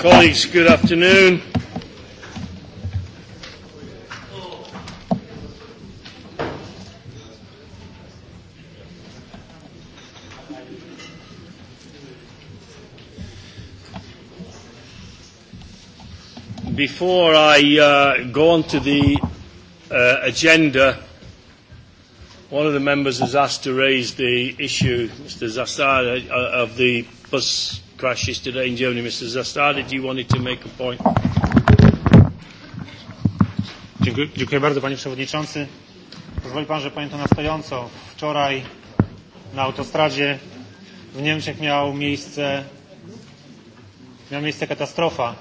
Colleagues, good afternoon. Before I uh, go on to the uh, agenda, one of the members has asked to raise the issue, Mr. Zassar, uh, of the bus crashes today in Germany. Mr. Zastardy, you wanted to make a point. Dziękuję, dziękuję bardzo, panie przewodniczący. Pozwoli pan, że pamiętam nastojąco. Wczoraj na autostradzie w Niemczech miał miejsce, miał miejsce katastrofa.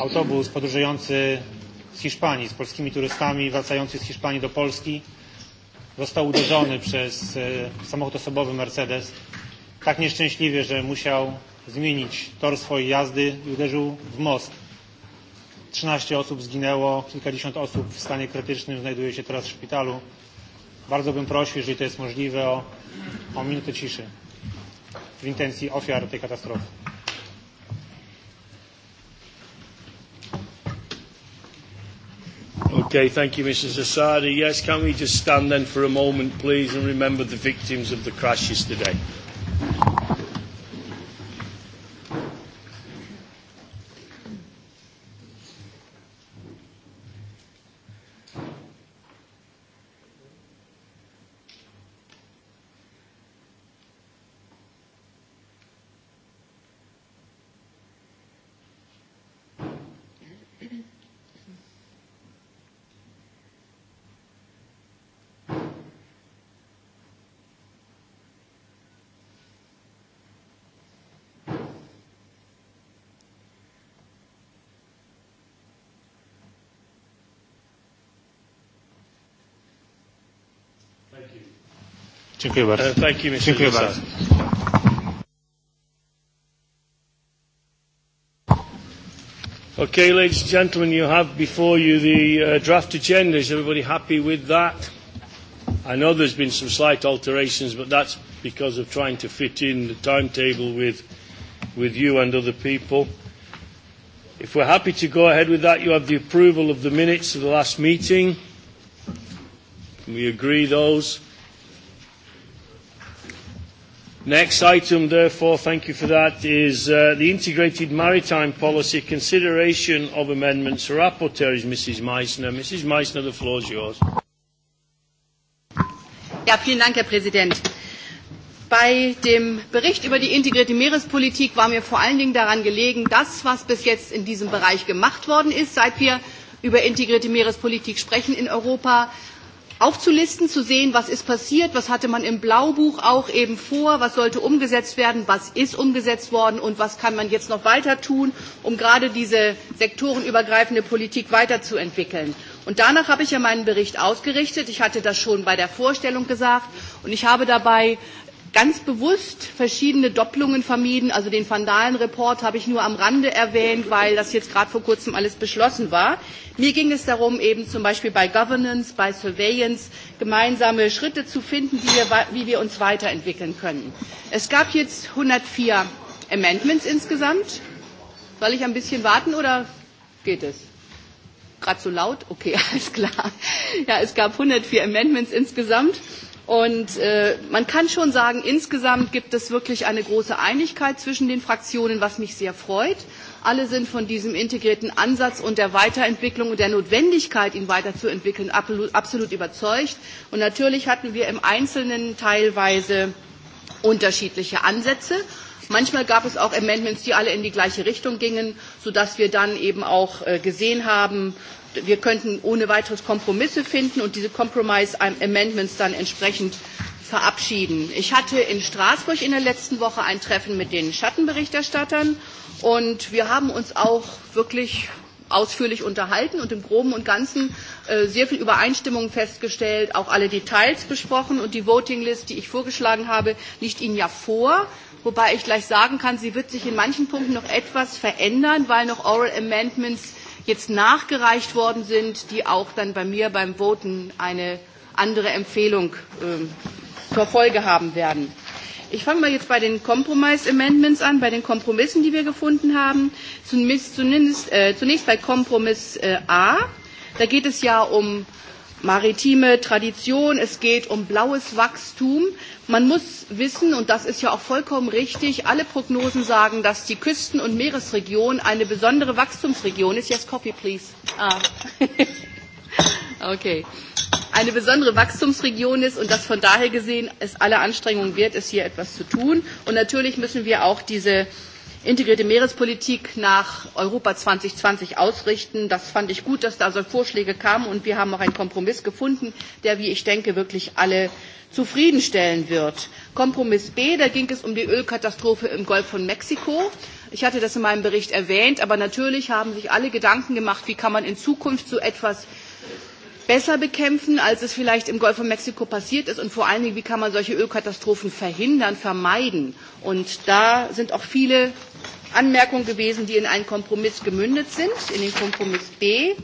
Autobus podróżujący z Hiszpanii, z polskimi turystami wracający z Hiszpanii do Polski został uderzony przez e, samochód osobowy Mercedes tak nieszczęśliwie, że musiał zmienić tor swojej jazdy i uderzył w most. 13 osób zginęło, kilkadziesiąt osób w stanie krytycznym znajduje się teraz w szpitalu. Bardzo bym prosił, jeżeli to jest możliwe, o, o minutę ciszy w intencji ofiar tej katastrofy. Okay, thank you, Mrs. Zasadi. Yes, can we just stand then for a moment, please, and remember the victims of the crash yesterday? Dziękuję bardzo. Uh, thank you, Mr. Dziękuję bardzo. Okay, ladies and gentlemen, you have before you the uh, draft agenda. Is everybody happy with that? I know there's been some slight alterations, but that's because of trying to fit in the timetable with, with you and other people. If we're happy to go ahead with that, you have the approval of the minutes of the last meeting. Can we agree those? Next item, therefore, thank you for that, is uh, the Integrated Maritime Policy Consideration of Amendments. Her rapporteur is Mrs. Meissner. Mrs. Meissner, the floor is yours. Ja, vielen Dank, Herr Präsident. Bei dem Bericht über die integrierte Meerespolitik war mir vor allen Dingen daran gelegen, das, was bis jetzt in diesem Bereich gemacht worden ist, seit wir über integrierte Meerespolitik sprechen in Europa, aufzulisten, zu sehen, was ist passiert, was hatte man im Blaubuch auch eben vor, was sollte umgesetzt werden, was ist umgesetzt worden und was kann man jetzt noch weiter tun, um gerade diese sektorenübergreifende Politik weiterzuentwickeln. Und danach habe ich ja meinen Bericht ausgerichtet. Ich hatte das schon bei der Vorstellung gesagt und ich habe dabei ganz bewusst verschiedene Doppelungen vermieden. Also den Vandalenreport habe ich nur am Rande erwähnt, weil das jetzt gerade vor kurzem alles beschlossen war. Mir ging es darum, eben zum Beispiel bei Governance, bei Surveillance gemeinsame Schritte zu finden, wie wir, wie wir uns weiterentwickeln können. Es gab jetzt 104 Amendments insgesamt. Soll ich ein bisschen warten oder geht es? Gerade so laut? Okay, alles klar. Ja, es gab 104 Amendments insgesamt. Und äh, man kann schon sagen, insgesamt gibt es wirklich eine große Einigkeit zwischen den Fraktionen, was mich sehr freut. Alle sind von diesem integrierten Ansatz und der Weiterentwicklung und der Notwendigkeit, ihn weiterzuentwickeln, absolut, absolut überzeugt. Und natürlich hatten wir im Einzelnen teilweise unterschiedliche Ansätze. Manchmal gab es auch Amendments, die alle in die gleiche Richtung gingen, sodass wir dann eben auch äh, gesehen haben, wir könnten ohne weiteres Kompromisse finden und diese Compromise Amendments dann entsprechend verabschieden. Ich hatte in Straßburg in der letzten Woche ein Treffen mit den Schattenberichterstattern und wir haben uns auch wirklich ausführlich unterhalten und im Groben und Ganzen äh, sehr viel Übereinstimmung festgestellt, auch alle Details besprochen und die Voting List, die ich vorgeschlagen habe, liegt Ihnen ja vor wobei ich gleich sagen kann, sie wird sich in manchen Punkten noch etwas verändern, weil noch Oral Amendments jetzt nachgereicht worden sind, die auch dann bei mir beim Voten eine andere Empfehlung äh, zur Folge haben werden. Ich fange mal jetzt bei den Compromise Amendments an, bei den Kompromissen, die wir gefunden haben. Zunächst, zunächst, äh, zunächst bei Kompromiss äh, A. Da geht es ja um maritime Tradition, es geht um blaues Wachstum. Man muss wissen, und das ist ja auch vollkommen richtig, alle Prognosen sagen, dass die Küsten- und Meeresregion eine besondere Wachstumsregion ist. Yes, copy, please. Ah. okay. Eine besondere Wachstumsregion ist und dass von daher gesehen es alle Anstrengungen wert ist, hier etwas zu tun. Und natürlich müssen wir auch diese integrierte Meerespolitik nach Europa 2020 ausrichten. Das fand ich gut, dass da so Vorschläge kamen und wir haben auch einen Kompromiss gefunden, der, wie ich denke, wirklich alle zufriedenstellen wird. Kompromiss B, da ging es um die Ölkatastrophe im Golf von Mexiko. Ich hatte das in meinem Bericht erwähnt, aber natürlich haben sich alle Gedanken gemacht, wie kann man in Zukunft so etwas besser bekämpfen, als es vielleicht im Golf von Mexiko passiert ist und vor allen Dingen, wie kann man solche Ölkatastrophen verhindern, vermeiden. Und da sind auch viele Anmerkungen gewesen, die in einen Kompromiss gemündet sind, in den Kompromiss B.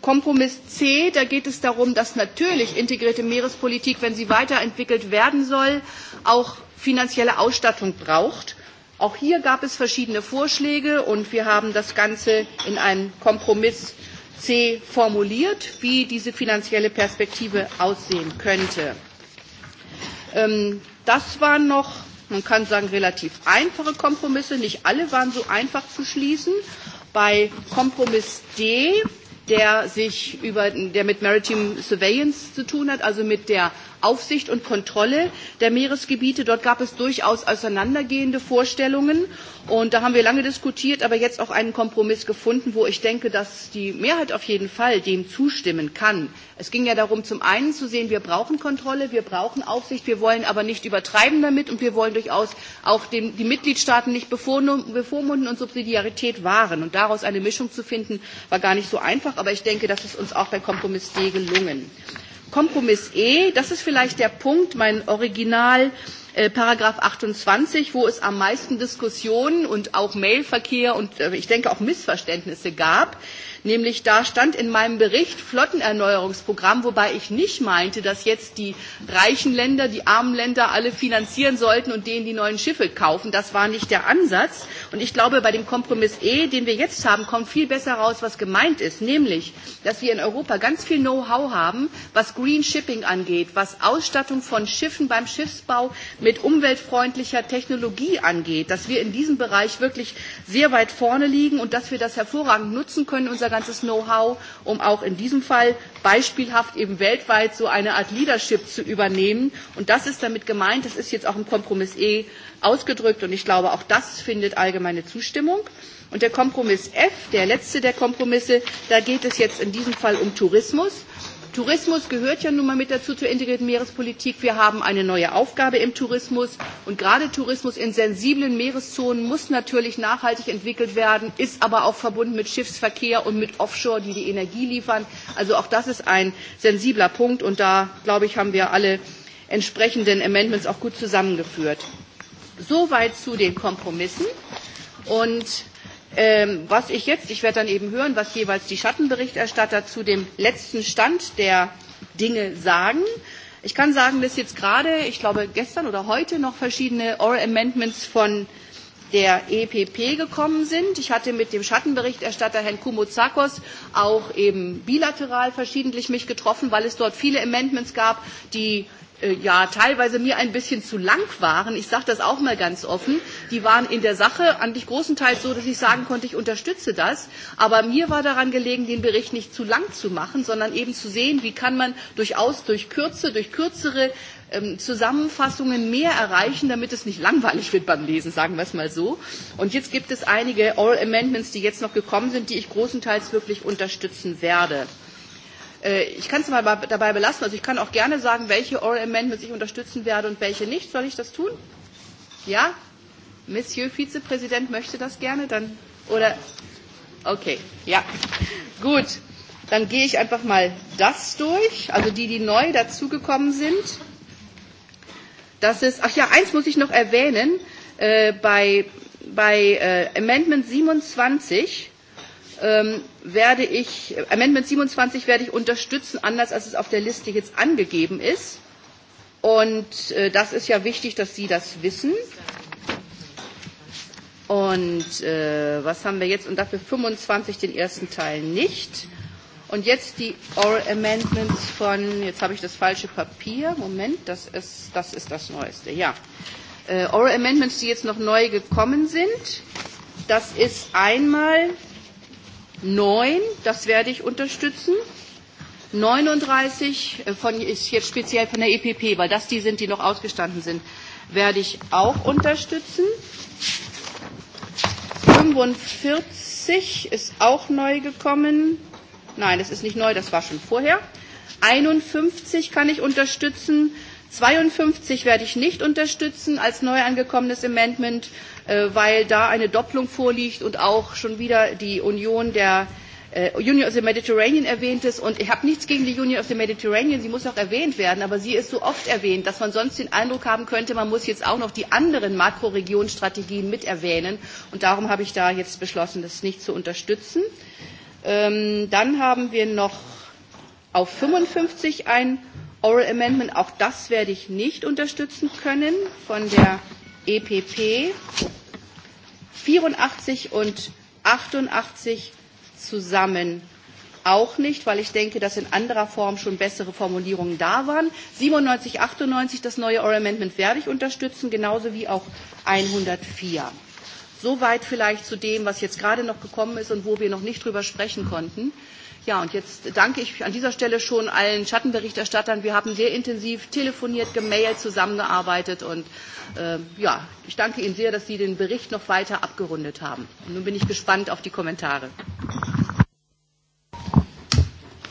Kompromiss C, da geht es darum, dass natürlich integrierte Meerespolitik, wenn sie weiterentwickelt werden soll, auch finanzielle Ausstattung braucht. Auch hier gab es verschiedene Vorschläge und wir haben das Ganze in einem Kompromiss C formuliert, wie diese finanzielle Perspektive aussehen könnte. Ähm, das waren noch man kann sagen, relativ einfache Kompromisse. Nicht alle waren so einfach zu schließen. Bei Kompromiss D, der, sich über, der mit Maritime Surveillance zu tun hat, also mit der Aufsicht und Kontrolle der Meeresgebiete. Dort gab es durchaus auseinandergehende Vorstellungen. Und da haben wir lange diskutiert, aber jetzt auch einen Kompromiss gefunden, wo ich denke, dass die Mehrheit auf jeden Fall dem zustimmen kann. Es ging ja darum, zum einen zu sehen, wir brauchen Kontrolle, wir brauchen Aufsicht, wir wollen aber nicht übertreiben damit und wir wollen durchaus auch die Mitgliedstaaten nicht bevormunden und Subsidiarität wahren. Und daraus eine Mischung zu finden, war gar nicht so einfach, aber ich denke, das ist uns auch bei Kompromiss D gelungen. Kompromiss E, das ist vielleicht der Punkt, mein Original äh, Paragraph 28, wo es am meisten Diskussionen und auch Mailverkehr und äh, ich denke auch Missverständnisse gab. Nämlich da stand in meinem Bericht Flottenerneuerungsprogramm, wobei ich nicht meinte, dass jetzt die reichen Länder, die armen Länder alle finanzieren sollten und denen die neuen Schiffe kaufen. Das war nicht der Ansatz Und ich glaube, bei dem Kompromiss E, den wir jetzt haben, kommt viel besser raus, was gemeint ist, nämlich, dass wir in Europa ganz viel Know-how haben, was Green Shipping angeht, was Ausstattung von Schiffen beim Schiffsbau mit umweltfreundlicher Technologie angeht, dass wir in diesem Bereich wirklich sehr weit vorne liegen und dass wir das hervorragend nutzen können, unser ganzes Know-how, um auch in diesem Fall beispielhaft eben weltweit so eine Art Leadership zu übernehmen. Und das ist damit gemeint, das ist jetzt auch im Kompromiss E ausgedrückt. Und ich glaube, auch das findet allgemeine Zustimmung. Und der Kompromiss F, der letzte der Kompromisse, da geht es jetzt in diesem Fall um Tourismus. Tourismus gehört ja nun mal mit dazu zur integrierten Meerespolitik. Wir haben eine neue Aufgabe im Tourismus und gerade Tourismus in sensiblen Meereszonen muss natürlich nachhaltig entwickelt werden, ist aber auch verbunden mit Schiffsverkehr und mit Offshore, die die Energie liefern. Also auch das ist ein sensibler Punkt und da, glaube ich, haben wir alle entsprechenden Amendments auch gut zusammengeführt. Soweit zu den Kompromissen. Und ähm, was ich jetzt, ich werde dann eben hören, was jeweils die Schattenberichterstatter zu dem letzten Stand der Dinge sagen. Ich kann sagen, dass jetzt gerade, ich glaube gestern oder heute noch verschiedene Oral Amendments von der EPP gekommen sind. Ich hatte mit dem Schattenberichterstatter Herrn Kumuzakos auch eben bilateral verschiedentlich mich getroffen, weil es dort viele Amendments gab, die äh, ja teilweise mir ein bisschen zu lang waren. Ich sage das auch mal ganz offen. Die waren in der Sache eigentlich großenteils so, dass ich sagen konnte, ich unterstütze das. Aber mir war daran gelegen, den Bericht nicht zu lang zu machen, sondern eben zu sehen, wie kann man durchaus durch Kürze, durch kürzere Ähm, Zusammenfassungen mehr erreichen, damit es nicht langweilig wird beim Lesen, sagen wir es mal so. Und jetzt gibt es einige Oral Amendments, die jetzt noch gekommen sind, die ich großenteils wirklich unterstützen werde. Äh, ich kann es mal dabei belassen. Also ich kann auch gerne sagen, welche Oral Amendments ich unterstützen werde und welche nicht. Soll ich das tun? Ja? Monsieur Vizepräsident möchte das gerne? Dann, oder? Okay, ja. Gut. Dann gehe ich einfach mal das durch, also die, die neu dazugekommen sind dass es, ach ja, eins muss ich noch erwähnen, äh, bei, bei äh, Amendment 27 ähm, werde ich, äh, Amendment 27 werde ich unterstützen, anders als es auf der Liste jetzt angegeben ist. Und äh, das ist ja wichtig, dass Sie das wissen. Und äh, was haben wir jetzt? Und dafür 25 den ersten Teil nicht. Und jetzt die Oral Amendments von, jetzt habe ich das falsche Papier, Moment, das ist das, ist das Neueste, ja. Äh, Oral Amendments, die jetzt noch neu gekommen sind, das ist einmal 9, das werde ich unterstützen. 39 äh, von, ist jetzt speziell von der EPP, weil das die sind, die noch ausgestanden sind, werde ich auch unterstützen. 45 ist auch neu gekommen. Nein, das ist nicht neu, das war schon vorher. 51 kann ich unterstützen. 52 werde ich nicht unterstützen als neu angekommenes Amendment, äh, weil da eine Doppelung vorliegt und auch schon wieder die Union der äh, Union of the Mediterranean erwähnt ist. Und ich habe nichts gegen die Union of the Mediterranean, sie muss auch erwähnt werden, aber sie ist so oft erwähnt, dass man sonst den Eindruck haben könnte, man muss jetzt auch noch die anderen Makroregionstrategien mit erwähnen. Und darum habe ich da jetzt beschlossen, das nicht zu unterstützen. Ähm, dann haben wir noch auf 55 ein Oral Amendment. Auch das werde ich nicht unterstützen können von der EPP. 84 und 88 zusammen auch nicht, weil ich denke, dass in anderer Form schon bessere Formulierungen da waren. 97, 98, das neue Oral Amendment werde ich unterstützen, genauso wie auch 104. Soweit vielleicht zu dem, was jetzt gerade noch gekommen ist und wo wir noch nicht drüber sprechen konnten. Ja, und jetzt danke ich an dieser Stelle schon allen Schattenberichterstattern. Wir haben sehr intensiv telefoniert, gemailt, zusammengearbeitet und äh, ja, ich danke Ihnen sehr, dass Sie den Bericht noch weiter abgerundet haben. Und nun bin ich gespannt auf die Kommentare.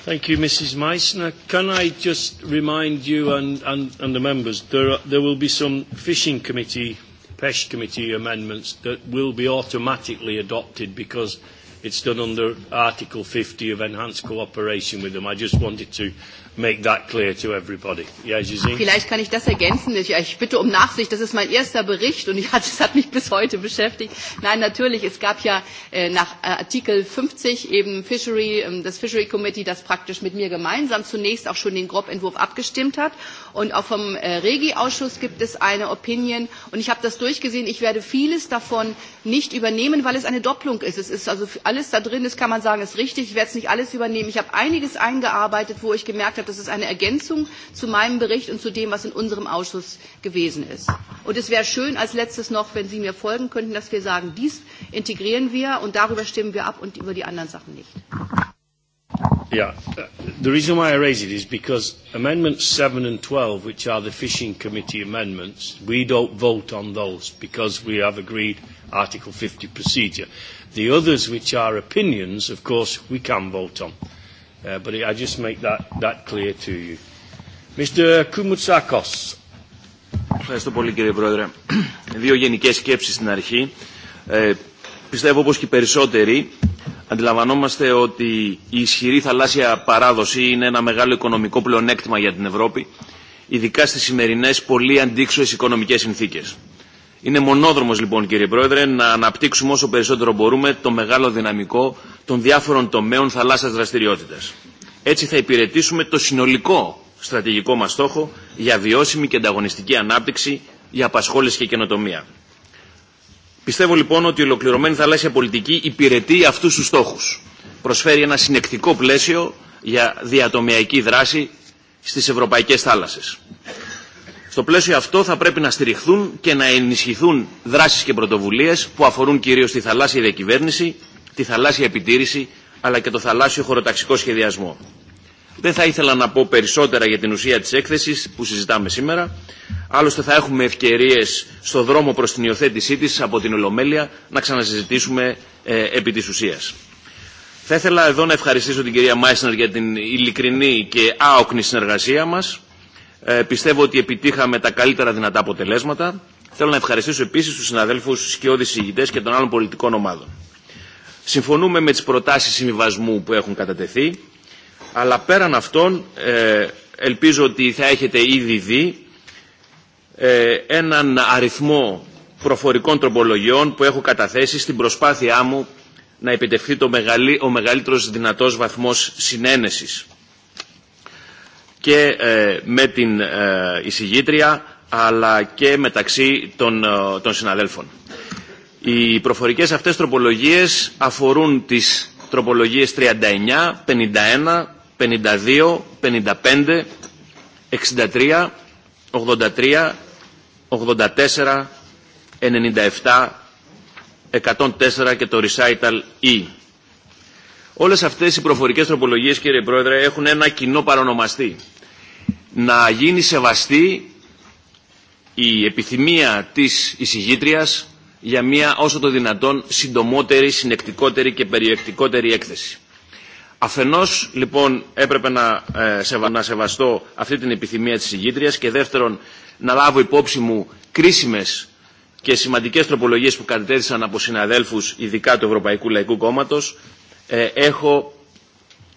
Thank you, Mrs. Meissner. Can I just remind you and, and, and the members, there, are, there will be some fishing committee PESH committee amendments that will be automatically adopted because it's done under Article 50 of enhanced cooperation with them. I just wanted to make that clear to everybody. Ja, Ach, vielleicht kann ich das ergänzen. Ich, ich bitte um Nachsicht. Das ist mein erster Bericht und ich hat, das hat mich bis heute beschäftigt. Nein, natürlich, es gab ja äh, nach äh, Artikel 50 eben Fishery, äh, das Fishery Committee, das praktisch mit mir gemeinsam zunächst auch schon den Grobentwurf abgestimmt hat. Und auch vom äh, Regi-Ausschuss gibt es eine Opinion. Und ich habe das durchgesehen. Ich werde vieles davon nicht übernehmen, weil es eine Doppelung ist. Es ist also alles da drin, das kann man sagen, ist richtig. Ich werde es nicht alles übernehmen. Ich habe einiges eingearbeitet, wo ich gemerkt habe, habe. Das ist eine Ergänzung zu meinem Bericht und zu dem, was in unserem Ausschuss gewesen ist. Und es wäre schön als letztes noch, wenn Sie mir folgen könnten, dass wir sagen, dies integrieren wir und darüber stimmen wir ab und über die anderen Sachen nicht. Yeah, the reason why I raise it is because Amendments 7 and 12, which are the Fishing Committee amendments, we don't vote on those because we have agreed Article 50 procedure. The others, which are opinions, of course, we can vote on. Uh, but I just make that, that clear to you. Mr. Koumoutsakos. Ευχαριστώ πολύ κύριε Πρόεδρε. Δύο γενικές σκέψεις στην αρχή. Ε, πιστεύω όπως και οι περισσότεροι αντιλαμβανόμαστε ότι η ισχυρή θαλάσσια παράδοση είναι ένα μεγάλο οικονομικό πλεονέκτημα για την Ευρώπη, ειδικά στις σημερινές πολύ αντίξωες οικονομικές συνθήκες. Είναι μονόδρομος λοιπόν κύριε Πρόεδρε να αναπτύξουμε όσο περισσότερο μπορούμε το μεγάλο δυναμικό των διάφορων τομέων θαλάσσιας δραστηριότητας. Έτσι θα υπηρετήσουμε το συνολικό στρατηγικό μας στόχο για βιώσιμη και ανταγωνιστική ανάπτυξη, για απασχόληση και καινοτομία. Πιστεύω λοιπόν ότι η ολοκληρωμένη θαλάσσια πολιτική υπηρετεί αυτούς τους στόχους. Προσφέρει ένα συνεκτικό πλαίσιο για διατομιακή δράση στις ευρωπαϊκές θάλασσες. Στο πλαίσιο αυτό θα πρέπει να στηριχθούν και να ενισχυθούν δράσεις και πρωτοβουλίες που αφορούν κυρίως τη θαλάσσια διακυβέρνηση, τη θαλάσσια επιτήρηση αλλά και το θαλάσσιο χωροταξικό σχεδιασμό. Δεν θα ήθελα να πω περισσότερα για την ουσία της έκθεσης που συζητάμε σήμερα. Άλλωστε θα έχουμε ευκαιρίες στο δρόμο προς την υιοθέτησή της από την Ολομέλεια να ξανασυζητήσουμε ε, επί της ουσίας. Θα ήθελα εδώ να ευχαριστήσω την κυρία Μάισνερ για την ειλικρινή και άοκνη συνεργασία μας. Ε, πιστεύω ότι επιτύχαμε τα καλύτερα δυνατά αποτελέσματα. Θέλω να ευχαριστήσω επίσης τους συναδέλφους σκιώδης ηγητές και των άλλων πολιτικών ομάδων. Συμφωνούμε με τις προτάσεις συμβιβασμού που έχουν κατατεθεί, αλλά πέραν αυτών ε, ελπίζω ότι θα έχετε ήδη δει ε, έναν αριθμό προφορικών τροπολογιών που έχω καταθέσει στην προσπάθειά μου να επιτευχθεί το μεγαλύ, ο μεγαλύτερος δυνατός βαθμός συνένεσης. Και ε, με την ε, εισηγήτρια αλλά και μεταξύ των, ε, των συναδέλφων. Οι προφορικές αυτές τροπολογίες αφορούν τις τροπολογίες 39, 51, 52, 55, 63, 83, 84, 97, 104 και το Recital E. Όλες αυτές οι προφορικές τροπολογίες, κύριε Πρόεδρε, έχουν ένα κοινό παρονομαστή. Να γίνει σεβαστή η επιθυμία της εισηγήτριας για μια όσο το δυνατόν συντομότερη, συνεκτικότερη και περιεκτικότερη έκθεση. Αφενός λοιπόν έπρεπε να, ε, σεβα, να σεβαστώ αυτή την επιθυμία της ηγήτριας και δεύτερον να λάβω υπόψη μου κρίσιμες και σημαντικές τροπολογίες που κατετέθησαν από συναδέλφους ειδικά του Ευρωπαϊκού Λαϊκού Κόμματος ε, έχω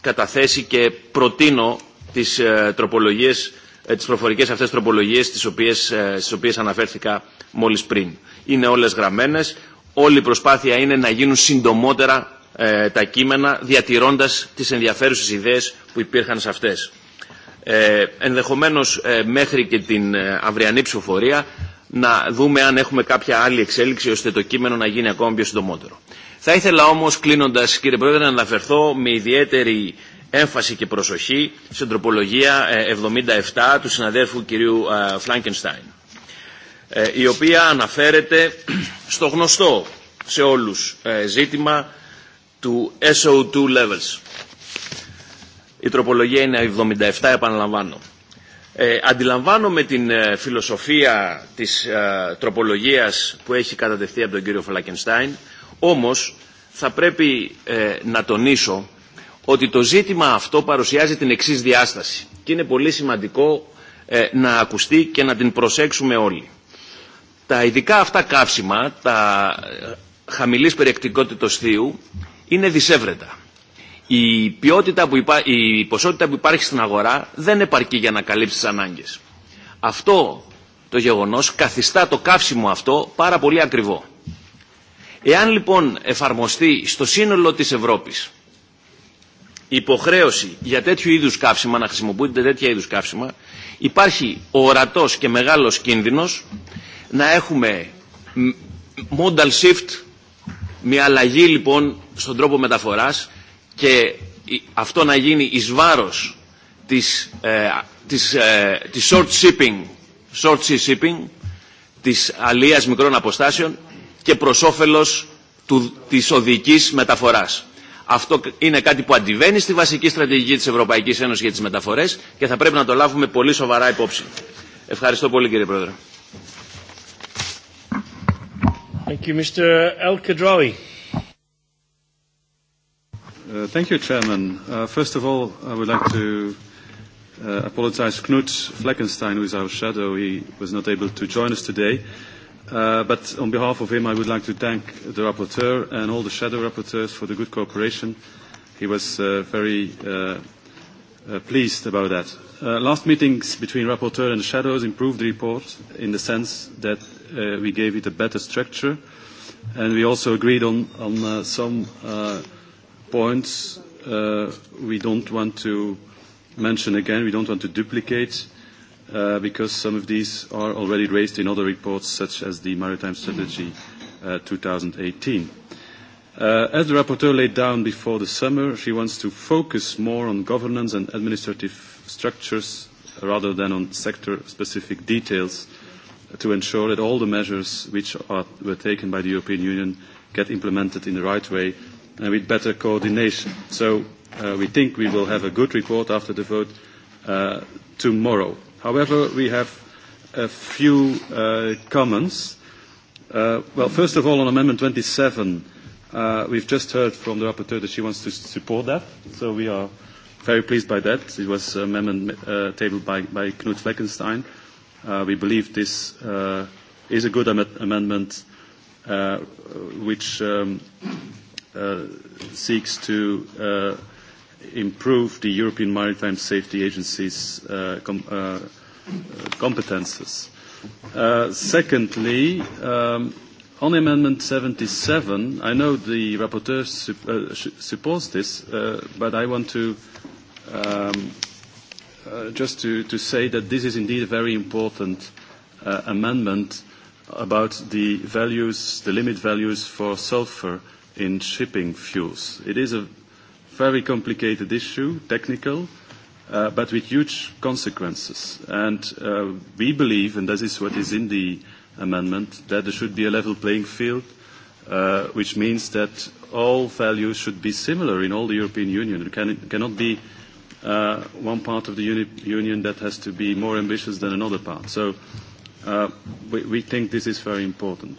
καταθέσει και προτείνω τις ε, τροπολογίες, ε, τις προφορικές αυτές τροπολογίες τις οποίες, ε, στις οποίες αναφέρθηκα μόλις πριν είναι όλες γραμμένες. Όλη η προσπάθεια είναι να γίνουν συντομότερα ε, τα κείμενα, διατηρώντας τις ενδιαφέρουσες ιδέες που υπήρχαν σε αυτές. Ε, ενδεχομένως ε, μέχρι και την ε, αυριανή ψηφοφορία να δούμε αν έχουμε κάποια άλλη εξέλιξη ώστε το κείμενο να γίνει ακόμα πιο συντομότερο. Θα ήθελα όμως κλείνοντας κύριε Πρόεδρε να αναφερθώ με ιδιαίτερη έμφαση και προσοχή στην τροπολογία ε, 77 του συναδέρφου κυρίου ε, Φλάνκενστάιν η οποία αναφέρεται στο γνωστό σε όλους ζήτημα του SO2 levels. Η τροπολογία είναι 77, επαναλαμβάνω. Ε, αντιλαμβάνομαι την ε, φιλοσοφία της ε, τροπολογίας που έχει κατατευθεί από τον κύριο Φλακενστάιν, όμως θα πρέπει ε, να τονίσω ότι το ζήτημα αυτό παρουσιάζει την εξής διάσταση και είναι πολύ σημαντικό ε, να ακουστεί και να την προσέξουμε όλοι. Τα ειδικά αυτά καύσιμα, τα χαμηλής περιεκτικότητος θείου, είναι δυσέβρετα. Η, ποιότητα που υπά... η ποσότητα που υπάρχει στην αγορά δεν επαρκεί για να καλύψει τις ανάγκες. Αυτό το γεγονός καθιστά το καύσιμο αυτό πάρα πολύ ακριβό. Εάν λοιπόν εφαρμοστεί στο σύνολο της Ευρώπης υποχρέωση για τέτοιου είδους καύσιμα, να χρησιμοποιούνται τέτοια είδους καύσιμα, υπάρχει ορατός και μεγάλος κίνδυνος να έχουμε modal shift, μια αλλαγή λοιπόν στον τρόπο μεταφοράς και αυτό να γίνει εις βάρος της, ε, της, ε, της short shipping, short sea shipping, της αλίας μικρών αποστάσεων και προς όφελος του, της οδικής μεταφοράς. Αυτό είναι κάτι που αντιβαίνει στη βασική στρατηγική της Ευρωπαϊκής Ένωσης για τις μεταφορές και θα πρέπει να το λάβουμε πολύ σοβαρά υπόψη. Ευχαριστώ πολύ κύριε Πρόεδρε. Thank you, Mr. El Khadraoui. Uh, thank you, Chairman. Uh, first of all, I would like to uh, apologize Knut Fleckenstein, who is our shadow. He was not able to join us today. Uh, but on behalf of him, I would like to thank the rapporteur and all the shadow rapporteurs for the good cooperation. He was uh, very uh, uh, pleased about that. Uh, last meetings between rapporteur and shadows improved the report in the sense that uh, we gave it a better structure. And we also agreed on, on uh, some uh, points uh, we don't want to mention again, we don't want to duplicate, uh, because some of these are already raised in other reports, such as the Maritime Strategy uh, 2018. Uh, as the rapporteur laid down before the summer, she wants to focus more on governance and administrative structures rather than on sector-specific details to ensure that all the measures which are, were taken by the European Union get implemented in the right way and with better coordination. So uh, we think we will have a good report after the vote uh, tomorrow. However, we have a few uh, comments. Uh, well, first of all, on Amendment 27, uh, we've just heard from the rapporteur that she wants to support that, so we are very pleased by that. It was an amendment uh, tabled by, by Knut Fleckenstein. Uh, Uh, we believe this uh, is a good am amendment uh, which um, uh, seeks to uh, improve the European Maritime Safety Agency's uh, com competences. secondly, um, on Amendment 77, I know the rapporteur sup supports this, but I want to um, Uh, just to, to say that this is indeed a very important uh, amendment about the values, the limit values for sulfur in shipping fuels. It is a very complicated issue, technical, uh, but with huge consequences. And uh, we believe, and this is what is in the amendment, that there should be a level playing field, uh, which means that all values should be similar in all the European Union. It can, cannot be uh, one part of the uni union that has to be more ambitious than another part. So uh, we, we think this is very important.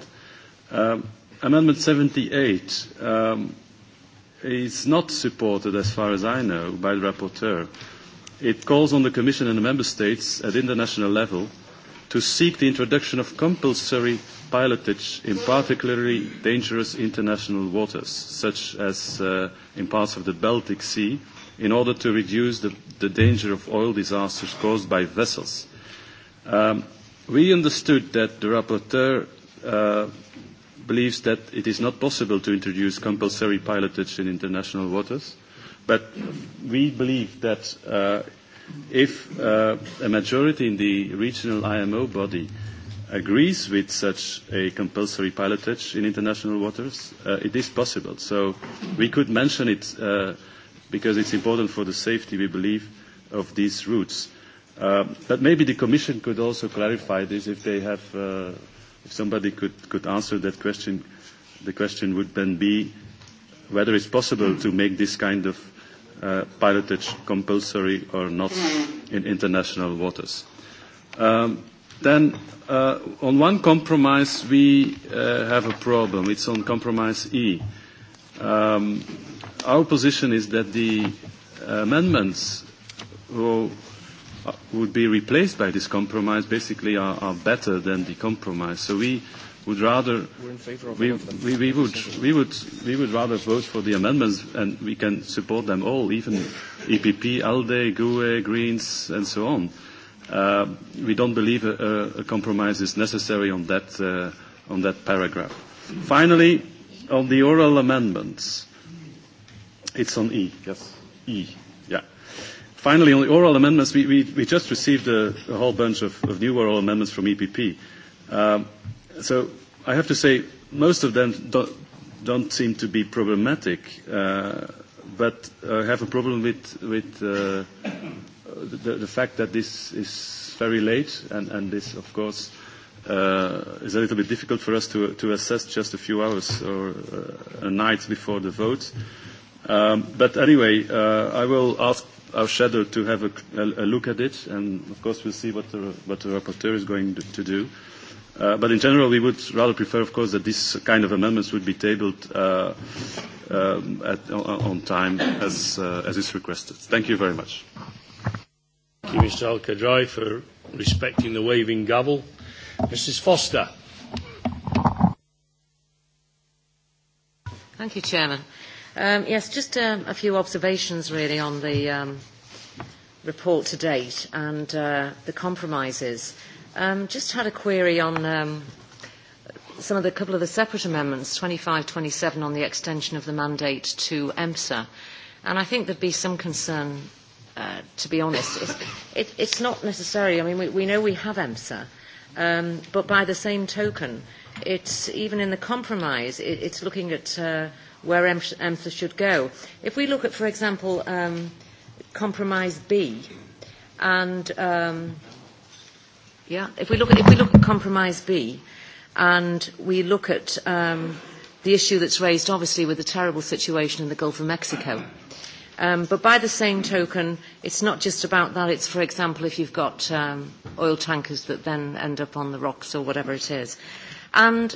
Um, Amendment 78 um, is not supported, as far as I know, by the rapporteur. It calls on the Commission and the Member States at international level to seek the introduction of compulsory pilotage in particularly dangerous international waters, such as uh, in parts of the Baltic Sea, in order to reduce the, the danger of oil disasters caused by vessels. Um, we understood that the rapporteur uh, believes that it is not possible to introduce compulsory pilotage in international waters, but we believe that uh, if uh, a majority in the regional IMO body agrees with such a compulsory pilotage in international waters, uh, it is possible. So we could mention it uh, because it's important for the safety, we believe, of these routes. Uh, but maybe the Commission could also clarify this if they have, uh, if somebody could, could answer that question. The question would then be whether it's possible to make this kind of uh, pilotage compulsory or not in international waters. Um, then uh, on one compromise we uh, have a problem. It's on compromise E. Um, our position is that the amendments who would be replaced by this compromise basically are, are better than the compromise. So we would rather we, we, we would we would we would rather vote for the amendments and we can support them all, even EPP, ALDE, GUE, Greens, and so on. Uh, we don't believe a, a, a compromise is necessary on that uh, on that paragraph. Finally, on the oral amendments. It's on E, yes. E, yeah. Finally, on the oral amendments, we, we, we just received a, a whole bunch of, of new oral amendments from EPP. Um, so I have to say, most of them don't, don't seem to be problematic, uh, but uh, have a problem with, with uh, the, the fact that this is very late, and, and this, of course, uh, is a little bit difficult for us to, to assess just a few hours or uh, a night before the vote. Uh, Um, but anyway, uh, I will ask our shadow to have a, a, a look at it, and of course we'll see what the, what the rapporteur is going to do. Uh, but in general, we would rather prefer, of course, that these kind of amendments would be tabled uh, um, at, on, on time as, uh, as is requested. Thank you very much. Thank you, Mr. Al Kadrai, for respecting the waving gavel. Mrs. Foster. Thank you, Chairman. Um, yes, just um, a few observations really on the um, report to date and uh, the compromises. Um, just had a query on um, some of the couple of the separate amendments, 25, 27, on the extension of the mandate to EMSA. And I think there'd be some concern, uh, to be honest. It's, it, it's not necessary. I mean, we, we know we have EMSA, um, but by the same token, it's even in the compromise, it, it's looking at uh, where EMSA should go. If we look at, for example, um, compromise B, and um, yeah, if we look at, if we look at compromise B, and we look at um, the issue that's raised, obviously, with the terrible situation in the Gulf of Mexico. Um, but by the same token, it's not just about that. It's, for example, if you've got um, oil tankers that then end up on the rocks or whatever it is. And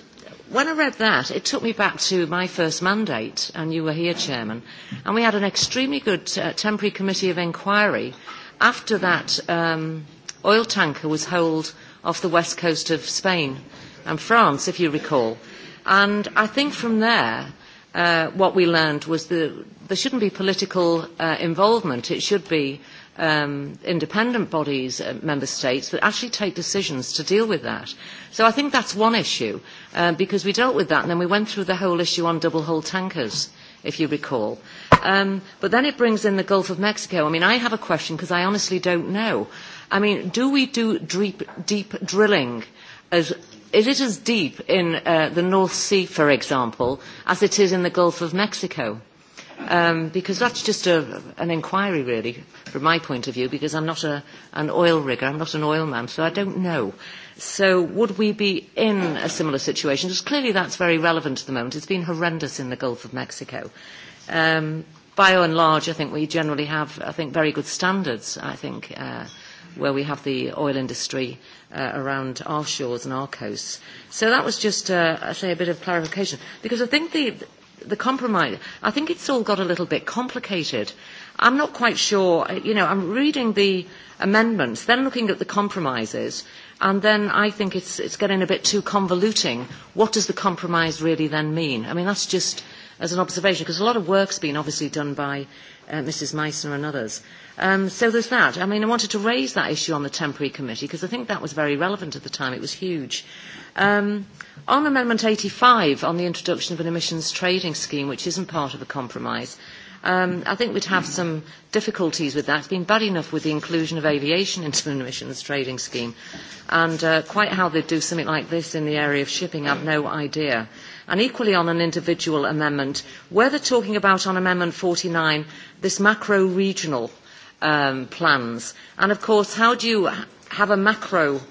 when I read that, it took me back to my first mandate, and you were here, Chairman, and we had an extremely good uh, temporary committee of inquiry after that um, oil tanker was holed off the west coast of Spain and France, if you recall. And I think from there, uh, what we learned was that there shouldn't be political uh, involvement. It should be um, independent bodies, uh, member states, that actually take decisions to deal with that. So I think that's one issue, uh, because we dealt with that, and then we went through the whole issue on double-hull tankers, if you recall. Um, but then it brings in the Gulf of Mexico. I mean, I have a question, because I honestly don't know. I mean, do we do deep, deep drilling as is it as deep in uh, the North Sea, for example, as it is in the Gulf of Mexico? um, because that's just a, an inquiry, really, from my point of view, because I'm not a, an oil rigger, I'm not an oil man, so I don't know. So would we be in a similar situation? Because clearly that's very relevant at the moment. It's been horrendous in the Gulf of Mexico. Um, by and large, I think we generally have, I think, very good standards, I think, uh, where we have the oil industry uh, around our shores and our coasts. So that was just, uh, I say, a bit of clarification. Because I think the, the compromise, I think it's all got a little bit complicated. I'm not quite sure, you know, I'm reading the amendments, then looking at the compromises, and then I think it's, it's getting a bit too convoluting. What does the compromise really then mean? I mean, that's just as an observation, because a lot of work's been obviously done by uh, Mrs Meissner and others. Um, so there's that. I mean, I wanted to raise that issue on the temporary committee, because I think that was very relevant at the time. It was huge. Um, on Amendment 85, on the introduction of an emissions trading scheme, which isn't part of a compromise, um, I think we'd have some difficulties with that. It's been bad enough with the inclusion of aviation into an emissions trading scheme. And uh, quite how they'd do something like this in the area of shipping, I've no idea. And equally on an individual amendment, whether talking about on Amendment 49, this macro-regional um, plans. And of course, how do you have a macro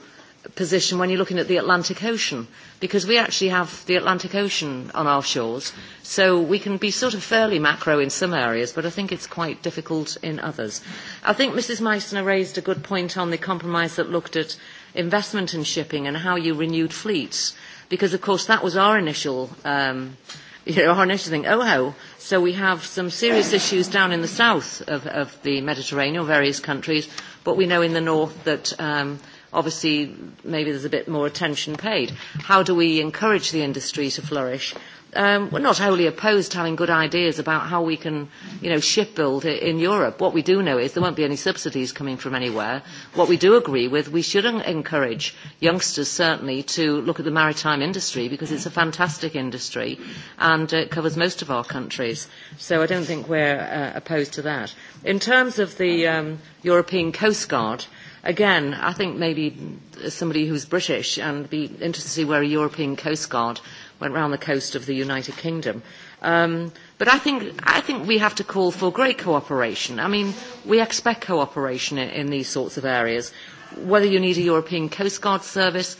position when you're looking at the Atlantic Ocean, because we actually have the Atlantic Ocean on our shores, so we can be sort of fairly macro in some areas, but I think it's quite difficult in others. I think Mrs Meissner raised a good point on the compromise that looked at investment in shipping and how you renewed fleets, because of course that was our initial, um, you know, our initial thing, oh ho, so we have some serious issues down in the south of, of the Mediterranean, various countries, but we know in the north that um, obviously maybe there's a bit more attention paid. How do we encourage the industry to flourish? Um, we're not wholly opposed to having good ideas about how we can, you know, shipbuild in Europe. What we do know is there won't be any subsidies coming from anywhere. What we do agree with, we should encourage youngsters certainly to look at the maritime industry because it's a fantastic industry and it uh, covers most of our countries. So I don't think we're uh, opposed to that. In terms of the um, European Coast Guard, Again, I think maybe somebody who's British and be interested to see where a European Coast Guard went around the coast of the United Kingdom. Um, but I think, I think we have to call for great cooperation. I mean, we expect cooperation in, in these sorts of areas. Whether you need a European Coast Guard service,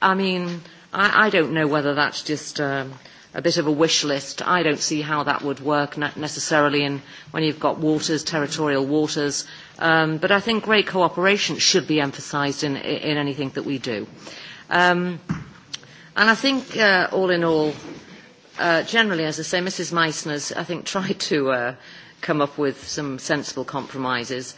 I mean, I, I don't know whether that's just um, a bit of a wish list. I don't see how that would work necessarily in, when you've got waters, territorial waters, Um, but I think great cooperation should be emphasised in, in anything that we do. Um, and I think, uh, all in all, uh, generally, as I say, Mrs Meissner's, I think, tried to uh, come up with some sensible compromises.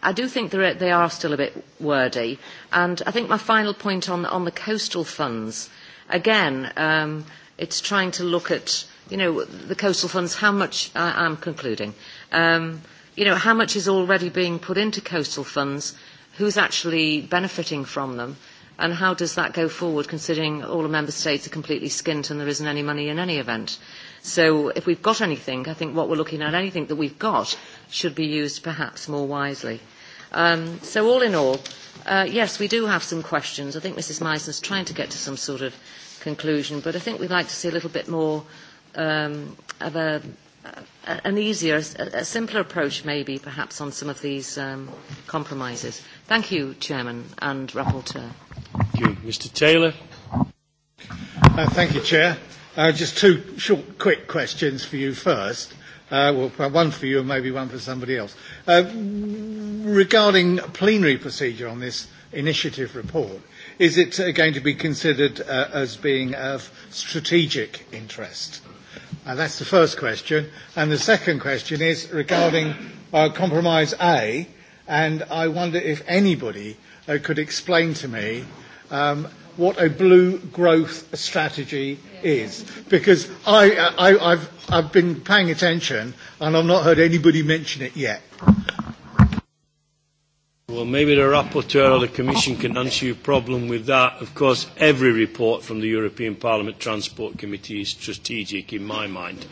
I do think are, they are still a bit wordy. And I think my final point on, on the coastal funds, again, um, it's trying to look at, you know, the coastal funds, how much, I, I'm concluding, um, you know, how much is already being put into coastal funds, who's actually benefiting from them, and how does that go forward considering all the member states are completely skint and there isn't any money in any event? So if we've got anything, I think what we're looking at, anything that we've got, should be used perhaps more wisely. Um, so all in all, uh, yes, we do have some questions. I think Mrs Meisner's trying to get to some sort of conclusion, but I think we'd like to see a little bit more um, of a an easier, a simpler approach maybe perhaps on some of these um, compromises. Thank you, Chairman and Rapporteur. Thank you. Mr Taylor. Uh, thank you, Chair. Uh, just two short, quick questions for you first. Uh, well, one for you and maybe one for somebody else. Uh, regarding plenary procedure on this initiative report, is it uh, going to be considered uh, as being of strategic interest? Uh, that's the first question. And the second question is regarding uh, Compromise A, and I wonder if anybody uh, could explain to me um, what a blue growth strategy is, because I, uh, I, I've, I've been paying attention and I've not heard anybody mention it yet. Well, maybe the rapporteur or the Commission can answer your problem with that. Of course, every report from the European Parliament Transport Committee is strategic in my mind.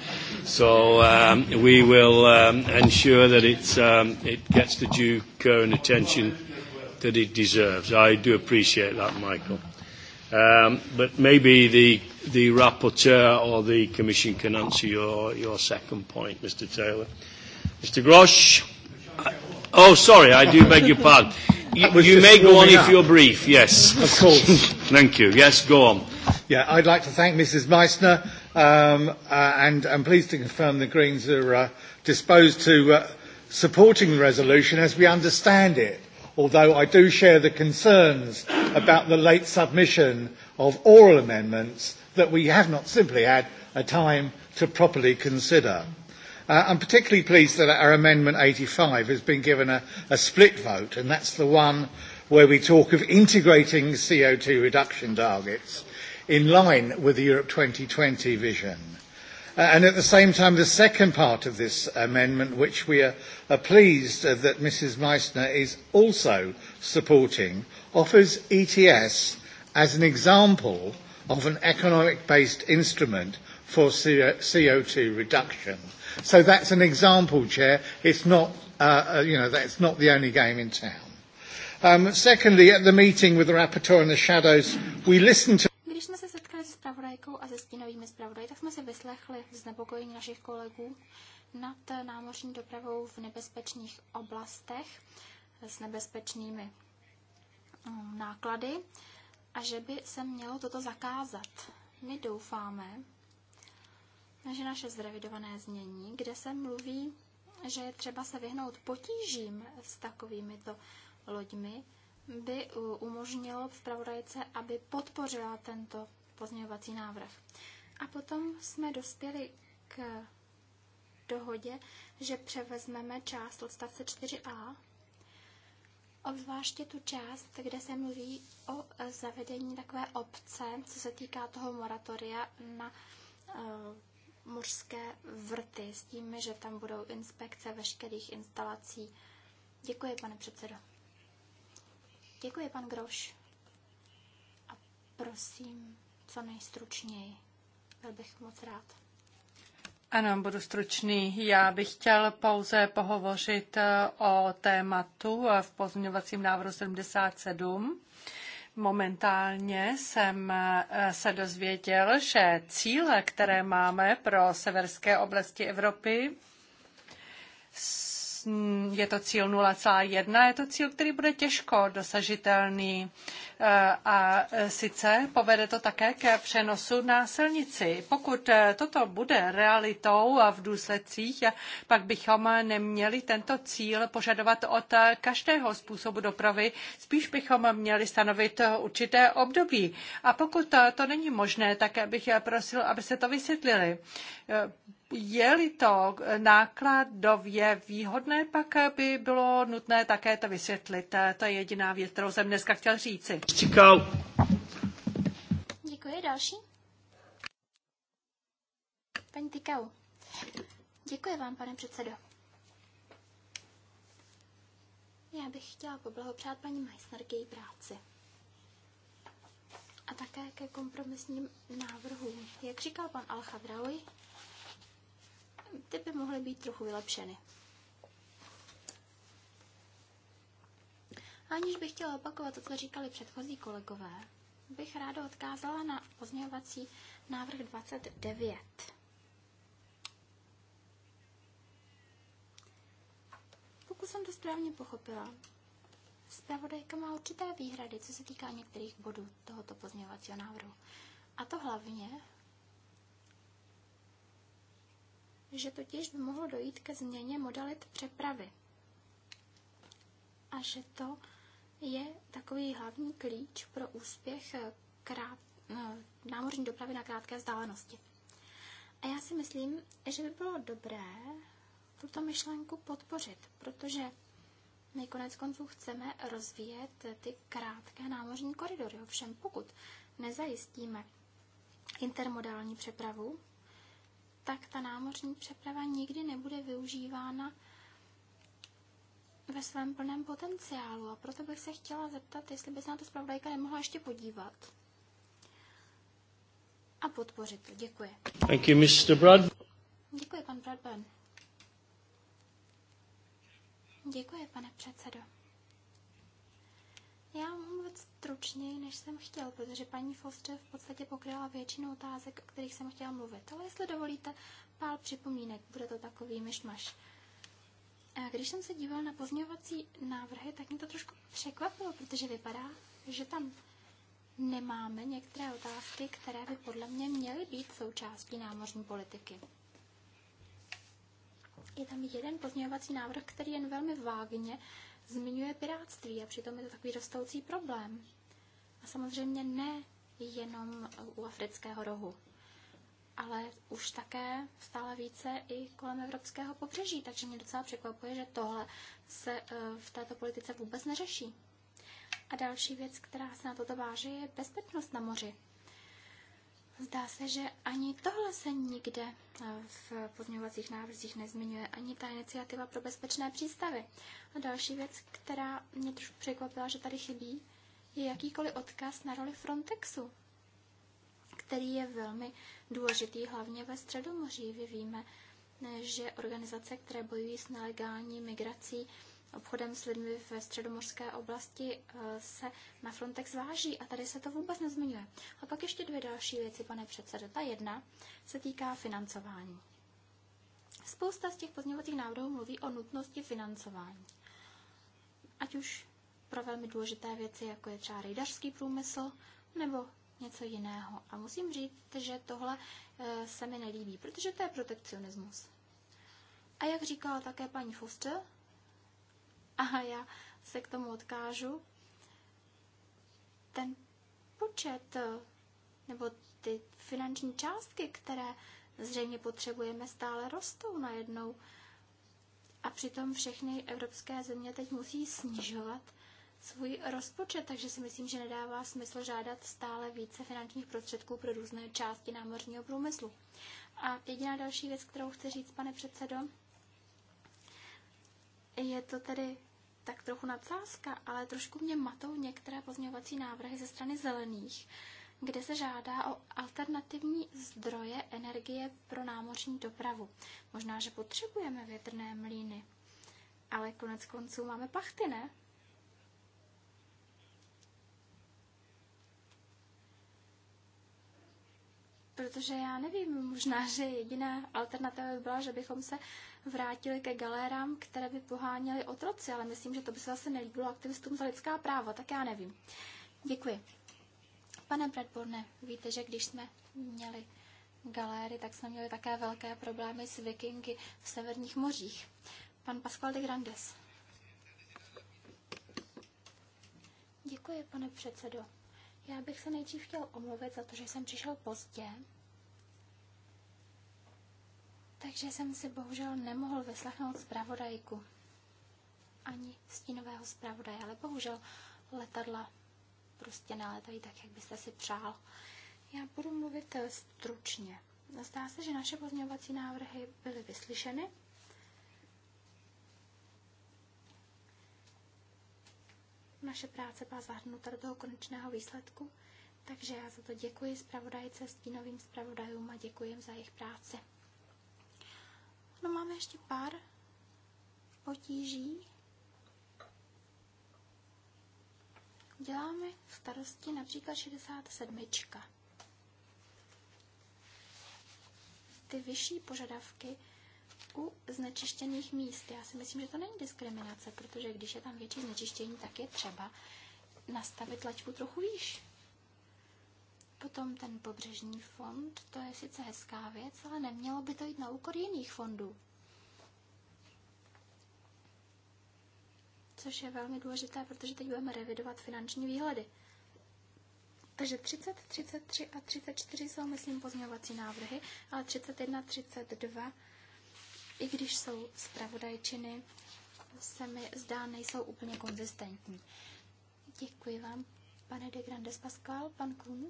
So um, we will um, ensure that it's, um, it gets the due care and attention that it deserves. I do appreciate that, Michael. Um, but maybe the, the rapporteur or the Commission can answer your, your second point, Mr. Taylor. Mr. Grosch. I, Oh, sorry, I do beg your pardon. You, you may go on if you're brief, yes. Of course. thank you. Yes, go on. Yeah, I'd like to thank Mrs. Meissner, um, uh, and I'm pleased to confirm the Greens are uh, disposed to uh, supporting the resolution as we understand it, although I do share the concerns about the late submission of oral amendments that we have not simply had a time to properly consider. Uh, I'm particularly pleased that our Amendment 85 has been given a, a split vote, and that's the one where we talk of integrating CO2 reduction targets in line with the Europe 2020 vision. Uh, and at the same time, the second part of this amendment, which we are, are pleased uh, that Mrs. Meissner is also supporting, offers ETS as an example of an economic-based instrument for CO2 reduction. So that's an example, Chair. It's not, uh, uh, you know, that's not the only game in town. Um, secondly, at the meeting with the rapporteur and the shadows, we listened to když jsme se setkali s pravodajkou a se stínovými zpravodaji, tak jsme se vyslechli znepokojení našich kolegů nad námořní dopravou v nebezpečných oblastech s nebezpečnými mm, náklady a že by se mělo toto zakázat. My doufáme, že naše zrevidované znění, kde se mluví, že je třeba se vyhnout potížím s takovýmito loďmi, by umožnilo zpravodajce, aby podpořila tento pozměňovací návrh. A potom jsme dospěli k dohodě, že převezmeme část odstavce 4a, obzvláště tu část, kde se mluví o zavedení takové obce, co se týká toho moratoria na eh, mořské vrty s tím, že tam budou inspekce veškerých instalací. Děkuji, pane předsedo. Děkuji, pan Groš. A prosím, co nejstručněji. Byl bych moc rád. Ano, budu stručný. Já bych chtěl pouze pohovořit eh, o tématu eh, v pozměňovacím návrhu 77 Momentálně jsem eh, se dozvěděl, že cíle, které máme pro severské oblasti Evropy, je to cíl 0,1, je to cíl, který bude těžko dosažitelný e, a sice povede to také ke přenosu na silnici. Pokud e, toto bude realitou a v důsledcích, pak bychom neměli tento cíl požadovat od každého způsobu dopravy, spíš bychom měli stanovit určité období. A pokud to není možné, tak bych prosil, aby se to vysvětlili. Je-li to nákladově výhodné, pak by bylo nutné také to vysvětlit. To je jediná věc, kterou jsem dneska chtěl říci. Čekal. Děkuji. Další? Paní Tykau. Děkuji vám, pane předsedo. Já bych chtěla poblahopřát paní Meissner k její práci. A také ke kompromisním návrhům. Jak říkal pan Alchadraui, ty by mohly být trochu vylepšeny. Aniž bych chtěla opakovat to, co říkali předchozí kolegové, bych ráda odkázala na pozměňovací návrh 29. Pokud jsem to správně pochopila, zpravodajka má určité výhrady, co se týká některých bodů tohoto pozměňovacího návrhu. A to hlavně že totiž by mohlo dojít ke změně modalit přepravy. A že to je takový hlavní klíč pro úspěch eh, krát, eh, námořní dopravy na krátké vzdálenosti. A já si myslím, že by bylo dobré tuto myšlenku podpořit, protože my konec konců chceme rozvíjet ty krátké námořní koridory. Ovšem, pokud nezajistíme intermodální přepravu, tak ta námořní přeprava nikdy nebude využívána ve svém plném potenciálu. A proto bych se chtěla zeptat, jestli by se na to zpravodajka nemohla ještě podívat. A podpořit to. Děkuji. Thank you, Mr. Brad. Děkuji, pan Bradburn. Děkuji, pane předsedo. Já stručněji, než jsem chtěl, protože paní Foster v podstatě pokryla většinu otázek, o kterých jsem chtěla mluvit. Ale jestli dovolíte, pár připomínek, bude to takový myšmaš. A když jsem se díval na pozměňovací návrhy, tak mě to trošku překvapilo, protože vypadá, že tam nemáme některé otázky, které by podle mě měly být součástí námořní politiky. Je tam jeden pozměňovací návrh, který jen velmi vágně zmiňuje piráctví a přitom je to takový rostoucí problém. A samozřejmě ne jenom u afrického rohu, ale už také stále více i kolem evropského pobřeží, takže mě docela překvapuje, že tohle se eh, v této politice vůbec neřeší. A další věc, která se na toto váže, je bezpečnost na moři. Zdá se, že ani tohle se nikde eh, v pozměňovacích návrzích nezmiňuje, ani ta iniciativa pro bezpečné přístavy. A další věc, která mě trošku překvapila, že tady chybí, je jakýkoliv odkaz na roli Frontexu, který je velmi důležitý, hlavně ve Středomoří. Vy víme, že organizace, které bojují s nelegální migrací, obchodem s lidmi ve středomorské oblasti eh, se na Frontex váží a tady se to vůbec nezmiňuje. A pak ještě dvě další věci, pane předsedo. Ta jedna se týká financování. Spousta z těch pozměňovacích návrhů mluví o nutnosti financování. Ať už pro velmi důležité věci, jako je třeba rejdařský průmysl nebo něco jiného. A musím říct, že tohle eh, se mi nelíbí, protože to je protekcionismus. A jak říkala také paní Foster, a já se k tomu odkážu, ten počet eh, nebo ty finanční částky, které zřejmě potřebujeme, stále rostou najednou. A přitom všechny evropské země teď musí snižovat svůj rozpočet, takže si myslím, že nedává smysl žádat stále více finančních prostředků pro různé části námořního průmyslu. A jediná další věc, kterou chci říct, pane předsedo, je to tedy tak trochu nadsázka, ale trošku mě matou některé pozměňovací návrhy ze strany zelených, kde se žádá o alternativní zdroje energie pro námořní dopravu. Možná, že potřebujeme větrné mlíny, ale konec konců máme pachty, ne? protože já nevím, možná, že jediná alternativa by byla, že bychom se vrátili ke galérám, které by poháněly otroci, ale myslím, že to by se zase nelíbilo aktivistům za lidská práva, tak já nevím. Děkuji. Pane Bradborne, víte, že když jsme měli galéry, tak jsme měli také velké problémy s vikingy v severních mořích. Pan Pascual de Grandes. Děkuji, pane předsedo. Já bych se nejdřív chtěl omluvit za to, že jsem přišel pozdě. Takže jsem si bohužel nemohl vyslechnout zpravodajku. Ani stínového zpravodaje, ale bohužel letadla prostě nelétají tak, jak byste si přál. Já budu mluvit eh, stručně. Zdá se, že naše pozměňovací návrhy byly vyslyšeny Naše práce byla zahrnuta do toho konečného výsledku, takže já za to děkuji zpravodajce, stínovým zpravodajům a děkuji jim za jejich práci. No máme ještě pár potíží. Děláme starosti například 67 ty vyšší požadavky trošku znečištěných míst. Já si myslím, že to není diskriminace, protože když je tam větší znečištění, tak je třeba nastavit tlačku trochu výš. Potom ten pobřežní fond, to je sice hezká věc, ale nemělo by to jít na úkor jiných fondů. Což je velmi důležité, protože teď budeme revidovat finanční výhledy. Takže 30, 33 a 34 jsou, myslím, pozměňovací návrhy, ale 31, 32 i když jsou zpravodajčiny, se mi zdá, nejsou úplně konzistentní. Děkuji vám, pane de Grandes Pascal, pan Kuhn.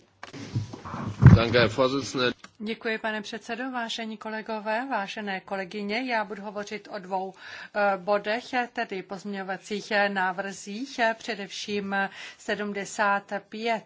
Děkuji, pane předsedo, vážení kolegové, vážené kolegyně. Já budu hovořit o dvou eh, bodech, tedy pozměňovacích návrzích, především 75.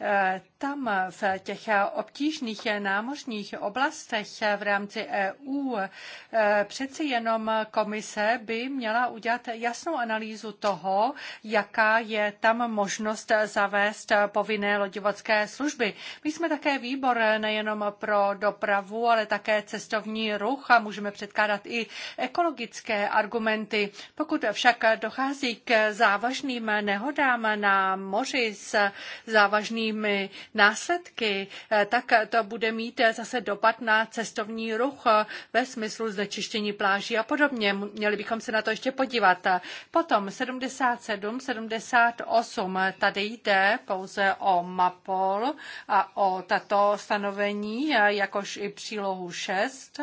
Eh, tam v těch obtížných námořních oblastech v rámci EU eh, přeci jenom komise by měla udělat jasnou analýzu toho, jaká je tam možnost zavést povinné loděvodské služby. My jsme také výbor eh, nejenom pro dopravu, ale také cestovní ruch a můžeme předkládat i ekologické argumenty. Pokud však dochází k závažným nehodám na moři s závažnými následky, eh, tak to bude mít zase dopad na cestovní ruch eh, ve smyslu znečištění pláží a podobně. Měli bychom se na to ještě podívat. Potom 77, 78, tady jde pouze o MAPOL a o tato stanovení, jakož i přílohu 6,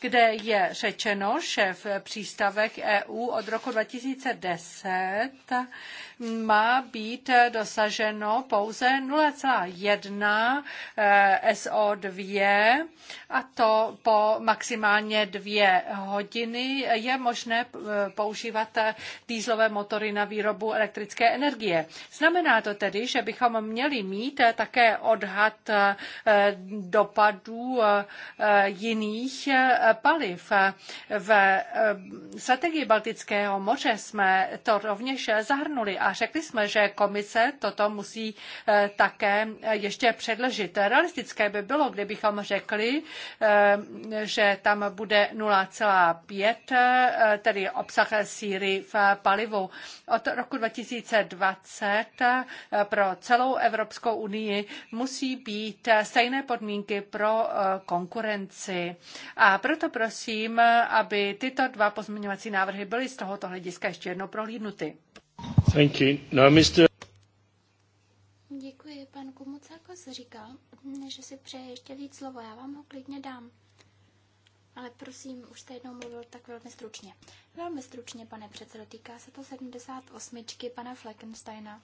kde je řečeno, že v přístavech EU od roku 2010 má být dosaženo pouze 0,1 eh, SO2 a to po maximálně dvě hodiny je možné eh, používat eh, dýzlové motory na výrobu elektrické energie. Znamená to tedy, že bychom měli mít také odhad dopadů jiných paliv. V strategii Baltického moře jsme to rovněž zahrnuli a řekli jsme, že komise toto musí e, také e, ještě předložit. Realistické by bylo, kdybychom řekli, e, že tam bude 0,5, tedy obsah síry v palivu. Od roku 2020 pro celou Evropskou unii musí být stejné podmínky pro konkurenci. A proto prosím, aby tyto dva pozměňovací návrhy byly z tohoto hlediska ještě jednou prohlídnuty. Thank you. Now, Mr. Děkuji. Pan Kumucákos říkal, že si přeje ještě víc slovo. Já vám ho klidně dám. Ale prosím, už jste jednou mluvil tak velmi stručně. Velmi stručně, pane předsedo, týká se to 78. pana Fleckensteina.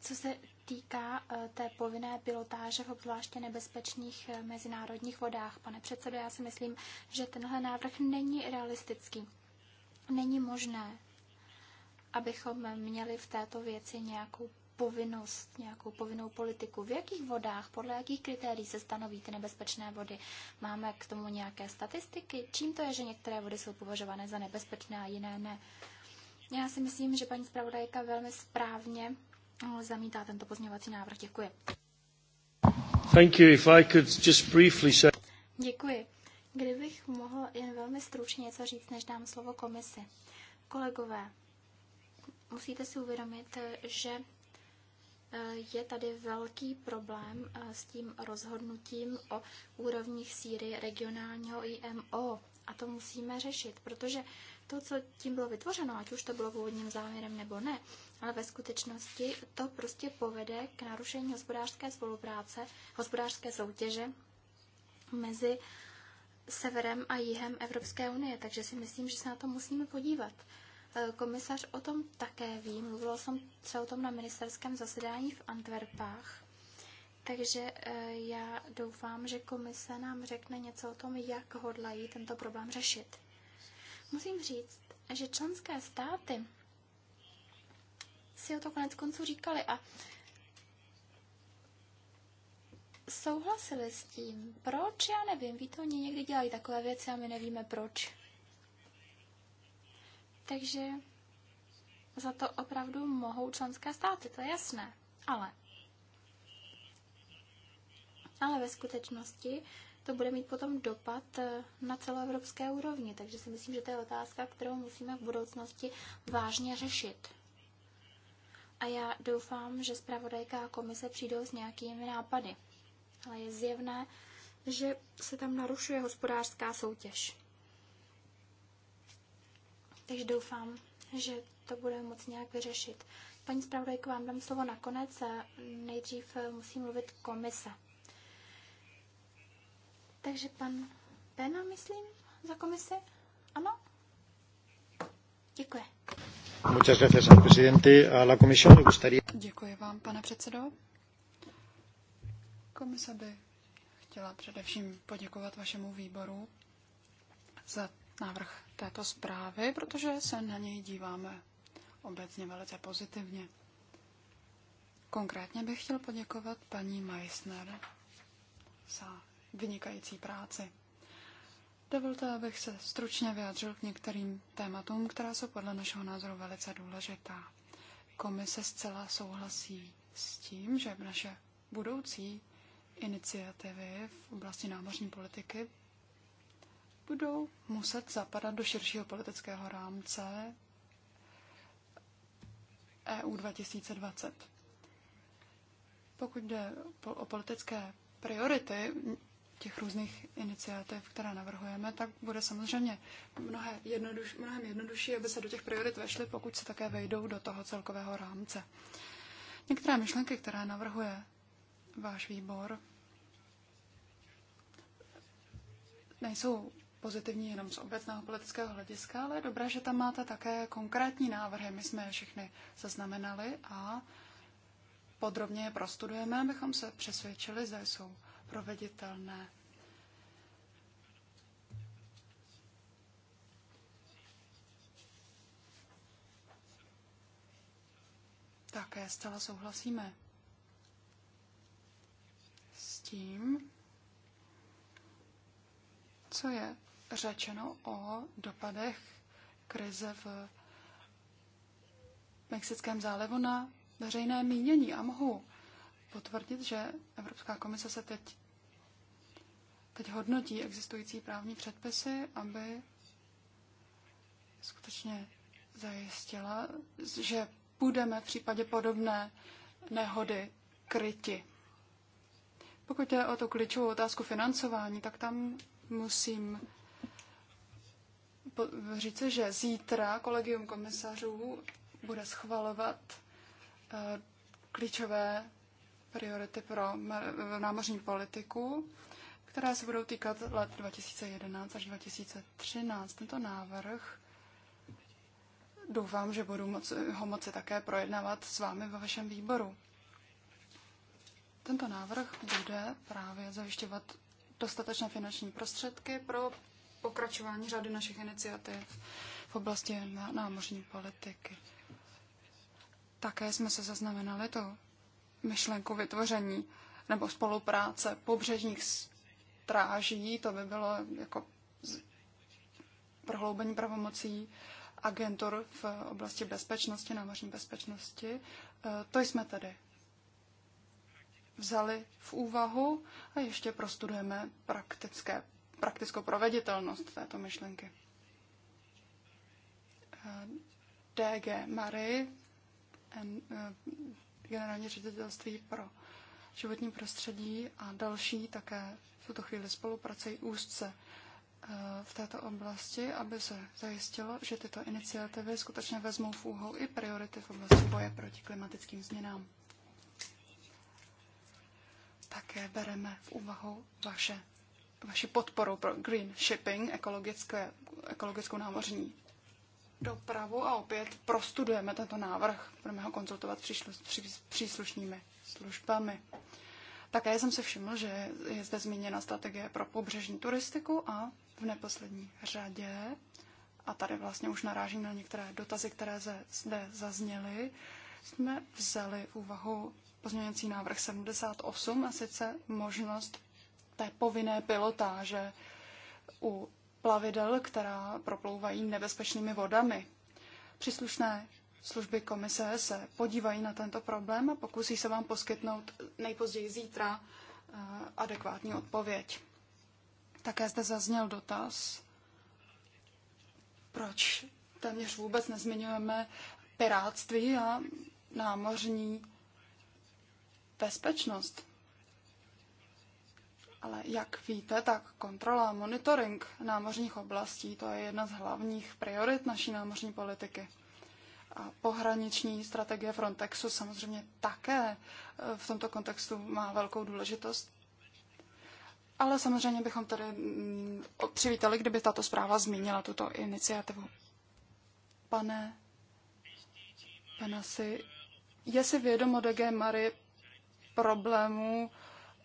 Co se týká eh, té povinné pilotáže v obzvláště nebezpečných eh, mezinárodních vodách, pane předsedo, já si myslím, že tenhle návrh není realistický. Není možné abychom měli v této věci nějakou povinnost, nějakou povinnou politiku. V jakých vodách, podle jakých kritérií se stanoví ty nebezpečné vody? Máme k tomu nějaké statistiky? Čím to je, že některé vody jsou považované za nebezpečné a jiné ne? Já si myslím, že paní zpravodajka velmi správně eh, zamítá tento pozměňovací návrh. Děkuji. Thank you. If I could just briefly say... Děkuji. Kdybych mohl jen velmi stručně něco říct, než dám slovo komisi. Kolegové, musíte si uvědomit, že eh, je tady velký problém eh, s tím rozhodnutím o úrovních síry regionálního IMO. A to musíme řešit, protože to, co tím bylo vytvořeno, ať už to bylo původním záměrem nebo ne, ale ve skutečnosti to prostě povede k narušení hospodářské spolupráce, hospodářské soutěže mezi severem a jihem Evropské unie. Takže si myslím, že se na to musíme podívat. Eh, komisař o tom také ví, mluvila jsem se o tom na ministerském zasedání v Antwerpách. Takže eh, já doufám, že komise nám řekne něco o tom, jak hodlají tento problém řešit. Musím říct, že členské státy si o to konec konců říkali a souhlasili s tím. Proč? Já nevím. Ví to, oni někdy dělají takové věci a my nevíme proč. Takže za to opravdu mohou členské státy, to je jasné. Ale, ale ve skutečnosti to bude mít potom dopad eh, na celoevropské úrovni, takže si myslím, že to je otázka, kterou musíme v budoucnosti vážně řešit. A já doufám, že zpravodajka a komise přijdou s nějakými nápady. Ale je zjevné, že se tam narušuje hospodářská soutěž takže doufám, že to bude moc nějak vyřešit. Paní zpravodajko, vám dám slovo nakonec. Nejdřív eh, musí mluvit komise. Takže pan Pena, myslím, za komisi? Ano? Děkuji. Muchas gracias al presidente. A la comisión le gustaría... Děkuji vám, pane předsedo. Komise by chtěla především poděkovat vašemu výboru za návrh této zprávy, protože se na něj díváme obecně velice pozitivně. Konkrétně bych chtěl poděkovat paní Meissner za vynikající práci. Dovolte, abych se stručně vyjádřil k některým tématům, která jsou podle našeho názoru velice důležitá. Komise zcela souhlasí s tím, že naše budoucí iniciativy v oblasti námořní politiky budou muset zapadat do širšího politického rámce EU 2020. Pokud jde o politické priority těch různých iniciativ, které navrhujeme, tak bude samozřejmě mnohem, jednoduš, mnohem jednodušší, aby se do těch priorit vešly, pokud se také vejdou do toho celkového rámce. Některé myšlenky, které navrhuje váš výbor, nejsou pozitivní jenom z obecného politického hlediska, ale je dobré, že tam máte také konkrétní návrhy. My jsme je všechny zaznamenali a podrobně je prostudujeme, abychom se přesvědčili, zda jsou proveditelné. Také zcela souhlasíme s tím, co je řečeno o dopadech krize v Mexickém zálevu na veřejné mínění a mohu potvrdit, že Evropská komise se teď, teď hodnotí existující právní předpisy, aby skutečně zajistila, že budeme v případě podobné nehody kryti. Pokud je o tu klíčovou otázku financování, tak tam musím říci, že zítra kolegium komisařů bude schvalovat eh, klíčové priority pro námořní politiku, které se budou týkat let 2011 až 2013. Tento návrh doufám, že budu moci, ho moci také projednávat s vámi ve vašem výboru. Tento návrh bude právě zajišťovat dostatečné finanční prostředky pro pokračování řady našich iniciativ v oblasti námořní politiky. Také jsme se zaznamenali to myšlenku vytvoření nebo spolupráce pobřežních stráží, to by bylo jako prohloubení pravomocí agentur v oblasti bezpečnosti, námořní bezpečnosti. E, to jsme tedy vzali v úvahu a ještě prostudujeme praktické praktickou proveditelnost této myšlenky. DG Mary, eh, generální ředitelství pro životní prostředí a další také v tuto chvíli spolupracují úzce eh, v této oblasti, aby se zajistilo, že tyto iniciativy skutečně vezmou v úhou i priority v oblasti boje proti klimatickým změnám. Také bereme v úvahu vaše vaši podporu pro green shipping, ekologické, ekologickou námořní dopravu a opět prostudujeme tento návrh. Budeme ho konzultovat s příslušnými službami. Také jsem se všiml, že je zde zmíněna strategie pro pobřežní turistiku a v neposlední řadě, a tady vlastně už narážím na některé dotazy, které zde zazněly, jsme vzali v úvahu pozměňovací návrh 78 a sice možnost té povinné pilotáže u plavidel, která proplouvají nebezpečnými vodami. Příslušné služby komise se podívají na tento problém a pokusí se vám poskytnout nejpozději zítra eh, adekvátní odpověď. Také zde zazněl dotaz, proč téměř vůbec nezmiňujeme piráctví a námořní bezpečnost. Ale jak víte, tak kontrola a monitoring námořních oblastí to je jedna z hlavních priorit naší námořní politiky. A pohraniční strategie Frontexu samozřejmě také e, v tomto kontextu má velkou důležitost. Ale samozřejmě bychom tady mm, přivítali, kdyby tato zpráva zmínila tuto iniciativu. Pane Penasi, je si vědomo DG Mary problémů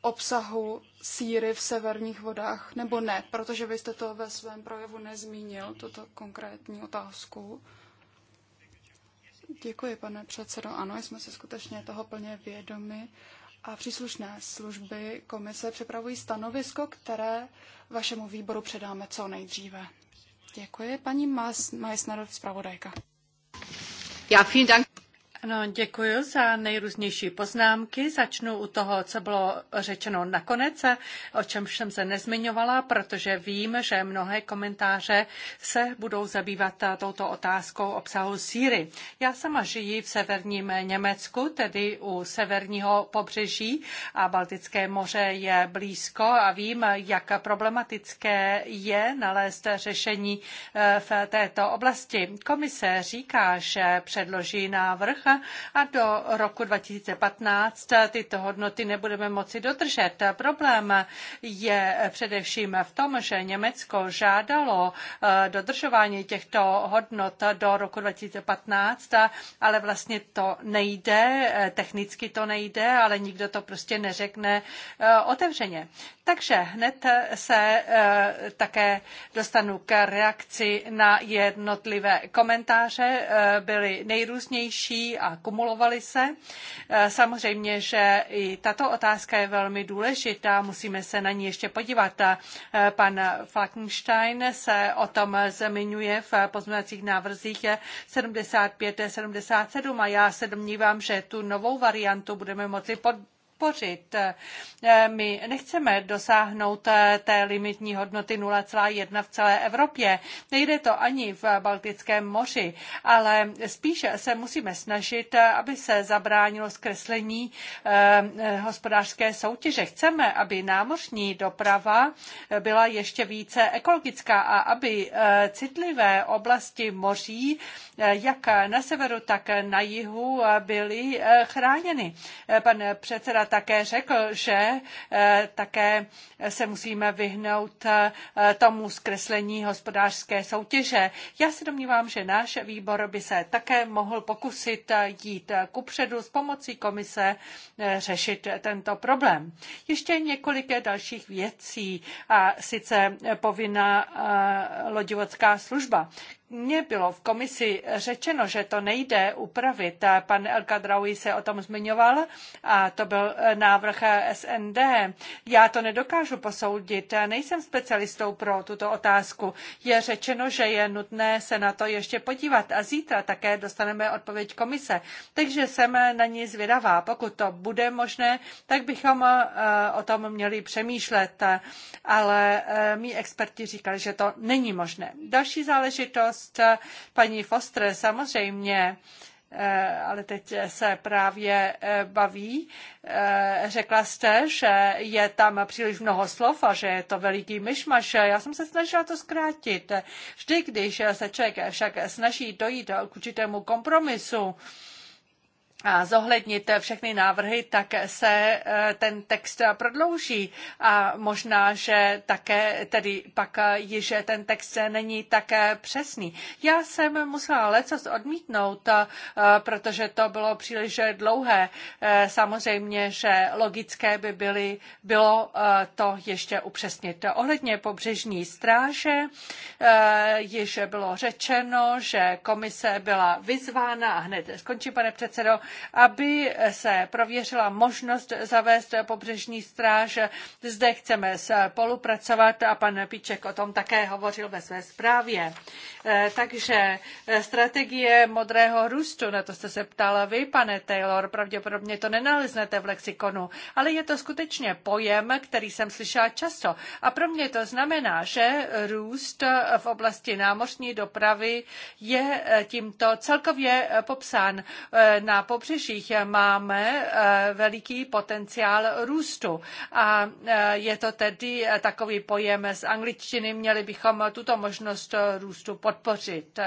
obsahu síry v severních vodách, nebo ne? Protože vy jste to ve svém projevu nezmínil, tuto konkrétní otázku. Děkuji, pane předsedo. Ano, jsme se skutečně toho plně vědomi. A příslušné služby komise připravují stanovisko, které vašemu výboru předáme co nejdříve. Děkuji, paní Majsnerov, zpravodajka. Já, vielen Dank. Ano, děkuji za nejrůznější poznámky. Začnu u toho, co bylo řečeno nakonec, o čem jsem se nezmiňovala, protože vím, že mnohé komentáře se budou zabývat touto otázkou obsahu síry. Já sama žiji v severním Německu, tedy u severního pobřeží a Baltické moře je blízko a vím, jak problematické je nalézt řešení eh, v této oblasti. Komise říká, že předloží návrh a do roku 2015 tyto hodnoty nebudeme moci dodržet. Problém je především v tom, že Německo žádalo eh, dodržování těchto hodnot do roku 2015, ale vlastně to nejde, eh, technicky to nejde, ale nikdo to prostě neřekne eh, otevřeně. Takže hned se také dostanu k reakci na jednotlivé komentáře. Byly nejrůznější a kumulovaly se. E, samozřejmě, že i tato otázka je velmi důležitá, musíme se na ní ještě podívat. E, pan Falkenstein se o tom zmiňuje v pozměňovacích návrzích 75-77 a já se domnívám, že tu novou variantu budeme moci pod podpořit. Eh, my nechceme dosáhnout eh, té limitní hodnoty 0,1 v celé Evropě. Nejde to ani v Baltickém moři, ale spíše se musíme snažit, eh, aby se zabránilo zkreslení hospodářské soutěže. Chceme, aby námořní doprava byla ještě více ekologická a aby citlivé oblasti moří, jak na severu, tak na jihu, byly chráněny. Pan předseda také řekl, že eh, také se musíme vyhnout eh, tomu zkreslení hospodářské soutěže. Já se domnívám, že náš výbor by se také mohl pokusit eh, jít kupředu s pomocí komise řešit tento problém. Ještě několik dalších věcí, a sice povinná lodivodská služba mně bylo v komisi řečeno, že to nejde upravit. Pan El Kadraoui se o tom zmiňoval a to byl eh, návrh eh, SND. Já to nedokážu posoudit, nejsem specialistou pro tuto otázku. Je řečeno, že je nutné se na to ještě podívat a zítra také dostaneme odpověď komise. Takže jsem eh, na ní zvědavá. Pokud to bude možné, tak bychom o tom měli přemýšlet, ale mý experti říkali, že to není možné. Další záležitost pozornost eh, paní Foster samozřejmě eh, ale teď se právě eh, baví. Řekla jste, že je tam příliš mnoho slov a že je to veliký myšmaš. Já jsem se snažila to zkrátit. Vždy, když se člověk však snaží dojít k určitému kompromisu, zohlednit všechny návrhy, tak se e, ten text prodlouží a možná, že také tedy pak e, již ten text není také e, přesný. Já jsem musela lecos odmítnout, protože to bylo příliš dlouhé. Samozřejmě, že logické by byly, bylo to ještě upřesnit. Ohledně pobřežní stráže již bylo řečeno, že komise byla vyzvána a hned skončí, pane předsedo, aby se prověřila možnost zavést pobřežní stráž. Zde chceme spolupracovat a pan Píček o tom také hovořil ve své zprávě. Eh, takže eh, strategie modrého růstu, na to jste se ptala vy, pane Taylor, pravděpodobně to nenaleznete v lexikonu, ale je to skutečně pojem, který jsem slyšela často. A pro mě to znamená, že růst v oblasti námořní dopravy je eh, tímto celkově popsán na pobřeží pobřežích máme eh, veliký potenciál růstu. A eh, je to tedy eh, takový pojem z angličtiny, měli bychom tuto možnost růstu podpořit.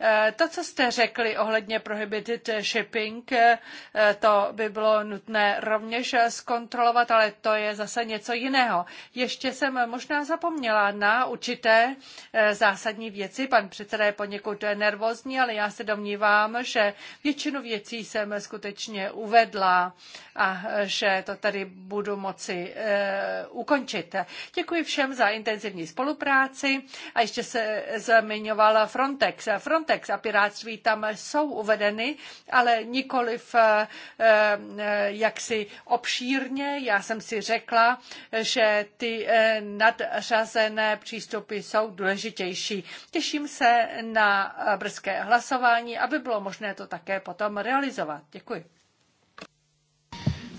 Eh, to, co jste řekli ohledně prohibited shipping, eh, to by bylo nutné rovněž zkontrolovat, ale to je zase něco jiného. Ještě jsem možná zapomněla na určité eh, zásadní věci. Pan předseda je poněkud nervózní, ale já se domnívám, že většinu věcí jsem skutečně uvedla a že to tady budu moci ukončit. Děkuji všem za intenzivní spolupráci a ještě se zmiňovala Frontex. Frontex Frontex a pirátství tam jsou uvedeny, ale nikoliv eh, eh, jaksi obšírně. Já jsem si řekla, že ty eh, nadřazené přístupy jsou důležitější. Těším se na brzké hlasování, aby bylo možné to také potom realizovat. Děkuji.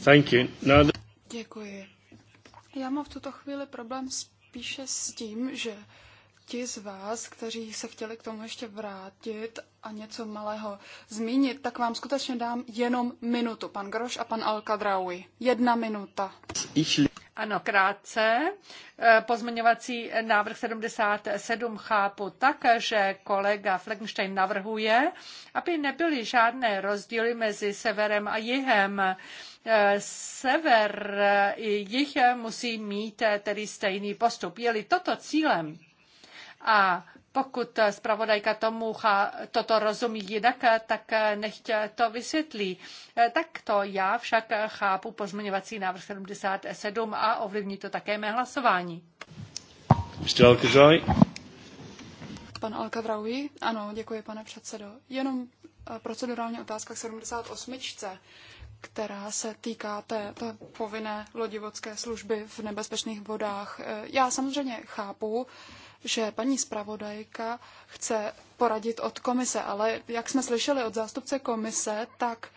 Thank you. No, Děkuji. Já mám v tuto chvíli problém spíše s tím, že ti z vás, kteří se chtěli k tomu ještě vrátit a něco malého zmínit, tak vám skutečně dám jenom minutu, pan Groš a pan Alkadraui. Jedna minuta. Ano, krátce. E, pozměňovací návrh 77 chápu tak, že kolega Fleckenstein navrhuje, aby nebyly žádné rozdíly mezi severem a jihem e, sever i jih musí mít tedy stejný postup. Je-li toto cílem, a pokud zpravodajka tomu toto rozumí jinak, tak nechť to vysvětlí. Tak to já však chápu pozměňovací návrh 77 a ovlivní to také mé hlasování. Pan Alkavraui, ano, děkuji, pane předsedo. Jenom eh, procedurální otázka k 78 která se týká té, té povinné lodivodské služby v nebezpečných vodách. Eh, já samozřejmě chápu, že paní zpravodajka chce poradit od komise, ale jak jsme slyšeli od zástupce komise, tak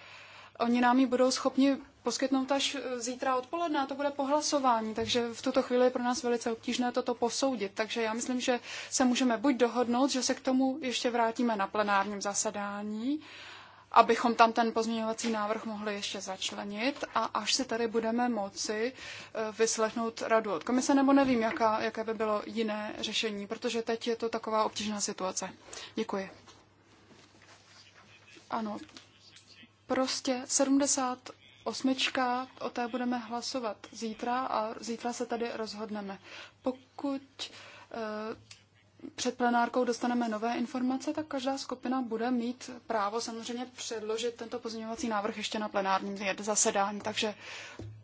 oni nám ji budou schopni poskytnout až eh, zítra odpoledne a to bude pohlasování, takže v tuto chvíli je pro nás velice obtížné toto posoudit. Takže já myslím, že se můžeme buď dohodnout, že se k tomu ještě vrátíme na plenárním zasedání, abychom tam ten pozměňovací návrh mohli ještě začlenit a až si tady budeme moci e, vyslechnout radu od komise, nebo nevím, jaká, jaké by bylo jiné řešení, protože teď je to taková obtížná situace. Děkuji. Ano, prostě 70 osmička, o té budeme hlasovat zítra a zítra se tady rozhodneme. Pokud e, před plenárkou dostaneme nové informace, tak každá skupina bude mít právo samozřejmě předložit tento pozměňovací návrh ještě na plenárním zasedání, takže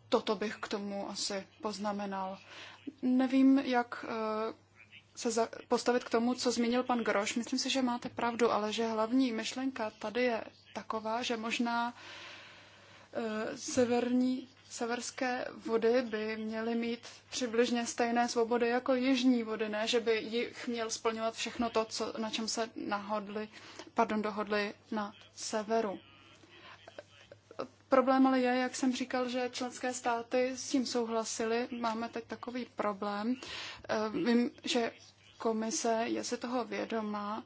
toto bych k tomu asi poznamenal. Nevím, jak eh, se postavit k tomu, co zmínil pan Groš. Myslím si, že máte pravdu, ale že hlavní myšlenka tady je taková, že možná eh, severní severské vody by měly mít přibližně stejné svobody jako jižní vody, ne, že by jich měl splňovat všechno to, co, na čem se nahodli, pardon, dohodli na severu. Problém ale je, jak jsem říkal, že členské státy s tím souhlasily. Máme teď takový problém. Eh, vím, že komise je si toho vědomá,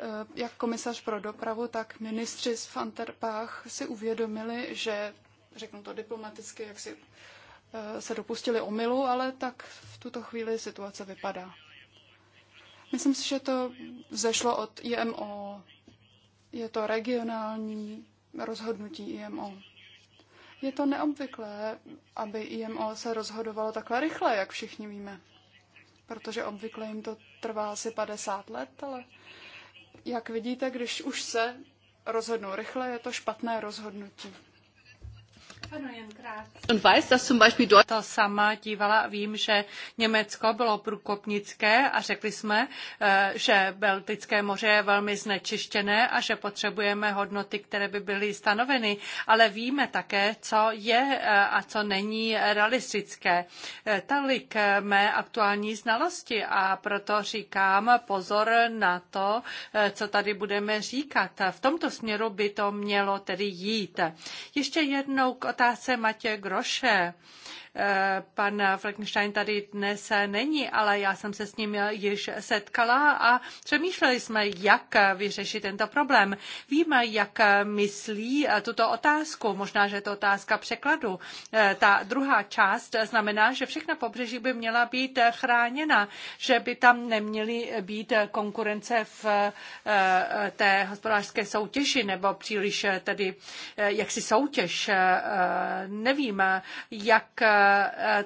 eh, jak komisař pro dopravu, tak ministři z Fanterpách si uvědomili, že řeknu to diplomaticky, jak si eh, se dopustili omylu, ale tak v tuto chvíli situace vypadá. Myslím si, že to zešlo od IMO. Je to regionální rozhodnutí IMO. Je to neobvyklé, aby IMO se rozhodovalo takhle rychle, jak všichni víme. Protože obvykle jim to trvá asi 50 let, ale jak vidíte, když už se rozhodnou rychle, je to špatné rozhodnutí. To sama dívala a vím, že Německo bylo průkopnické a řekli jsme, eh, že Baltické moře je velmi znečištěné a že potřebujeme hodnoty, které by byly stanoveny, ale víme také, co je eh, a co není realistické. Eh, tolik mé aktuální znalosti a proto říkám pozor na to, co tady budeme říkat. V tomto směru by to mělo tedy jít. Ještě jednou k otázce Matěje Groše. Pan Frankenstein tady dnes není, ale já jsem se s ním již setkala a přemýšleli jsme, jak vyřešit tento problém. Víme, jak myslí tuto otázku. Možná, že je to otázka překladu. Eh, ta druhá část znamená, že všechna pobřeží by měla být chráněna, že by tam neměly být konkurence v eh, té hospodářské soutěži nebo příliš eh, tedy jaksi soutěž. Nevím, jak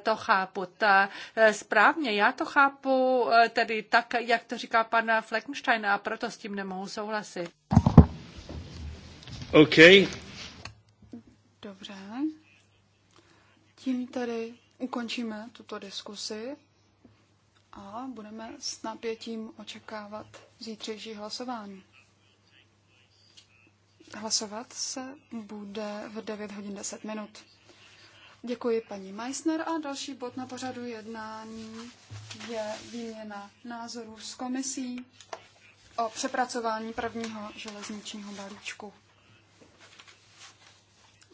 to chápu ta eh, správně. Já to chápu eh, tedy tak, jak to říká pan Fleckenstein a proto s tím nemohu souhlasit. OK. Dobře. Tím tady ukončíme tuto diskusi a budeme s napětím očekávat zítřejší hlasování. Hlasovat se bude v 9 hodin 10 minut. Děkuji paní Meissner a další bod na pořadu jednání je výměna názorů s komisí o přepracování prvního železničního balíčku.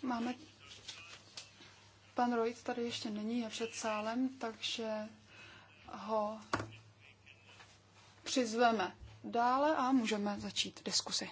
Máme... Pan Rojc tady ještě není, je před sálem, takže ho přizveme dále a můžeme začít diskusi.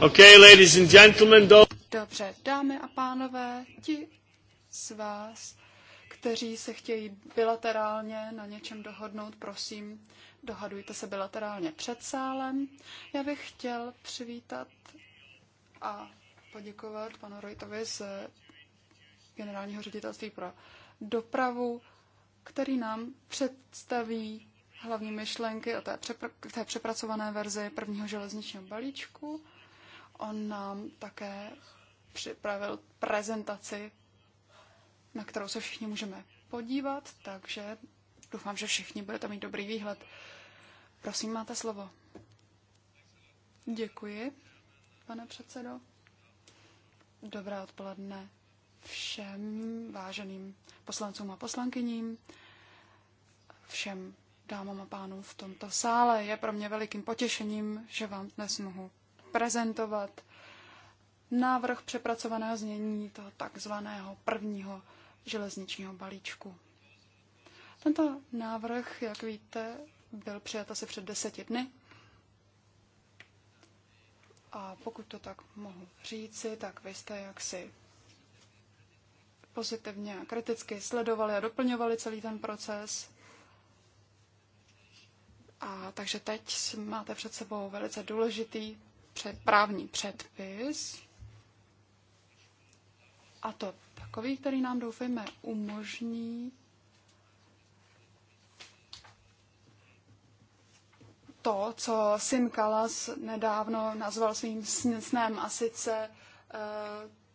Okay, ladies and gentlemen, do... Dobře, dámy a pánové, ti z vás, kteří se chtějí bilaterálně na něčem dohodnout, prosím, dohadujte se bilaterálně před sálem. Já bych chtěl přivítat a poděkovat panu Rojtovi z generálního ředitelství pro dopravu, který nám představí hlavní myšlenky o té, té přepracované verzi prvního železničního balíčku. On nám také připravil prezentaci, na kterou se všichni můžeme podívat, takže doufám, že všichni budete mít dobrý výhled. Prosím, máte slovo. Děkuji, pane předsedo. Dobré odpoledne všem váženým poslancům a poslankyním, všem dámám a pánům v tomto sále. Je pro mě velikým potěšením, že vám dnes mohu prezentovat návrh přepracovaného znění toho takzvaného prvního železničního balíčku. Tento návrh, jak víte, byl přijat asi před deseti dny. A pokud to tak mohu říci, tak vy jste jaksi pozitivně a kriticky sledovali a doplňovali celý ten proces. A takže teď máte před sebou velice důležitý před, právní předpis, a to takový, který nám doufejme umožní to, co syn Kalas nedávno nazval svým snem, a sice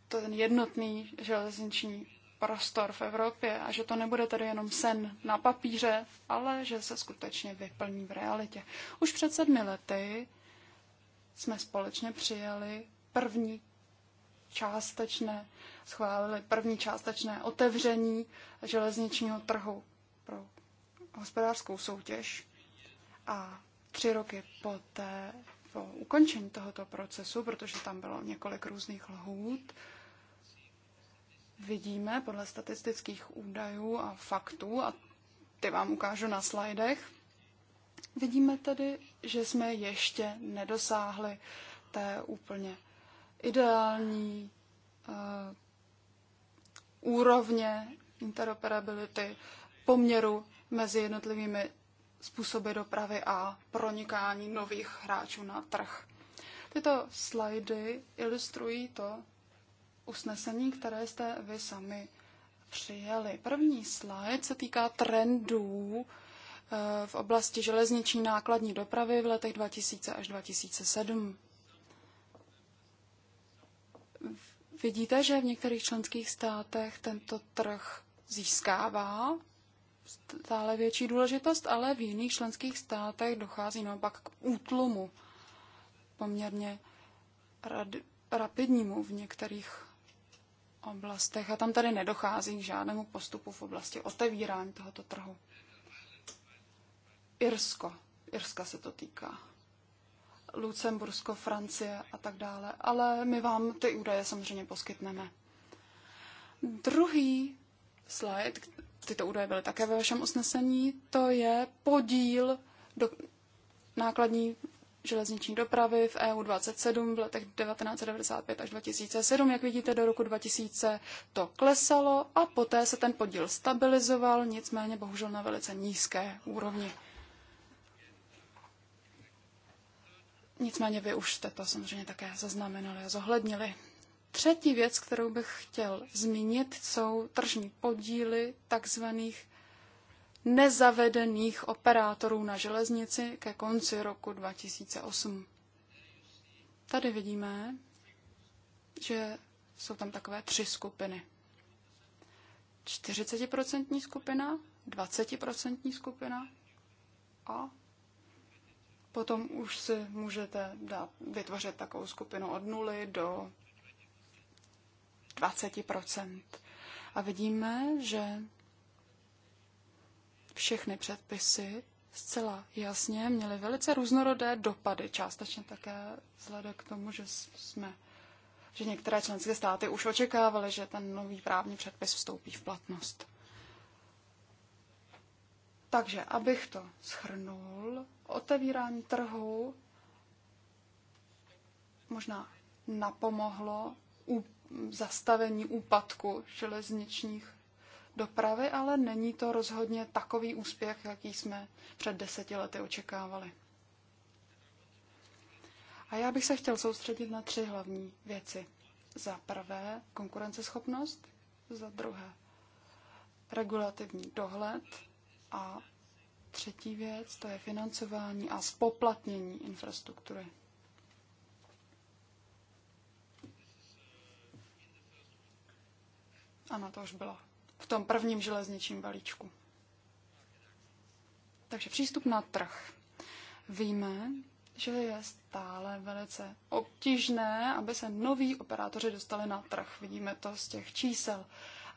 to eh, ten jednotný železniční prostor v Evropě a že to nebude tedy jenom sen na papíře, ale že se skutečně vyplní v realitě. Už před sedmi lety jsme společně přijali první částečné, schválili první částečné otevření železničního trhu pro hospodářskou soutěž. A tři roky poté, po ukončení tohoto procesu, protože tam bylo několik různých lhůt, vidíme podle statistických údajů a faktů, a ty vám ukážu na slajdech, Vidíme tedy, že jsme ještě nedosáhli té úplně ideální uh, úrovně interoperability poměru mezi jednotlivými způsoby dopravy a pronikání nových hráčů na trh. Tyto slajdy ilustrují to usnesení, které jste vy sami přijeli. První slide se týká trendů Eh, v oblasti železniční nákladní dopravy v letech 2000 až 2007. Vidíte, že v některých členských státech tento trh získává stále větší důležitost, ale v jiných členských státech dochází naopak k útlumu poměrně rad, rapidnímu v některých oblastech a tam tady nedochází k žádnému postupu v oblasti otevírání tohoto trhu. Irsko. Irska se to týká. Lucembursko, Francie a tak dále. Ale my vám ty údaje samozřejmě poskytneme. Druhý slide, tyto údaje byly také ve vašem usnesení, to je podíl do nákladní železniční dopravy v EU 27 v letech 1995 až 2007. Jak vidíte, do roku 2000 to klesalo a poté se ten podíl stabilizoval, nicméně bohužel na velice nízké úrovni. Nicméně vy už jste to samozřejmě také zaznamenali a zohlednili. Třetí věc, kterou bych chtěl zmínit, jsou tržní podíly takzvaných nezavedených operátorů na železnici ke konci roku 2008. Tady vidíme, že jsou tam takové tři skupiny. 40% skupina, 20% skupina a Potom už si můžete dát, vytvořit takovou skupinu od nuly do 20 A vidíme, že všechny předpisy zcela jasně měly velice různorodé dopady, částečně také vzhledem k tomu, že jsme že některé členské státy už očekávaly, že ten nový právní předpis vstoupí v platnost. Takže, abych to schrnul, otevírání trhu možná napomohlo u zastavení úpadku železničních dopravy, ale není to rozhodně takový úspěch, jaký jsme před deseti lety očekávali. A já bych se chtěl soustředit na tři hlavní věci. Za prvé konkurenceschopnost, za druhé regulativní dohled a třetí věc, to je financování a spoplatnění infrastruktury. Ano, to už bylo v tom prvním železničním balíčku. Takže přístup na trh. Víme, že je stále velice obtížné, aby se noví operátoři dostali na trh. Vidíme to z těch čísel. Uh,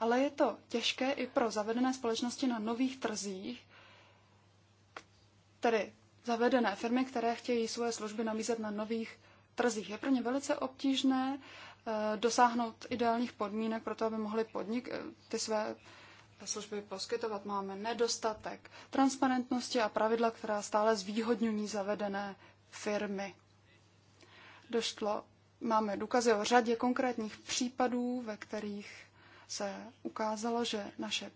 ale je to těžké i pro zavedené společnosti na nových trzích, tedy zavedené firmy, které chtějí svoje služby nabízet na nových trzích. Je pro ně velice obtížné eh, dosáhnout ideálních podmínek pro to, aby mohli podnik eh, ty své služby poskytovat. Máme nedostatek transparentnosti a pravidla, která stále zvýhodňují zavedené firmy. Došlo, máme důkazy o řadě konkrétních případů, ve kterých se ukázalo, že naše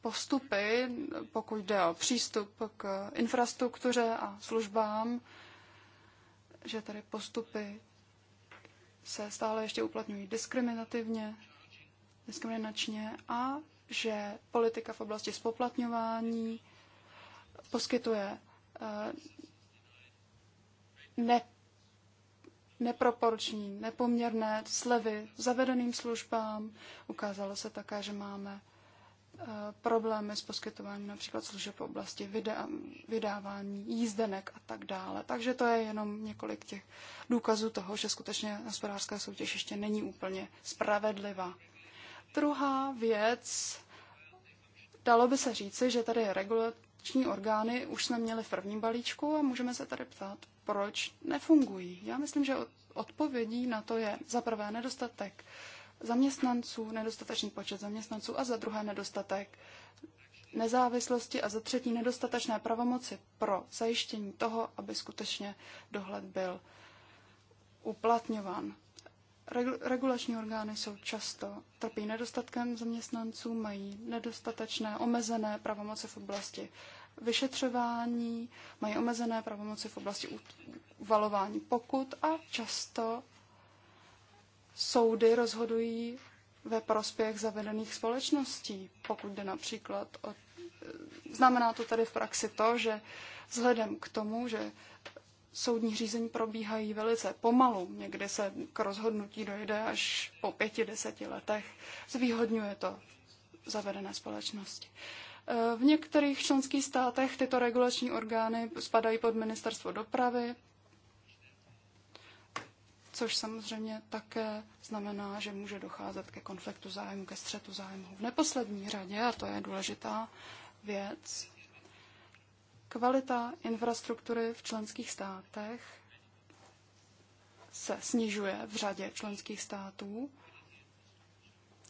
postupy, pokud jde o přístup k infrastruktuře a službám, že tady postupy se stále ještě uplatňují diskriminativně, diskriminačně a že politika v oblasti spoplatňování poskytuje eh, ne, neproporční, nepoměrné slevy zavedeným službám. Ukázalo se také, že máme eh, problémy s poskytováním například služeb v oblasti vydávání jízdenek a tak dále. Takže to je jenom několik těch důkazů toho, že skutečně hospodářská soutěž ještě není úplně spravedlivá. Druhá věc, dalo by se říci, že tady regulační orgány už jsme měli v prvním balíčku a můžeme se tady ptát, proč nefungují. Já myslím, že odpovědí na to je za prvé nedostatek zaměstnanců, nedostatečný počet zaměstnanců a za druhé nedostatek nezávislosti a za třetí nedostatečné pravomoci pro zajištění toho, aby skutečně dohled byl uplatňován. Regulační orgány jsou často trpí nedostatkem zaměstnanců, mají nedostatečné omezené pravomoce v oblasti vyšetřování, mají omezené pravomoci v oblasti uvalování pokut a často soudy rozhodují ve prospěch zavedených společností, pokud jde například o. Znamená to tedy v praxi to, že vzhledem k tomu, že soudní řízení probíhají velice pomalu, někdy se k rozhodnutí dojde až po pěti, deseti letech, zvýhodňuje to zavedené společnosti. V některých členských státech tyto regulační orgány spadají pod ministerstvo dopravy, což samozřejmě také znamená, že může docházet ke konfliktu zájmu, ke střetu zájmu. V neposlední řadě, a to je důležitá věc, kvalita infrastruktury v členských státech se snižuje v řadě členských států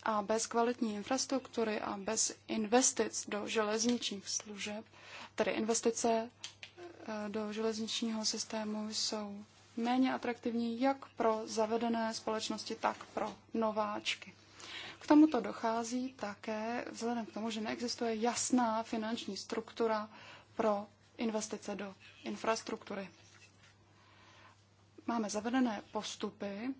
a bez kvalitní infrastruktury a bez investic do železničních služeb, tedy investice eh, do železničního systému jsou méně atraktivní jak pro zavedené společnosti, tak pro nováčky. K tomuto dochází také vzhledem k tomu, že neexistuje jasná finanční struktura pro investice do infrastruktury. Máme zavedené postupy,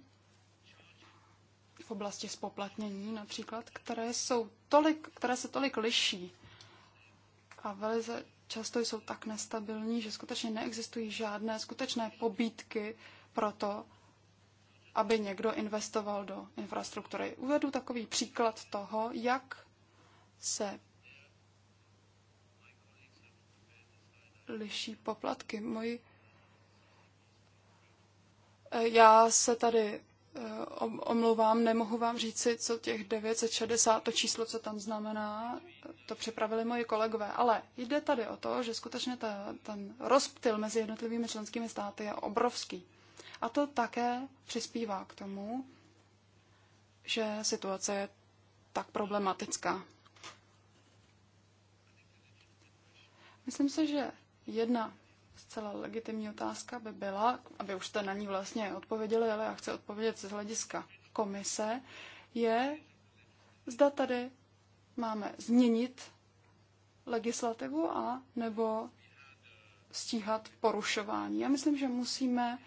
v oblasti spoplatnění například, které, jsou tolik, které se tolik liší a velice často jsou tak nestabilní, že skutečně neexistují žádné skutečné pobídky pro to, aby někdo investoval do infrastruktury. Uvedu takový příklad toho, jak se liší poplatky. Moji já se tady Eh, omlouvám, nemohu vám říci, co těch 960, to číslo, co tam znamená, to připravili moji kolegové. Ale jde tady o to, že skutečně ta, ten rozptyl mezi jednotlivými členskými státy je obrovský. A to také přispívá k tomu, že situace je tak problematická. Myslím se, že jedna Zcela legitimní otázka by byla, aby už jste na ní vlastně odpověděli, ale já chci odpovědět z hlediska komise, je, zda tady máme změnit legislativu a nebo stíhat porušování. Já myslím, že musíme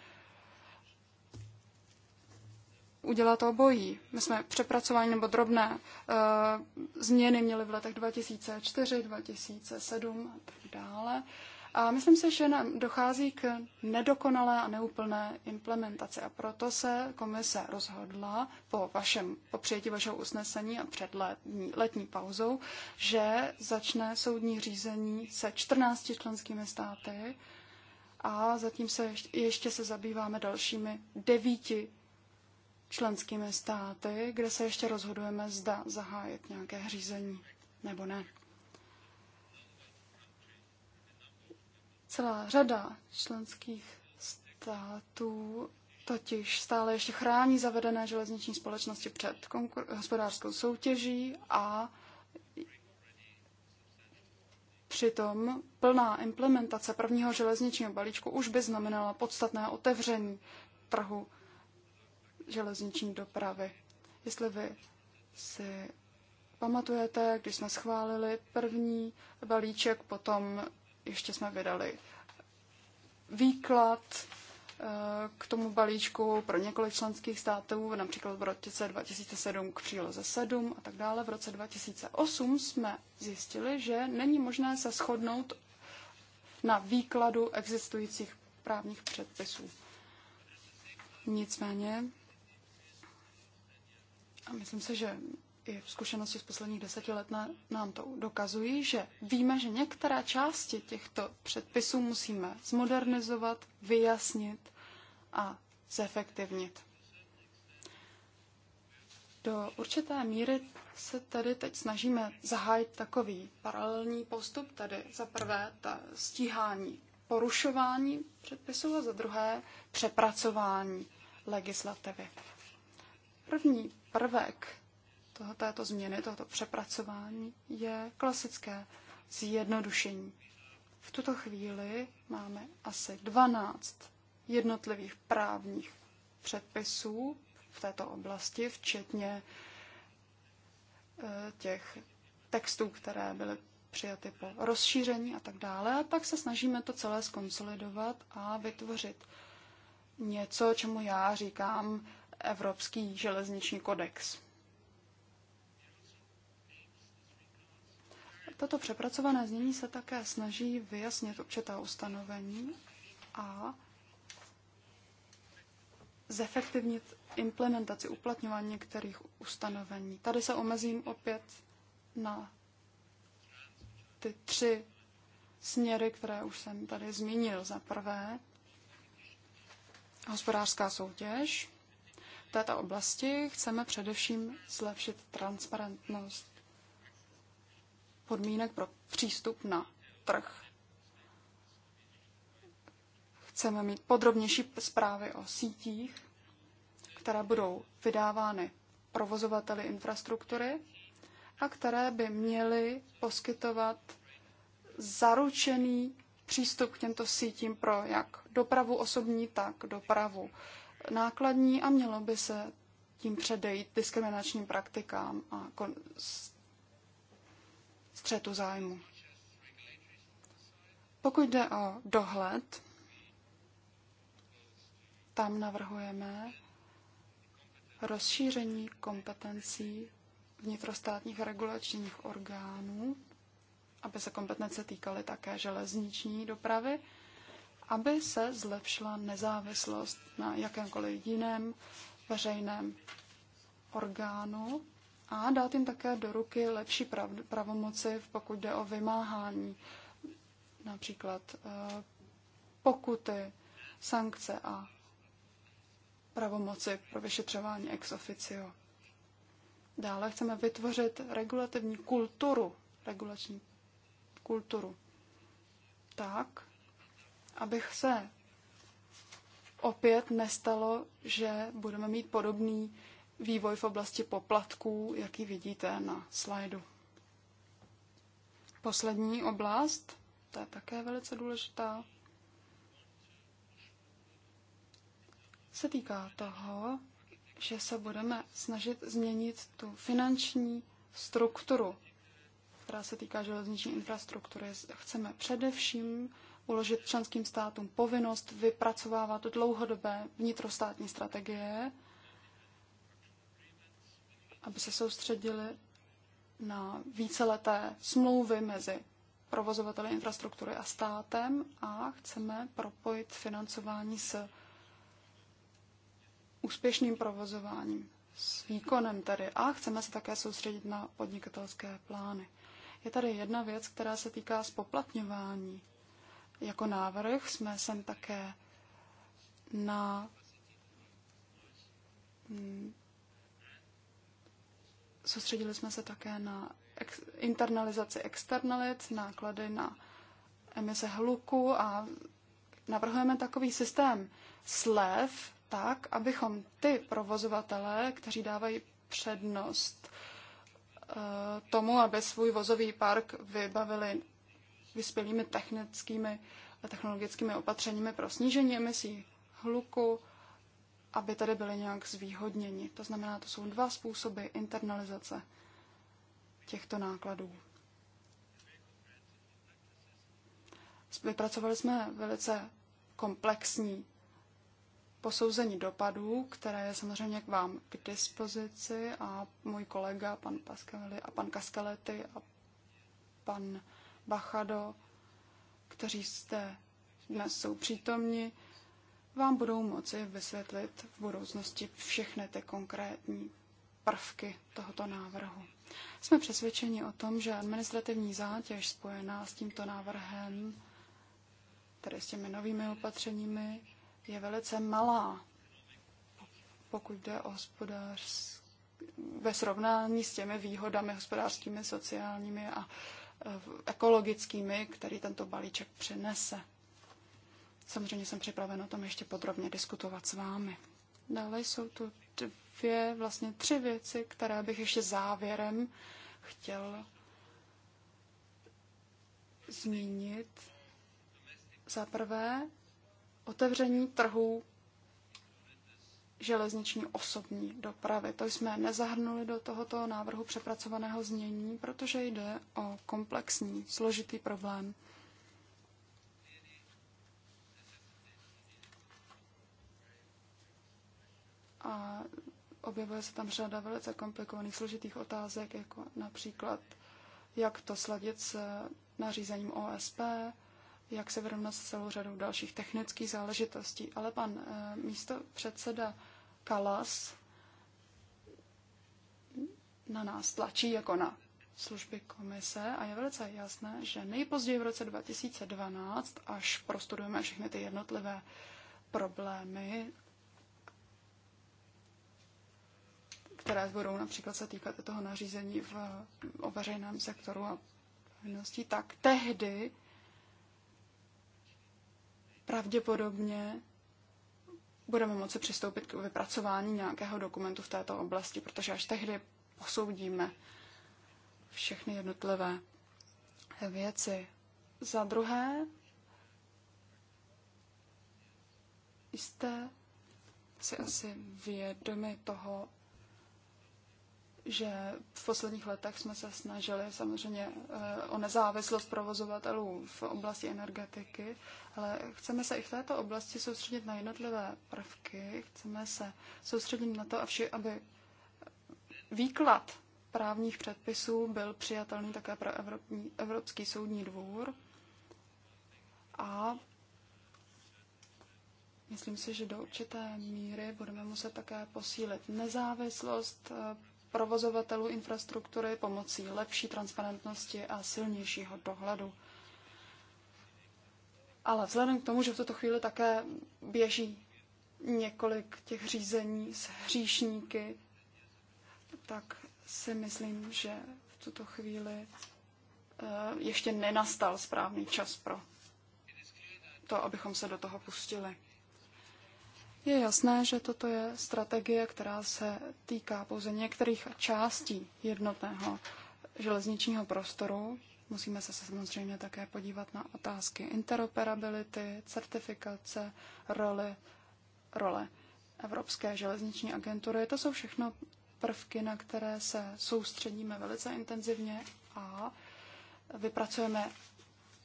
udělat obojí. My jsme přepracování nebo drobné e, změny měli v letech 2004, 2007 a tak dále. A myslím si, že nám dochází k nedokonalé a neúplné implementaci a proto se komise rozhodla po, vašem, po přijetí vašeho usnesení a před letní, letní pauzou, že začne soudní řízení se 14 členskými státy a zatím se ještě, ještě se zabýváme dalšími devíti členskými státy, kde se ještě rozhodujeme, zda zahájit nějaké řízení nebo ne. Celá řada členských států totiž stále ještě chrání zavedené železniční společnosti před hospodářskou soutěží a Přitom plná implementace prvního železničního balíčku už by znamenala podstatné otevření trhu železniční dopravy. Jestli vy si pamatujete, když jsme schválili první balíček, potom ještě jsme vydali výklad eh, k tomu balíčku pro několik členských států, například v roce 2007 k příloze 7 a tak dále. V roce 2008 jsme zjistili, že není možné se shodnout na výkladu existujících právních předpisů. Nicméně, a myslím si, že i zkušenosti z posledních deseti let na, nám to dokazují, že víme, že některé části těchto předpisů musíme zmodernizovat, vyjasnit a zefektivnit. Do určité míry se tady teď snažíme zahájit takový paralelní postup, tedy za prvé ta stíhání porušování předpisů a za druhé přepracování legislativy. První prvek toho, této změny, tohoto přepracování je klasické zjednodušení. V tuto chvíli máme asi 12 jednotlivých právních předpisů v této oblasti, včetně eh, těch textů, které byly přijaty po rozšíření a tak dále. A pak se snažíme to celé skonsolidovat a vytvořit něco, čemu já říkám Evropský železniční kodex. Toto přepracované znění se také snaží vyjasnit určitá ustanovení a zefektivnit implementaci uplatňování některých ustanovení. Tady se omezím opět na ty tři směry, které už jsem tady zmínil. Za prvé, hospodářská soutěž. V této oblasti chceme především zlepšit transparentnost podmínek pro přístup na trh. Chceme mít podrobnější zprávy o sítích, které budou vydávány provozovateli infrastruktury a které by měly poskytovat zaručený přístup k těmto sítím pro jak dopravu osobní, tak dopravu nákladní a mělo by se tím předejít diskriminačním praktikám a střetu zájmu. Pokud jde o dohled, tam navrhujeme rozšíření kompetencí vnitrostátních regulačních orgánů, aby se kompetence týkaly také železniční dopravy, aby se zlepšila nezávislost na jakémkoliv jiném veřejném orgánu a dát jim také do ruky lepší prav, pravomoci, pokud jde o vymáhání, například eh, pokuty, sankce a pravomoci pro vyšetřování ex officio. Dále chceme vytvořit regulativní kulturu, regulační kulturu, tak, abych se opět nestalo, že budeme mít podobný vývoj v oblasti poplatků, jaký vidíte na slajdu. Poslední oblast, ta je také velice důležitá, se týká toho, že se budeme snažit změnit tu finanční strukturu, která se týká železniční infrastruktury. Chceme především uložit členským státům povinnost vypracovávat dlouhodobé vnitrostátní strategie, aby se soustředili na víceleté smlouvy mezi provozovateli infrastruktury a státem a chceme propojit financování s úspěšným provozováním, s výkonem tedy a chceme se také soustředit na podnikatelské plány. Je tady jedna věc, která se týká spoplatňování. Jako návrh jsme sem také na mm, Soustředili jsme se také na ex- internalizaci externalit, náklady na emise hluku a navrhujeme takový systém slev, tak, abychom ty provozovatele, kteří dávají přednost eh, tomu, aby svůj vozový park vybavili vyspělými technickými a technologickými opatřeními pro snížení emisí hluku, aby tady byli nějak zvýhodněni. To znamená, to jsou dva způsoby internalizace těchto nákladů. Vypracovali jsme velice komplexní posouzení dopadů, které je samozřejmě k vám k dispozici a můj kolega, pan Pascali a pan Kaskalety a pan Bachado, kteří jste dnes jsou přítomni, vám budou moci vysvětlit v budoucnosti všechny ty konkrétní prvky tohoto návrhu. Jsme přesvědčeni o tom, že administrativní zátěž spojená s tímto návrhem, tedy s těmi novými opatřeními, je velice malá, pokud jde o ve srovnání s těmi výhodami hospodářskými, sociálními a eh, ekologickými, který tento balíček přinese. Samozřejmě jsem připraven o tom ještě podrobně diskutovat s vámi. Dále jsou tu dvě, vlastně tři věci, které bych ještě závěrem chtěl zmínit. Za prvé, otevření trhů železniční osobní dopravy. To jsme nezahrnuli do tohoto návrhu přepracovaného znění, protože jde o komplexní, složitý problém, a objevuje se tam řada velice komplikovaných, složitých otázek, jako například, jak to sladit s nařízením OSP, jak se vyrovnat s celou řadou dalších technických záležitostí. Ale pan eh, místo předseda Kalas na nás tlačí jako na služby komise a je velice jasné, že nejpozději v roce 2012, až prostudujeme všechny ty jednotlivé problémy, které budou například se týkat toho nařízení v, o veřejném sektoru a povinností, tak tehdy pravděpodobně budeme moci přistoupit k vypracování nějakého dokumentu v této oblasti, protože až tehdy posoudíme všechny jednotlivé věci. Za druhé, jste si asi vědomi toho, že v posledních letech jsme se snažili samozřejmě eh, o nezávislost provozovatelů v oblasti energetiky, ale chceme se i v této oblasti soustředit na jednotlivé prvky, chceme se soustředit na to, aby výklad právních předpisů byl přijatelný také pro Evropský soudní dvůr a Myslím si, že do určité míry budeme muset také posílit nezávislost eh, provozovatelů infrastruktury pomocí lepší transparentnosti a silnějšího dohledu. Ale vzhledem k tomu, že v tuto chvíli také běží několik těch řízení s hříšníky, tak si myslím, že v tuto chvíli eh, ještě nenastal správný čas pro to, abychom se do toho pustili. Je jasné, že toto je strategie, která se týká pouze některých částí jednotného železničního prostoru. Musíme se samozřejmě také podívat na otázky interoperability, certifikace, roli, role Evropské železniční agentury. To jsou všechno prvky, na které se soustředíme velice intenzivně a vypracujeme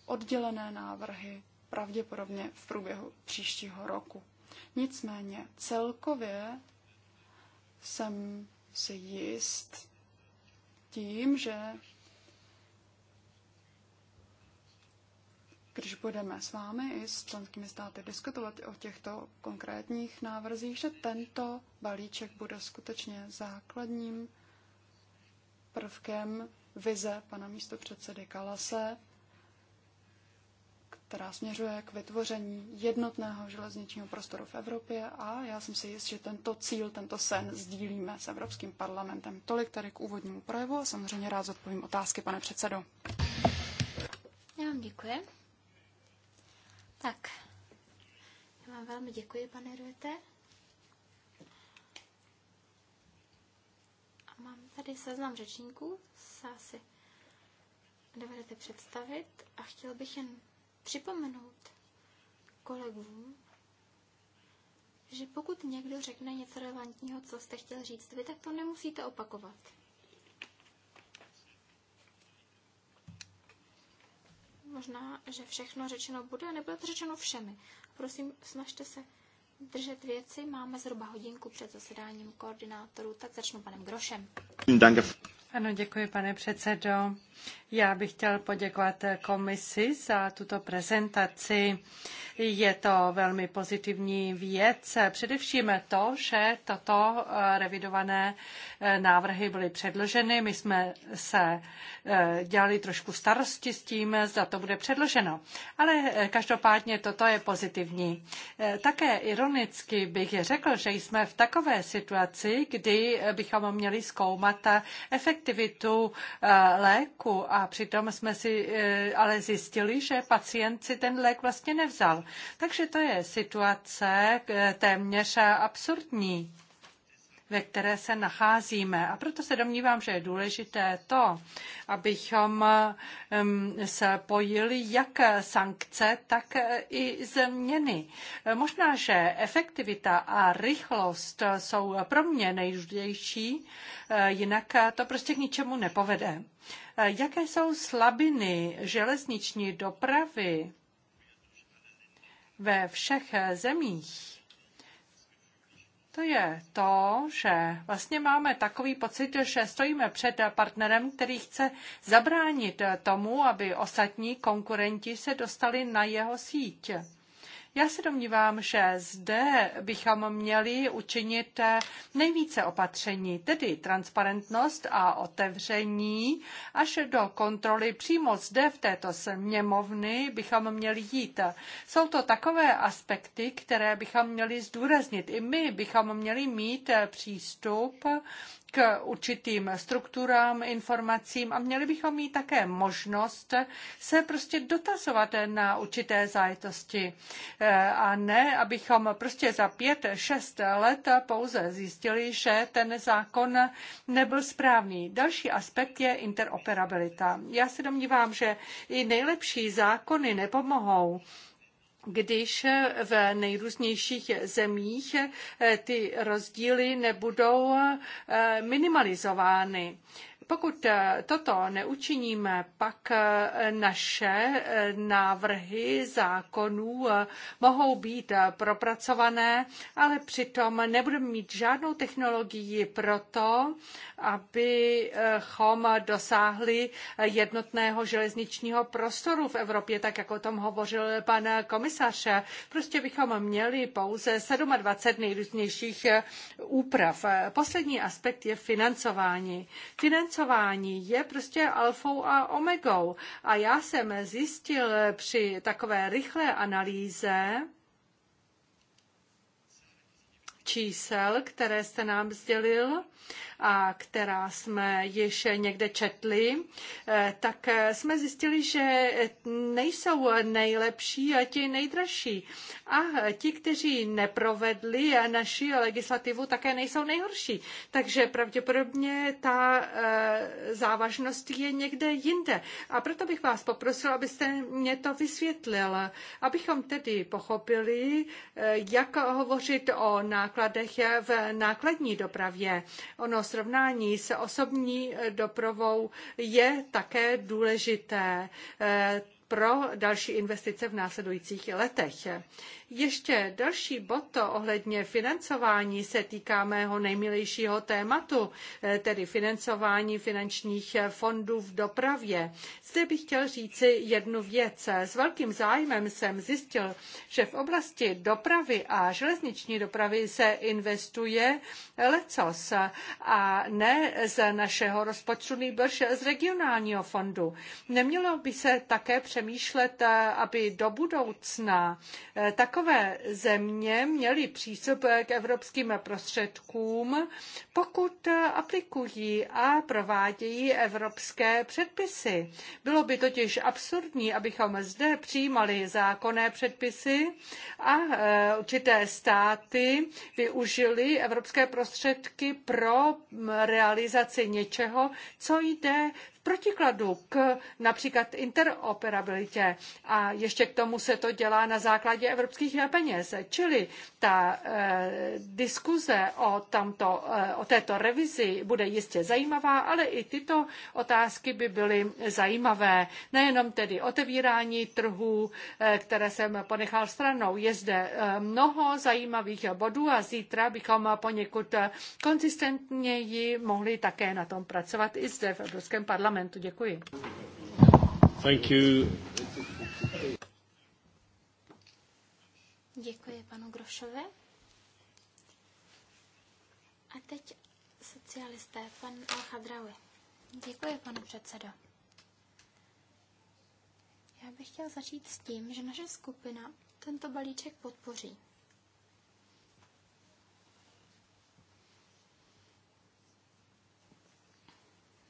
oddělené návrhy pravděpodobně v průběhu příštího roku. Nicméně celkově jsem si jist tím, že když budeme s vámi i s členskými státy diskutovat o těchto konkrétních návrzích, že tento balíček bude skutečně základním prvkem vize pana místopředsedy Kalase která směřuje k vytvoření jednotného železničního prostoru v Evropě a já jsem si jist, že tento cíl, tento sen sdílíme s Evropským parlamentem. Tolik tady k úvodnímu projevu a samozřejmě rád zodpovím otázky, pane předsedo. Já vám děkuji. Tak, já vám velmi děkuji, pane Ruete. A mám tady seznam řečníků, se asi nebudete představit a chtěl bych jen připomenout kolegům, že pokud někdo řekne něco relevantního, co jste chtěl říct vy, tak to nemusíte opakovat. Možná, že všechno řečeno bude, nebude to řečeno všemi. Prosím, snažte se držet věci. Máme zhruba hodinku před zasedáním koordinátorů, tak začnu panem Grošem. Danke. Ano, děkuji, pane předsedo. Já bych chtěl poděkovat komisi za tuto prezentaci. Je to velmi pozitivní věc. Především to, že tato eh, revidované eh, návrhy byly předloženy. My jsme se eh, dělali trošku starosti s tím, zda to bude předloženo. Ale každopádně toto je pozitivní. Také ironicky bych řekl, že jsme v takové situaci, kdy bychom měli zkoumat efektivitu efektivitu eh, léku a přitom jsme si eh, ale zjistili, že pacient si ten lék vlastně nevzal. Takže to je situace eh, téměř absurdní ve které se nacházíme. A proto se domnívám, že je důležité to, abychom pojili jak sankce, tak i změny. Možná, že efektivita a rychlost jsou pro mě nejdůležitější, eh, jinak to prostě k ničemu nepovede. Eh, jaké jsou slabiny železniční dopravy ve všech zemích? to je to, že vlastně máme takový pocit, že stojíme před partnerem, který chce zabránit tomu, aby ostatní konkurenti se dostali na jeho síť. Já se domnívám, že zde bychom měli učinit nejvíce opatření, tedy transparentnost a otevření až do kontroly přímo zde v této sněmovny bychom měli jít. Jsou to takové aspekty, které bychom měli zdůraznit. I my bychom měli mít přístup k určitým strukturám, informacím a měli bychom mít také možnost se prostě dotazovat na určité zájetosti eh, a ne, abychom prostě za pět, šest let pouze zjistili, že ten zákon nebyl správný. Další aspekt je interoperabilita. Já se domnívám, že i nejlepší zákony nepomohou když v nejrůznějších zemích eh, ty rozdíly nebudou eh, minimalizovány. Pokud eh, toto neučiníme, pak eh, naše eh, návrhy zákonů mohou být propracované, ale přitom nebudeme mít žádnou technologii pro to, abychom dosáhli jednotného železničního prostoru v Evropě, tak jak o tom hovořil pan komisař. Prostě bychom měli pouze 27 nejrůznějších úprav. Poslední aspekt je financování. Financování financování je prostě alfou a omegou. A já jsem zjistil při takové rychlé analýze, čísel, které jste nám sdělil a která jsme již někde četli, eh, tak jsme zjistili, že nejsou nejlepší a ti nejdražší. A ti, kteří neprovedli naši legislativu, také nejsou nejhorší. Takže pravděpodobně ta eh, závažnost je někde jinde. A proto bych vás poprosil, abyste mě to vysvětlil, abychom tedy pochopili, eh, jak hovořit o nákladech nákladech v nákladní dopravě. Ono srovnání s osobní dopravou je také důležité eh, pro další investice v následujících letech. Ještě další bod ohledně financování se týká mého nejmilejšího tématu, eh, tedy financování finančních fondů v dopravě. Zde bych chtěl říci jednu věc. S velkým zájmem jsem zjistil, že v oblasti dopravy a železniční dopravy se investuje lecos a ne z našeho rozpočtu, nejbrž z regionálního fondu. Nemělo by se také přemýšlet, eh, aby do budoucna takové eh, takové země měly přístup k evropským prostředkům, pokud aplikují a provádějí evropské předpisy. Bylo by totiž absurdní, abychom zde přijímali zákonné předpisy a e, určité státy využili evropské prostředky pro realizaci něčeho, co jde protikladu k například interoperabilitě a ještě k tomu se to dělá na základě evropských peněz. Čili ta eh, diskuze o, tamto, eh, o této revizi bude jistě zajímavá, ale i tyto otázky by byly zajímavé. Nejenom tedy otevírání trhů, eh, které jsem ponechal stranou. Je zde mnoho zajímavých bodů a zítra bychom poněkud konzistentněji mohli také na tom pracovat i zde v Evropském parlamentu parlamentu. Děkuji. Thank you. Děkuji panu Grošovi. A teď socialisté, pan al Děkuji, pane předsedo. Já bych chtěl začít s tím, že naše skupina tento balíček podpoří.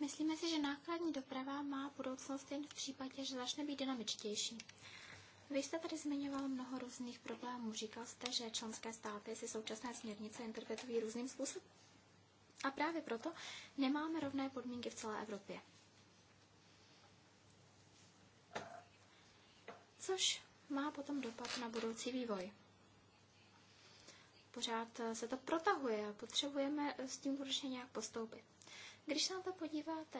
Myslíme si, že nákladní doprava má budoucnost jen v případě, že začne být dynamičtější. Vy jste tady zmiňoval mnoho různých problémů. Říkal jste, že členské státy si současné směrnice interpretují různým způsobem. A právě proto nemáme rovné podmínky v celé Evropě. Což má potom dopad na budoucí vývoj. Pořád se to protahuje a potřebujeme s tím konečně nějak postoupit. Když se na to podíváte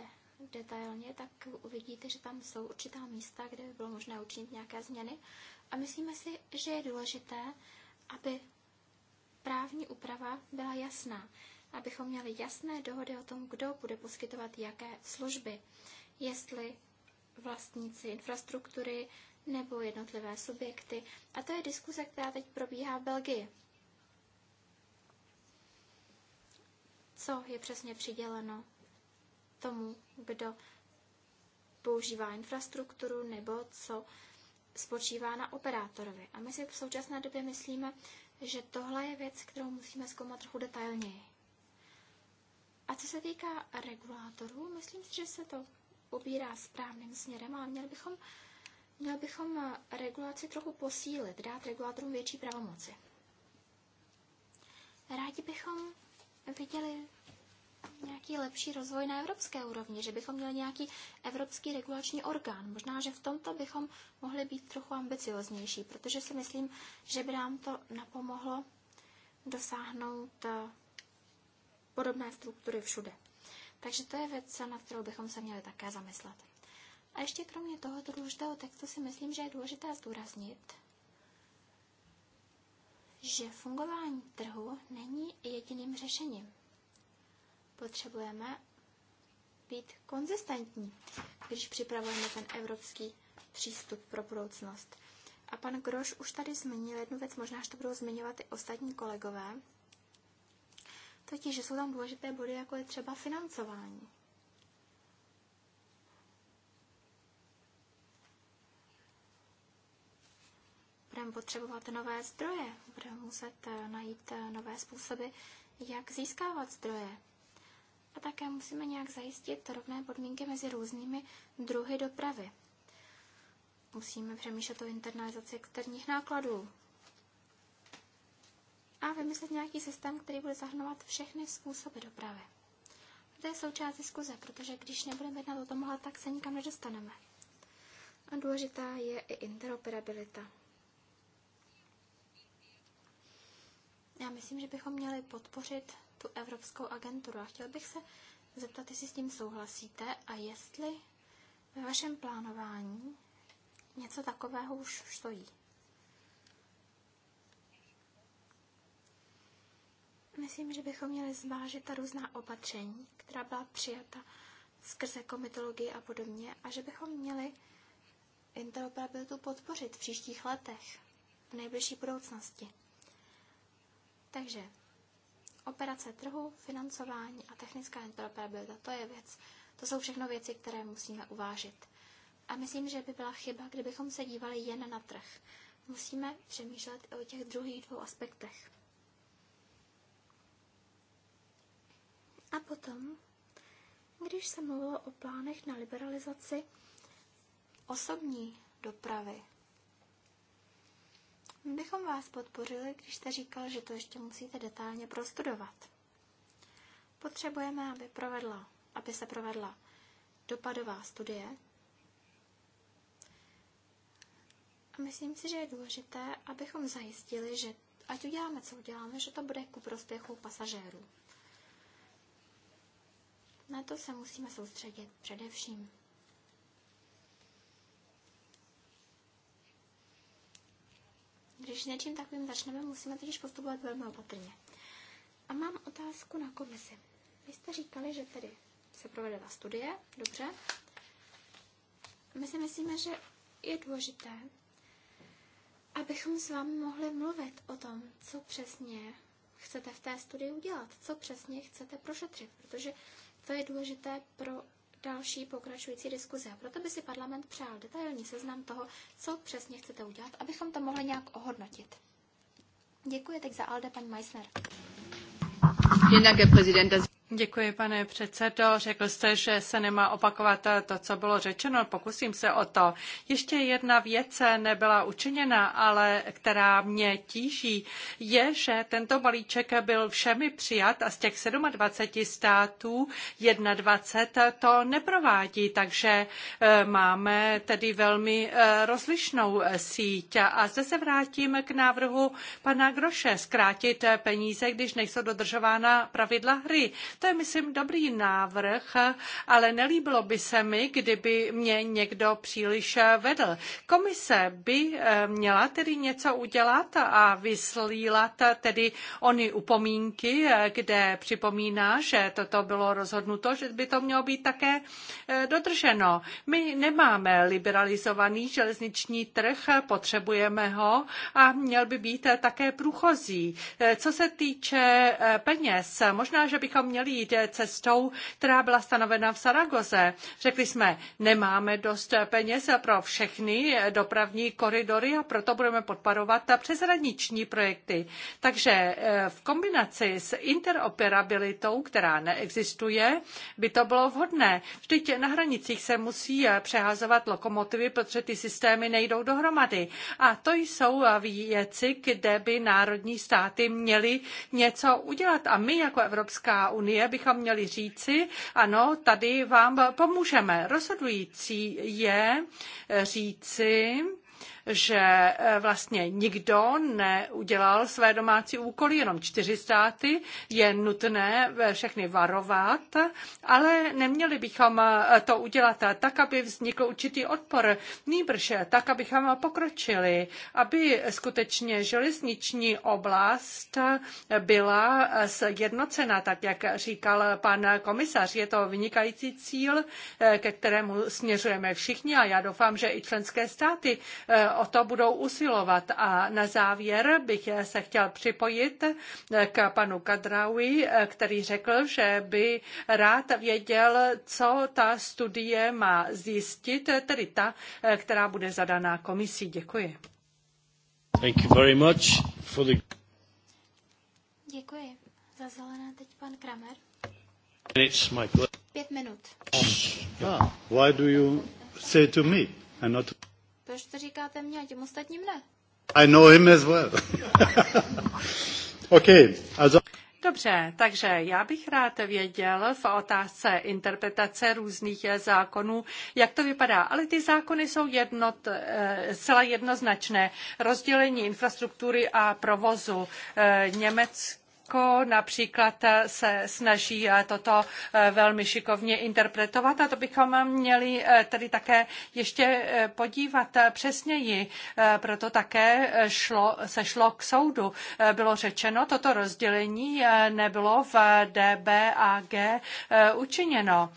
detailně, tak uvidíte, že tam jsou určitá místa, kde by bylo možné učinit nějaké změny. A myslíme si, že je důležité, aby právní úprava byla jasná, abychom měli jasné dohody o tom, kdo bude poskytovat jaké služby, jestli vlastníci infrastruktury nebo jednotlivé subjekty. A to je diskuze, která teď probíhá v Belgii. Co je přesně přiděleno tomu, kdo používá infrastrukturu nebo co spočívá na operátorovi. A my si v současné době myslíme, že tohle je věc, kterou musíme zkoumat trochu detailněji. A co se týká regulátorů, myslím si, že se to ubírá správným směrem, ale měli bychom, měli bychom regulaci trochu posílit, dát regulátorům větší pravomoci. Rádi bychom viděli nějaký lepší rozvoj na evropské úrovni, že bychom měli nějaký evropský regulační orgán. Možná, že v tomto bychom mohli být trochu ambicioznější, protože si myslím, že by nám to napomohlo dosáhnout eh, podobné struktury všude. Takže to je věc, na kterou bychom se měli také zamyslet. A ještě kromě tohoto důležitého textu si myslím, že je důležité zdůraznit, že fungování trhu není jediným řešením. Potřebujeme být konzistentní, když připravujeme ten evropský přístup pro budoucnost. A pan Groš už tady zmínil jednu věc, možná, že to budou zmiňovat i ostatní kolegové, totiž, že jsou tam důležité body, jako je třeba financování. budeme potřebovat nové zdroje, budeme muset eh, najít eh, nové způsoby, jak získávat zdroje. A také musíme nějak zajistit rovné podmínky mezi různými druhy dopravy. Musíme přemýšlet o internalizaci externích nákladů. A vymyslet nějaký systém, který bude zahrnovat všechny způsoby dopravy. to je součást diskuze, protože když nebudeme jednat o tomhle, tak se nikam nedostaneme. A důležitá je i interoperabilita. Já myslím, že bychom měli podpořit tu Evropskou agenturu. A chtěl bych se zeptat, jestli s tím souhlasíte a jestli ve vašem plánování něco takového už stojí. Myslím, že bychom měli zvážit ta různá opatření, která byla přijata skrze komitologii a podobně, a že bychom měli interoperabilitu podpořit v příštích letech, v nejbližší budoucnosti. Takže Operace trhu, financování a technická interoperabilita, to je věc. To jsou všechno věci, které musíme uvážit. A myslím, že by byla chyba, kdybychom se dívali jen na trh. Musíme přemýšlet i o těch druhých dvou aspektech. A potom, když se mluvilo o plánech na liberalizaci osobní dopravy, bychom vás podpořili, když jste říkal, že to ještě musíte detailně prostudovat. Potřebujeme, aby, provedla, aby se provedla dopadová studie. A myslím si, že je důležité, abychom zajistili, že ať uděláme, co uděláme, že to bude ku prospěchu pasažérů. Na to se musíme soustředit především. Když něčím takovým začneme, musíme totiž postupovat velmi opatrně. A mám otázku na komisi. Vy jste říkali, že tedy se provedla studie, dobře. My si myslíme, že je důležité, abychom s vámi mohli mluvit o tom, co přesně chcete v té studii udělat, co přesně chcete prošetřit, protože to je důležité pro další pokračující diskuze. Proto by si parlament přál detailní seznam toho, co přesně chcete udělat, abychom to mohli nějak ohodnotit. Děkuji teď za Alde, paní Meissner. Děkuji, pane předsedo. Řekl jste, že se nemá opakovat to, co bylo řečeno. Pokusím se o to. Ještě jedna věc nebyla učiněna, ale která mě tíží, je, že tento balíček byl všemi přijat a z těch 27 států 21 to neprovádí, takže eh, máme tedy velmi eh, rozlišnou eh, síť. A zde se vrátím k návrhu pana Groše zkrátit peníze, když nejsou dodržována pravidla hry. To je, myslím, dobrý návrh, ale nelíbilo by se mi, kdyby mě někdo příliš eh, vedl. Komise by eh, měla tedy něco udělat a vyslílat eh, tedy ony upomínky, kde připomíná, že toto bylo rozhodnuto, že by to mělo být také dodrženo. My nemáme liberalizovaný železniční trh, potřebujeme ho a měl by být také průchozí. Co se týče peněz, možná, že bychom měli chtěli jít cestou, která byla stanovena v Saragoze. Řekli jsme, nemáme dost peněz pro všechny dopravní koridory a proto budeme podporovat přeshraniční projekty. Takže eh, v kombinaci s interoperabilitou, která neexistuje, by to bylo vhodné. Vždyť na hranicích se musí eh, přehazovat lokomotivy, protože ty systémy nejdou dohromady. A to jsou eh, věci, kde by národní státy měly něco udělat. A my jako Evropská unie je, bychom měli říci, ano, tady vám pomůžeme. Rozhodující je říci, že eh, vlastně nikdo neudělal své domácí úkoly, jenom čtyři státy, je nutné eh, všechny varovat, ale neměli bychom eh, to udělat tak, aby vznikl určitý odpor, nýbrž tak, abychom pokročili, aby skutečně železniční oblast byla sjednocena, tak jak říkal pan komisař. Je to vynikající cíl, ke kterému směřujeme všichni a já doufám, že i členské státy o to budou usilovat. A na závěr bych se chtěl připojit k panu Kadraui, který řekl, že by rád věděl, co ta studie má zjistit, tedy ta, která bude zadaná komisí. Děkuji. Thank you very much for the... Děkuji. Za zelená teď pan Kramer. Minutes, Pět minut. Ah, why do you say to me and not... Proč to říkáte mě, a těm ostatním ne? I know him as well. okay, also... Dobře, takže já bych rád věděl v otázce interpretace různých zákonů, jak to vypadá. Ale ty zákony jsou jednot, eh, celá jednoznačné. Rozdělení infrastruktury a provozu. Eh, Německo jako například eh, se snaží eh, toto eh, velmi šikovně interpretovat a to bychom měli tedy také ještě podívat přesněji. Proto také šlo, se šlo k soudu. Bylo řečeno, toto rozdělení nebylo v DB a G učiněno.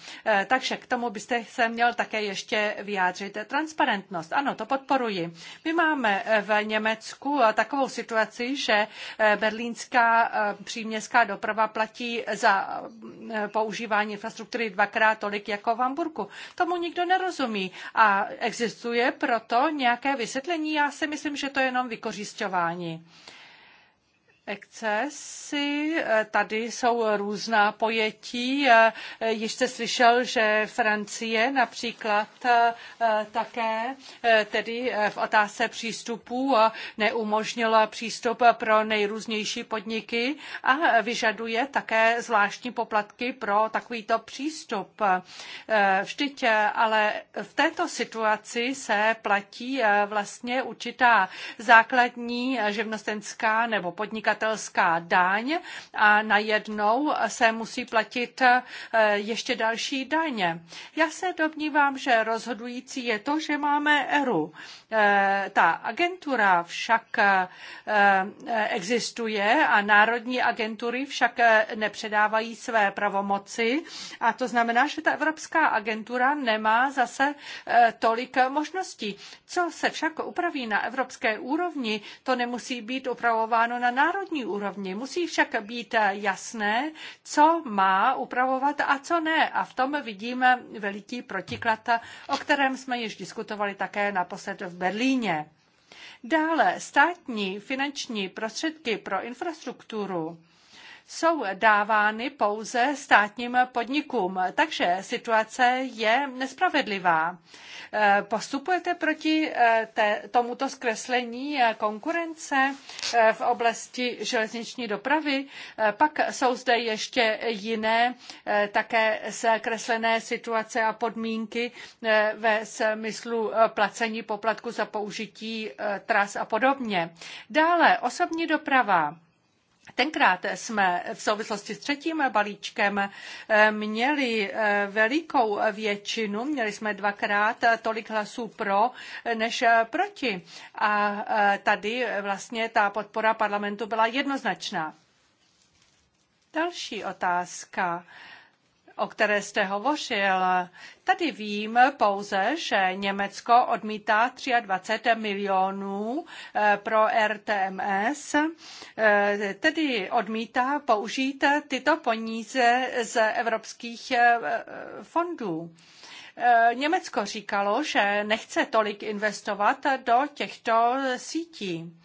Takže k tomu byste se měl také ještě vyjádřit. Transparentnost, ano, to podporuji. My máme v Německu takovou situaci, že berlínská příměstská doprava platí za eh, používání infrastruktury dvakrát tolik jako v Hamburku. Tomu nikdo nerozumí. A existuje proto nějaké vysvětlení? Já si myslím, že to je jenom vykořišťování excesy. Tady jsou různá pojetí. Již jste slyšel, že Francie například eh, také eh, tedy eh, v otázce přístupů neumožnila přístup pro nejrůznější podniky a vyžaduje také zvláštní poplatky pro takovýto přístup. Vždyť ale v této situaci se platí vlastně určitá základní živnostenská nebo podnikatelská spotřebitelská daň a najednou se musí platit eh, ještě další daně. Já se domnívám, že rozhodující je to, že máme ERU. Eh, ta agentura však eh, existuje a národní agentury však nepředávají své pravomoci a to znamená, že ta Evropská agentura nemá zase tolik možností. Co se však upraví na evropské úrovni, to nemusí být upravováno na národní národní úrovni. Musí však být jasné, co má upravovat a co ne. A v tom vidíme veliký protiklad, o kterém jsme již diskutovali také naposled v Berlíně. Dále státní finanční prostředky pro infrastrukturu jsou dávány pouze státním podnikům. Takže situace je nespravedlivá. Eh, postupujete proti eh, te, tomuto zkreslení eh, konkurence v oblasti železniční dopravy. Pak jsou zde ještě jiné také zkreslené situace a podmínky ve smyslu placení poplatku za použití tras a podobně. Dále osobní doprava. Tenkrát jsme v souvislosti s třetím balíčkem eh, měli eh, velikou většinu, měli jsme dvakrát tolik hlasů pro eh, než proti. A tady vlastně ta podpora parlamentu byla jednoznačná. Další otázka o které jste hovořil. Tady vím pouze, že Německo odmítá 23 milionů eh, pro RTMS, eh, tedy odmítá použít tyto peníze z evropských eh, fondů. Německo říkalo, že nechce tolik investovat do těchto sítí.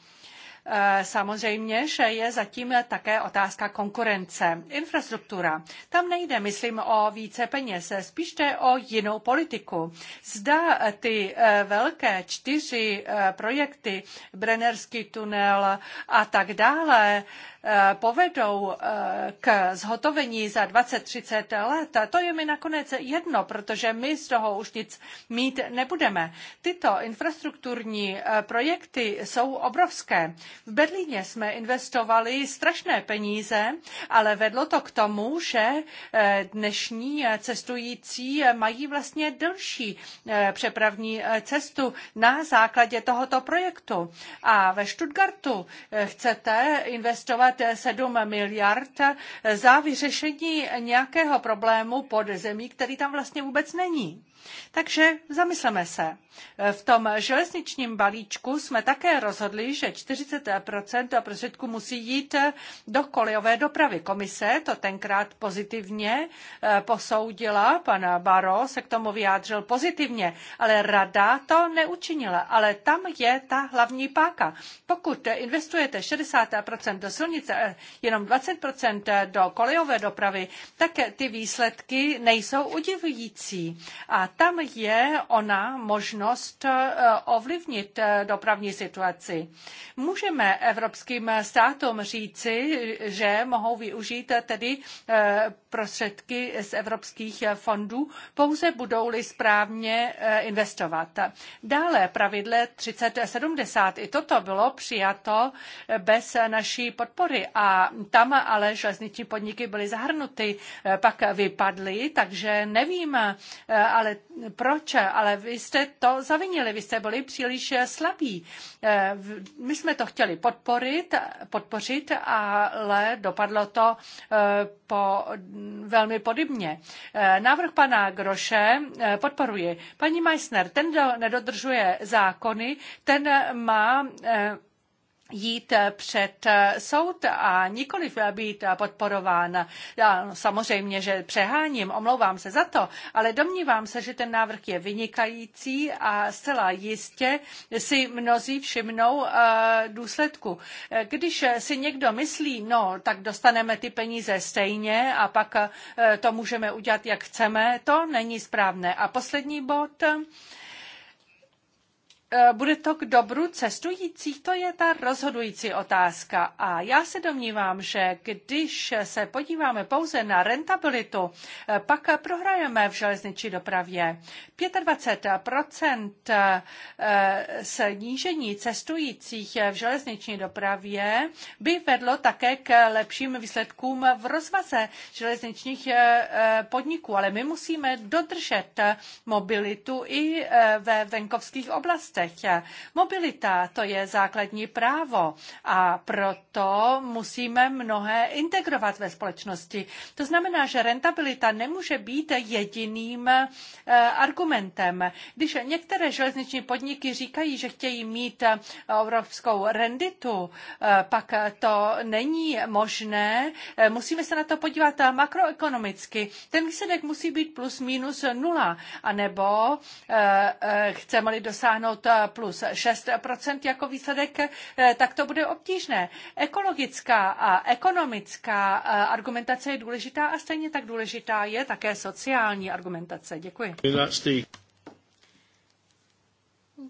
Eh, samozřejmě, že je zatím také otázka konkurence. Infrastruktura. Tam nejde, myslím, o více peněz, spíš jde o jinou politiku. Zda eh, ty eh, velké čtyři projekty, Brennerský tunel a tak dále, povedou k zhotovení za 20-30 let, to je mi nakonec jedno, protože my z toho už nic mít nebudeme. Tyto infrastrukturní projekty jsou obrovské. V Berlíně jsme investovali strašné peníze, ale vedlo to k tomu, že eh, dnešní cestující mají vlastně delší eh, přepravní eh, cestu na základě tohoto projektu. A ve Stuttgartu chcete investovat 7 miliard za vyřešení nějakého problému pod zemí, který tam vlastně vůbec není. Takže zamysleme se. V tom železničním balíčku jsme také rozhodli, že 40 prostředků musí jít do kolejové dopravy. Komise to tenkrát pozitivně eh, posoudila, pan Baro se k tomu vyjádřil pozitivně, ale rada to neučinila. Ale tam je ta hlavní páka. Pokud investujete 60 do silnice, eh, jenom 20 do kolejové dopravy, tak ty výsledky nejsou udivující. A tam je ona možnost eh, ovlivnit eh, dopravní situaci. Můžeme evropským státům říci, že mohou využít tedy eh, prostředky z evropských fondů, pouze budou-li správně eh, investovat. Dále pravidle 3070, i toto bylo přijato eh, bez naší podpory a tam ale železniční podniky byly zahrnuty, eh, pak vypadly, takže nevím, ale proč, ale vy jste to zavinili, vy jste byli příliš slabí. My jsme to chtěli podporit, podpořit, ale dopadlo to po velmi podobně. Eh, návrh pana Groše eh, podporuji. Paní Meissner, ten, kdo nedodržuje zákony, ten má eh, jít eh, před eh, soud a nikoliv eh, být podporován. Já, no, samozřejmě, že přeháním, omlouvám se za to, ale domnívám se, že ten návrh je vynikající a zcela jistě si mnozí všimnou důsledku. Když si někdo myslí, no, tak dostaneme ty peníze stejně a pak to můžeme udělat, jak chceme, to není správné. A poslední bod, E, bude to k dobru cestujících? To je ta rozhodující otázka. A já se domnívám, že když se podíváme pouze na rentabilitu, e, pak prohrajeme v železniční dopravě. 25 e, snížení cestujících v železniční dopravě by vedlo také k lepším výsledkům v rozvaze železničních podniků. Ale my musíme dodržet mobilitu i ve venkovských oblastech letech. Mobilita to je základní právo a proto musíme mnohé integrovat ve společnosti. To znamená, že rentabilita nemůže být jediným eh, argumentem. Když některé železniční podniky říkají, že chtějí mít eh, obrovskou renditu, eh, pak to není možné. Musíme se na to podívat makroekonomicky. Ten výsledek musí být plus minus nula, anebo chceme-li dosáhnout plus 6 jako výsledek, eh, tak to bude obtížné. Ekologická a ekonomická eh, argumentace je důležitá a stejně tak důležitá je také sociální argumentace. Děkuji.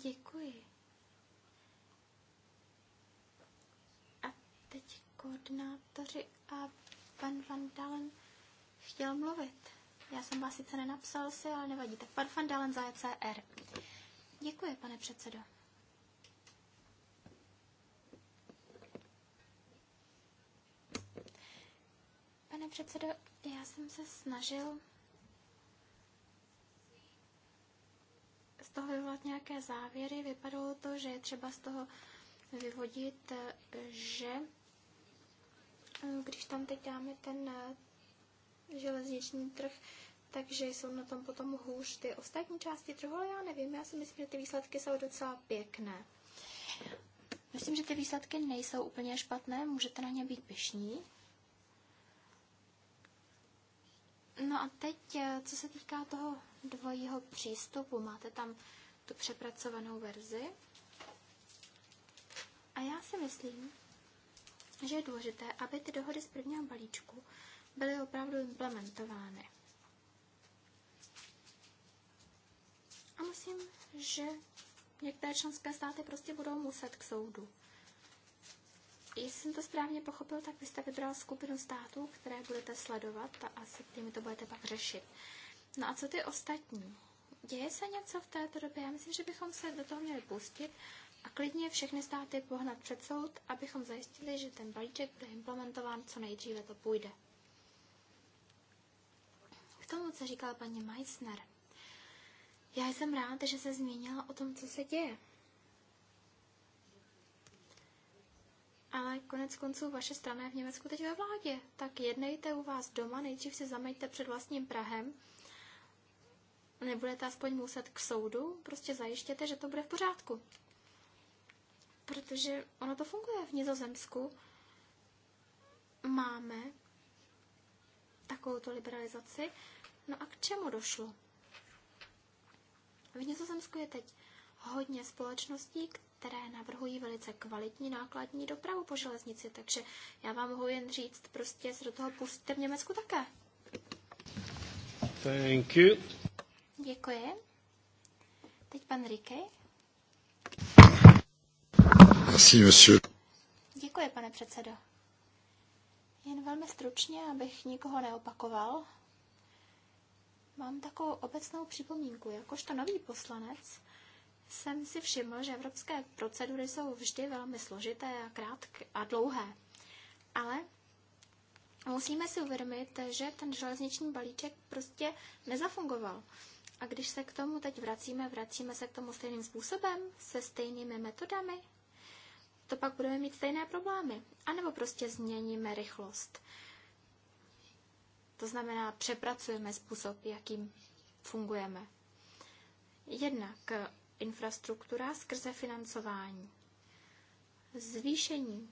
Děkuji. A teď koordinátoři a pan Van Dalen chtěl mluvit. Já jsem vás sice nenapsal si, ale nevadí. Tak pan Van Dalen za ECR. Děkuji, pane předsedo. Pane předsedo, já jsem se snažil z toho vyvolat nějaké závěry. Vypadalo to, že je třeba z toho vyvodit, že eh, když tam teď dáme ten eh, železniční trh, takže jsou na tom potom hůř ty ostatní části trhu, ale já nevím, já si myslím, že ty výsledky jsou docela pěkné. Myslím, že ty výsledky nejsou úplně špatné, můžete na ně být pyšní. No a teď, eh, co se týká toho dvojího přístupu, máte tam tu přepracovanou verzi. A já si myslím, že je důležité, aby ty dohody z prvního balíčku byly opravdu implementovány. A myslím, že některé členské státy prostě budou muset k soudu. Jestli jsem to správně pochopil, tak vy jste vybral skupinu států, které budete sledovat a asi těmi to budete pak řešit. No a co ty ostatní? Děje se něco v této době? Já myslím, že bychom se do toho měli pustit a klidně všechny státy pohnat před soud, abychom zajistili, že ten balíček bude implementován co nejdříve to půjde. K tomu, co říkala paní Meissner – já jsem ráda, že se zmínila o tom, co se děje. Ale konec konců vaše strana je v Německu teď ve vládě. Tak jednejte u vás doma, nejdřív si zameďte před vlastním Prahem. Nebudete aspoň muset k soudu, prostě zajištěte, že to bude v pořádku. Protože ono to funguje v Nizozemsku. Máme takovouto liberalizaci. No a k čemu došlo? V Nizozemsku je teď hodně společností, které navrhují velice kvalitní nákladní dopravu po železnici, takže já vám mohu jen říct, prostě se do toho pustíte v Německu také. Thank you. Děkuji. Teď pan Rikej. Merci, monsieur. Děkuji, pane předsedo. Jen velmi stručně, abych nikoho neopakoval. Mám takovou obecnou připomínku. Jakožto nový poslanec jsem si všiml, že evropské procedury jsou vždy velmi složité a krátké a dlouhé. Ale musíme si uvědomit, že ten železniční balíček prostě nezafungoval. A když se k tomu teď vracíme, vracíme se k tomu stejným způsobem, se stejnými metodami, to pak budeme mít stejné problémy. A nebo prostě změníme rychlost. To znamená, přepracujeme způsob, jakým fungujeme. Jednak infrastruktura skrze financování. Zvýšení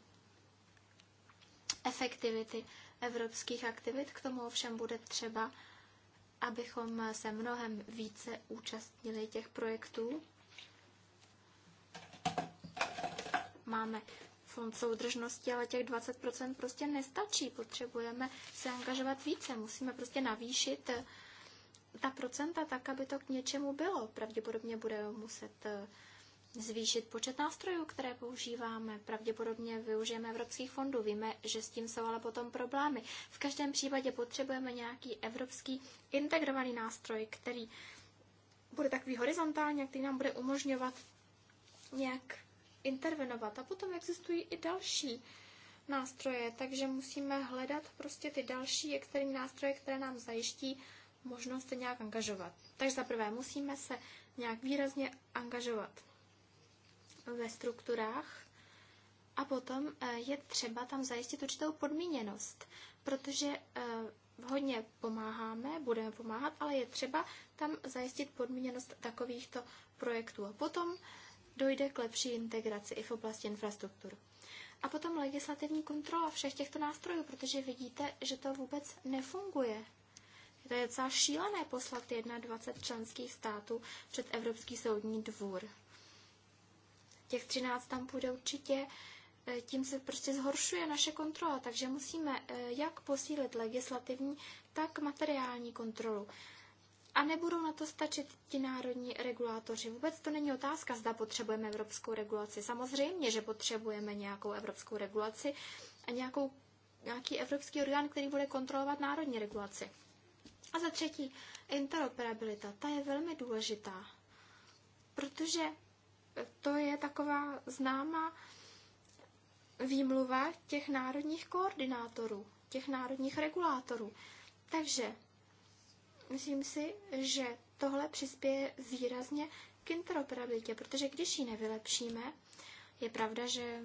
efektivity evropských aktivit, k tomu ovšem bude třeba, abychom se mnohem více účastnili těch projektů. Máme fond soudržnosti, ale těch 20% prostě nestačí. Potřebujeme se angažovat více, musíme prostě navýšit eh, ta procenta tak, aby to k něčemu bylo. Pravděpodobně bude muset eh, zvýšit počet nástrojů, které používáme. Pravděpodobně využijeme evropských fondů. Víme, že s tím jsou ale potom problémy. V každém případě potřebujeme nějaký evropský integrovaný nástroj, který bude takový horizontální, který nám bude umožňovat nějak intervenovat. A potom existují i další nástroje, takže musíme hledat prostě ty další externí nástroje, které nám zajiští možnost se nějak angažovat. Takže zaprvé musíme se nějak výrazně angažovat ve strukturách a potom eh, je třeba tam zajistit určitou podmíněnost, protože eh, hodně pomáháme, budeme pomáhat, ale je třeba tam zajistit podmíněnost takovýchto projektů. A potom dojde k lepší integraci i v oblasti infrastruktur. A potom legislativní kontrola všech těchto nástrojů, protože vidíte, že to vůbec nefunguje. To je docela šílené poslat 21 členských států před Evropský soudní dvůr. Těch 13 tam půjde určitě, eh, tím se prostě zhoršuje naše kontrola, takže musíme eh, jak posílit legislativní, tak materiální kontrolu. A nebudou na to stačit ti národní regulátoři. Vůbec to není otázka, zda potřebujeme evropskou regulaci. Samozřejmě, že potřebujeme nějakou evropskou regulaci a nějakou, nějaký evropský orgán, který bude kontrolovat národní regulaci. A za třetí, interoperabilita. Ta je velmi důležitá, protože to je taková známá výmluva těch národních koordinátorů, těch národních regulátorů. Takže Myslím si, že tohle přispěje výrazně k interoperabilitě, protože když ji nevylepšíme, je pravda, že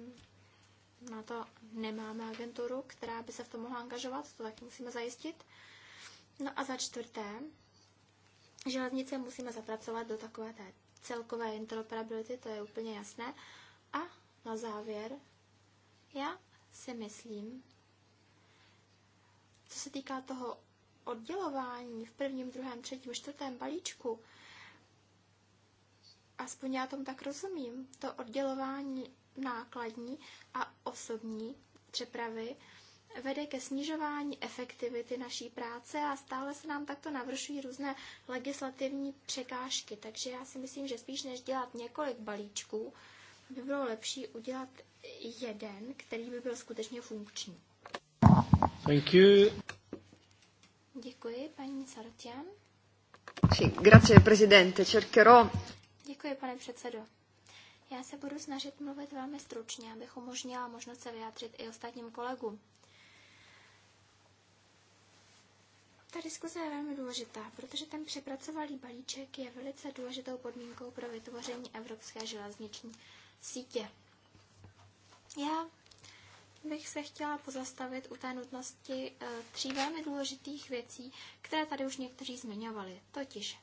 na to nemáme agenturu, která by se v tom mohla angažovat, to tak musíme zajistit. No a za čtvrté, železnice musíme zapracovat do takové té celkové interoperability, to je úplně jasné. A na závěr, já si myslím, co se týká toho oddělování v prvním, druhém, třetím, čtvrtém balíčku, aspoň já tomu tak rozumím, to oddělování nákladní a osobní přepravy vede ke snižování efektivity naší práce a stále se nám takto navršují různé legislativní překážky. Takže já si myslím, že spíš než dělat několik balíčků, by bylo lepší udělat jeden, který by byl skutečně funkční. Thank you. Děkuji, paní Sartian. Grazie, prezidente. Cercherò... Děkuji, pane předsedo. Já se budu snažit mluvit velmi stručně, abych umožnila možnost se vyjádřit i ostatním kolegům. Ta diskuze je velmi důležitá, protože ten přepracovaný balíček je velice důležitou podmínkou pro vytvoření evropské železniční sítě. Já bych se chtěla pozastavit u té nutnosti eh, tří velmi důležitých věcí, které tady už někteří zmiňovali. Totiž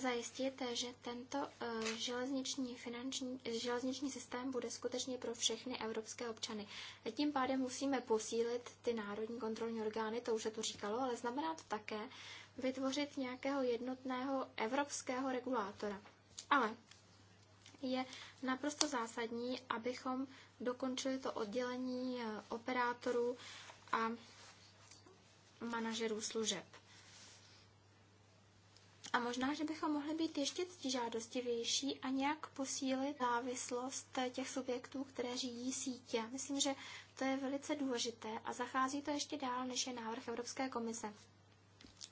Zajistíte, že tento eh, železniční, finanční, železniční systém bude skutečně pro všechny evropské občany. Tím pádem musíme posílit ty národní kontrolní orgány, to už se tu říkalo, ale znamená to také vytvořit nějakého jednotného evropského regulátora. Ale je naprosto zásadní, abychom dokončili to oddělení eh, operátorů a manažerů služeb. A možná, že bychom mohli být ještě žádostivější a nějak posílit závislost eh, těch subjektů, které řídí sítě. Myslím, že to je velice důležité a zachází to ještě dál, než je návrh Evropské komise,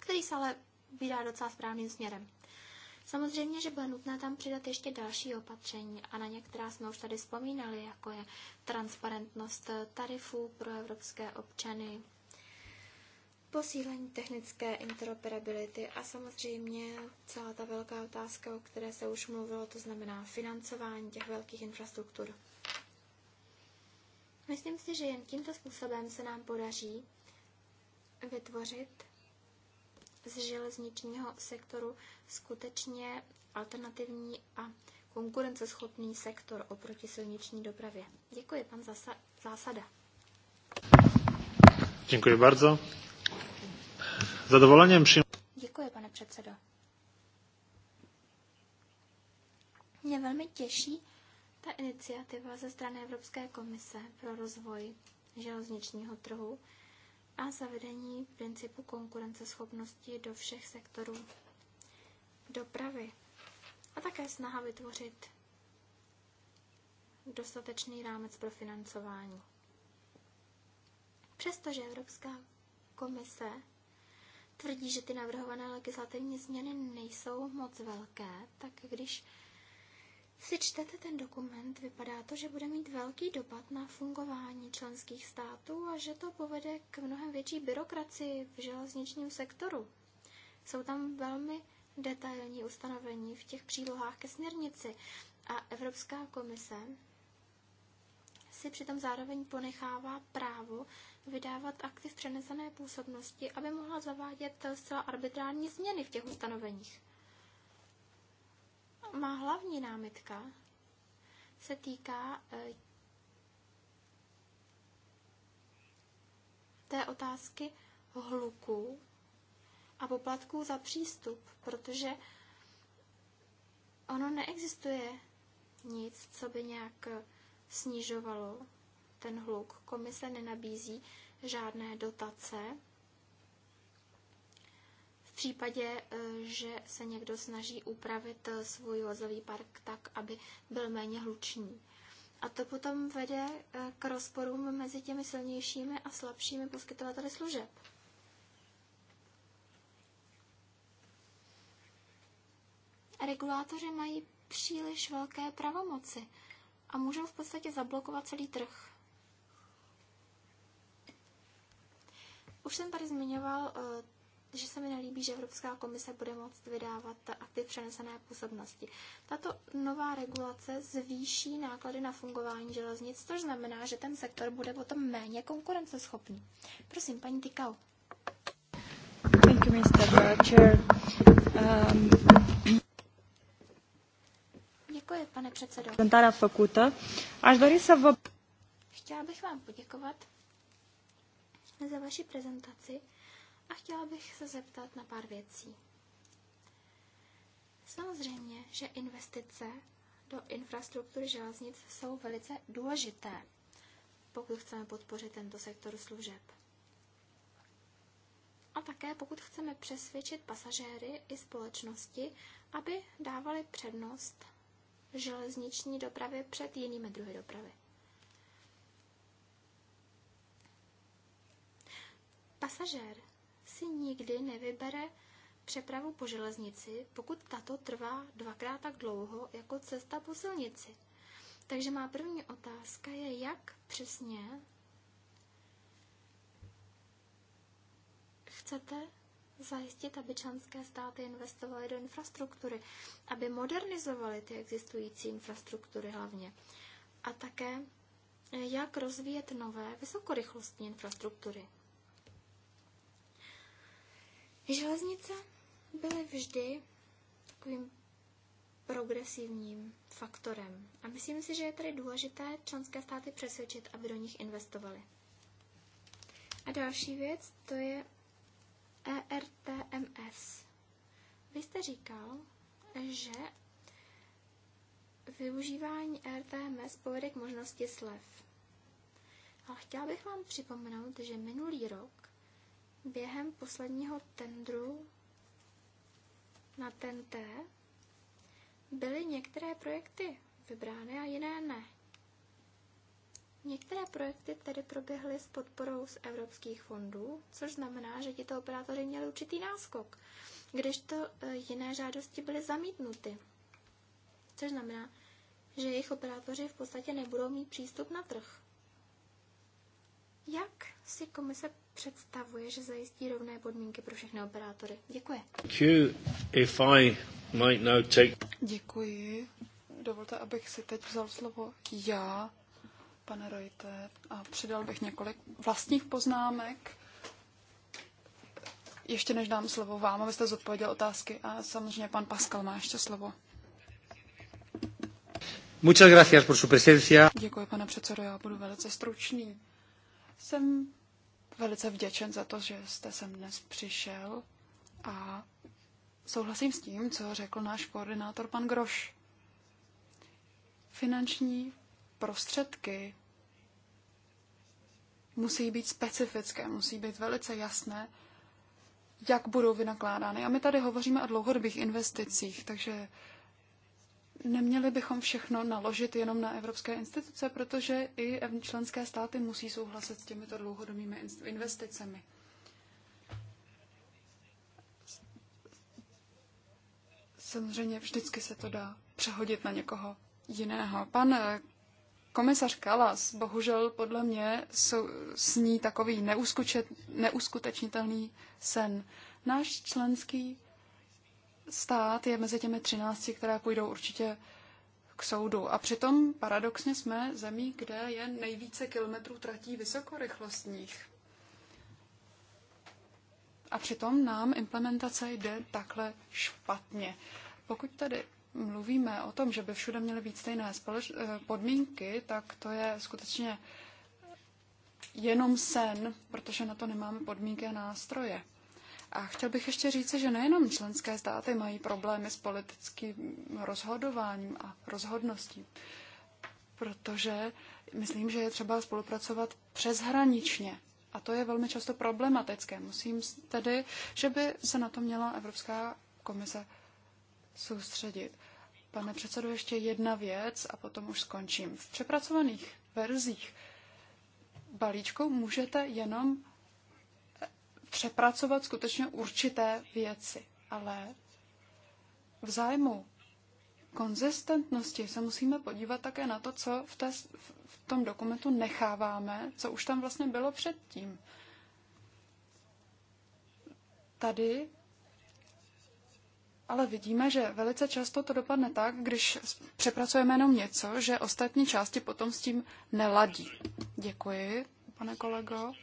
který se ale vydá docela správným směrem. Samozřejmě, že bude nutné tam přidat ještě další opatření a na některá jsme už tady vzpomínali, jako je transparentnost tarifů pro evropské občany, posílení technické interoperability a samozřejmě celá ta velká otázka, o které se už mluvilo, to znamená financování těch velkých infrastruktur. Myslím si, že jen tímto způsobem se nám podaří vytvořit z železničního sektoru skutečně alternativní a konkurenceschopný sektor oproti silniční dopravě. Děkuji, pan Zásada. Děkuji bardzo. Zadovoleně při... Děkuji, pane předsedo. Mě velmi těší ta iniciativa ze strany Evropské komise pro rozvoj železničního trhu a zavedení principu konkurenceschopnosti do všech sektorů dopravy a také snaha vytvořit dostatečný rámec pro financování. Přestože Evropská komise tvrdí, že ty navrhované legislativní změny nejsou moc velké, tak když si čtete ten dokument, vypadá to, že bude mít velký dopad na fungování členských států a že to povede k mnohem větší byrokracii v železničním sektoru. Jsou tam velmi detailní ustanovení v těch přílohách ke směrnici a Evropská komise si přitom zároveň ponechává právo vydávat akty v přenesené působnosti, aby mohla zavádět zcela arbitrální změny v těch ustanoveních. Má hlavní námitka se týká eh, té otázky hluku a poplatků za přístup, protože ono neexistuje nic, co by nějak eh, snižovalo ten hluk. Komise nenabízí žádné dotace v případě, eh, že se někdo snaží upravit eh, svůj vozový park tak, aby byl méně hlučný. A to potom vede eh, k rozporům mezi těmi silnějšími a slabšími poskytovateli služeb. Regulátoři mají příliš velké pravomoci a můžou v podstatě zablokovat celý trh. Už jsem tady zmiňoval že se mi nelíbí, že Evropská komise bude moct vydávat akty přenesené působnosti. Tato nová regulace zvýší náklady na fungování železnic, což znamená, že ten sektor bude potom méně konkurenceschopný. Prosím, paní Tykau. Thank you, Mr. Chair. Um... Děkuji, pane předsedo. făcută. Aș dori să Chtěla bych vám poděkovat za vaši prezentaci a chtěla bych se zeptat na pár věcí. Samozřejmě, že investice do infrastruktury železnic jsou velice důležité, pokud chceme podpořit tento sektor služeb. A také pokud chceme přesvědčit pasažéry i společnosti, aby dávali přednost železniční dopravě před jinými druhy dopravy. Pasažér si nikdy nevybere přepravu po železnici, pokud tato trvá dvakrát tak dlouho jako cesta po silnici. Takže má první otázka je, jak přesně chcete zajistit, aby členské státy investovaly do infrastruktury, aby modernizovaly ty existující infrastruktury hlavně. A také, jak rozvíjet nové vysokorychlostní infrastruktury. Železnice byly vždy takovým progresivním faktorem. A myslím si, že je tady důležité členské státy přesvědčit, aby do nich investovali. A další věc, to je ERTMS. Vy jste říkal, že využívání e RTMS povede k možnosti slev. Ale chtěla bych vám připomenout, že minulý rok Během posledního tendru na TNT byly některé projekty vybrány a jiné ne. Některé projekty tedy proběhly s podporou z evropských fondů, což znamená, že tito operátoři měli určitý náskok, když to e, jiné žádosti byly zamítnuty. Což znamená, že jejich operátoři v podstatě nebudou mít přístup na trh. Jak si komise představuje, že zajistí rovné podmínky pro všechny operátory? Děkuji. If I might now take... Děkuji. Dovolte, abych si teď vzal slovo já, pane Rojte, a přidal bych několik vlastních poznámek. Ještě než dám slovo vám, abyste zodpověděl otázky. A samozřejmě pan Pascal má ještě slovo. Muchas gracias por su presencia. Děkuji, pane předsedo, já budu velice stručný. Jsem velice vděčen za to, že jste sem dnes přišel a souhlasím s tím, co řekl náš koordinátor pan Groš. Finanční prostředky musí být specifické, musí být velice jasné, jak budou vynakládány. A my tady hovoříme o dlouhodobých investicích, takže neměli bychom všechno naložit jenom na evropské instituce, protože i členské státy musí souhlasit s těmito dlouhodobými investicemi. Samozřejmě vždycky se to dá přehodit na někoho jiného. Pan eh, komisař Kalas bohužel podle mě sní takový neuskutečnitelný sen. Náš členský stát je mezi těmi 13, které půjdou určitě k soudu. A přitom paradoxně jsme zemí, kde je nejvíce kilometrů tratí vysokorychlostních. A přitom nám implementace jde takhle špatně. Pokud tady mluvíme o tom, že by všude měly být stejné eh, podmínky, tak to je skutečně jenom sen, protože na to nemáme podmínky a nástroje. A chtěl bych ještě říct, že nejenom členské státy mají problémy s politickým rozhodováním a rozhodností, protože myslím, že je třeba spolupracovat přeshraničně. A to je velmi často problematické. Musím tedy, že by se na to měla Evropská komise soustředit. Pane předsedo, ještě jedna věc a potom už skončím. V přepracovaných verzích balíčku můžete jenom přepracovat skutečně určité věci, ale v zájmu konzistentnosti se musíme podívat také na to, co v, té, v tom dokumentu necháváme, co už tam vlastně bylo předtím. Tady ale vidíme, že velice často to dopadne tak, když přepracujeme jenom něco, že ostatní části potom s tím neladí. Děkuji, pane kolego.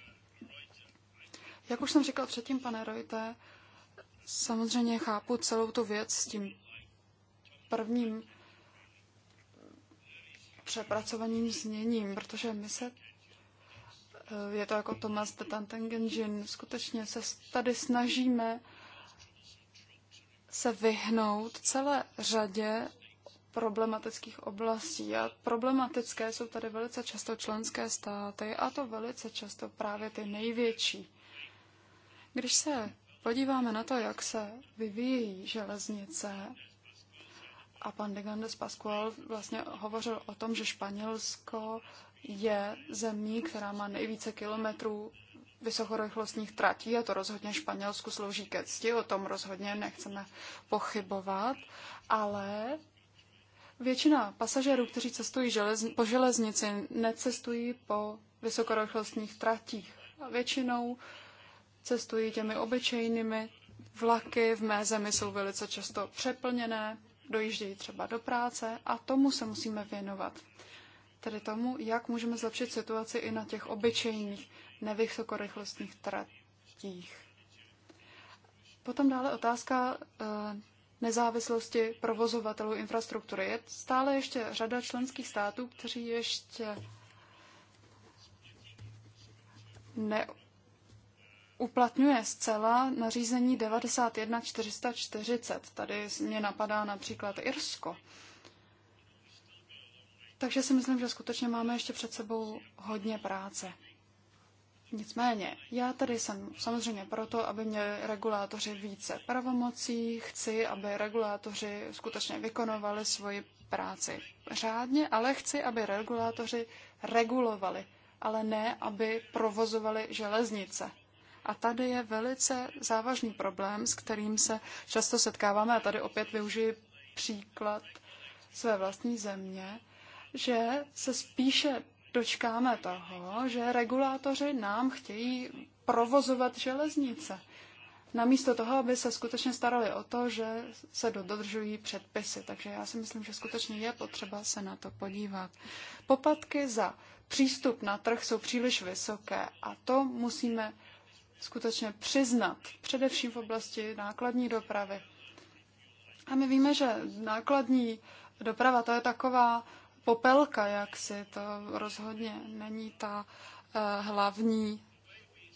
Jak už jsem říkal předtím, pane Rojte, samozřejmě chápu celou tu věc s tím prvním přepracovaným zněním, protože my se eh, je to jako Thomas de Tantengenjin. Skutečně se tady snažíme se vyhnout celé řadě problematických oblastí. A problematické jsou tady velice často členské státy, a to velice často právě ty největší. Když se podíváme na to, jak se vyvíjí železnice, a pan de Gandes Pascual vlastně hovořil o tom, že Španělsko je zemí, která má nejvíce kilometrů vysokorychlostních tratí a to rozhodně Španělsku slouží ke cti, o tom rozhodně nechceme pochybovat, ale většina pasažérů, kteří cestují železn- po železnici, necestují po vysokorychlostních tratích. A většinou cestují těmi obyčejnými vlaky, v mé zemi jsou velice často přeplněné, dojíždějí třeba do práce a tomu se musíme věnovat. Tedy tomu, jak můžeme zlepšit situaci i na těch obyčejných nevysokorychlostních tratích. Potom dále otázka eh, nezávislosti provozovatelů infrastruktury. Je stále ještě řada členských států, kteří ještě ne, uplatňuje zcela nařízení 91440. Tady mě napadá například Irsko. Takže si myslím, že skutečně máme ještě před sebou hodně práce. Nicméně, já tady jsem samozřejmě proto, aby měli regulátoři více pravomocí, chci, aby regulátoři skutečně vykonovali svoji práci řádně, ale chci, aby regulátoři regulovali, ale ne, aby provozovali železnice. A tady je velice závažný problém, s kterým se často setkáváme, a tady opět využiji příklad své vlastní země, že se spíše dočkáme toho, že regulátoři nám chtějí provozovat železnice. Namísto toho, aby se skutečně starali o to, že se dodržují předpisy. Takže já si myslím, že skutečně je potřeba se na to podívat. Poplatky za přístup na trh jsou příliš vysoké a to musíme skutečně přiznat, především v oblasti nákladní dopravy. A my víme, že nákladní doprava to je taková popelka, jak si to rozhodně není ta eh, hlavní,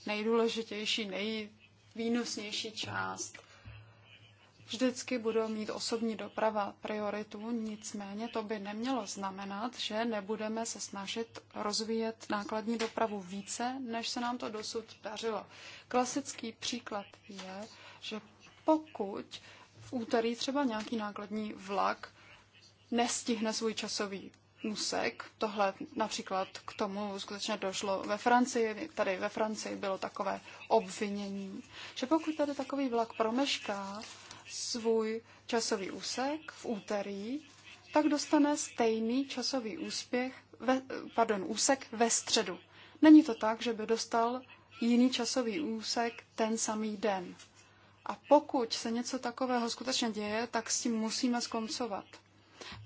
nejdůležitější, nejvýnosnější část vždycky budou mít osobní doprava prioritu, nicméně to by nemělo znamenat, že nebudeme se snažit rozvíjet nákladní dopravu více, než se nám to dosud dařilo. Klasický příklad je, že pokud v úterý třeba nějaký nákladní vlak nestihne svůj časový úsek. Tohle například k tomu skutečně došlo ve Francii. Tady ve Francii bylo takové obvinění, že pokud tady takový vlak promešká svůj časový úsek v úterý, tak dostane stejný časový úspěch, ve, pardon, úsek ve středu. Není to tak, že by dostal jiný časový úsek ten samý den. A pokud se něco takového skutečně děje, tak s tím musíme skoncovat.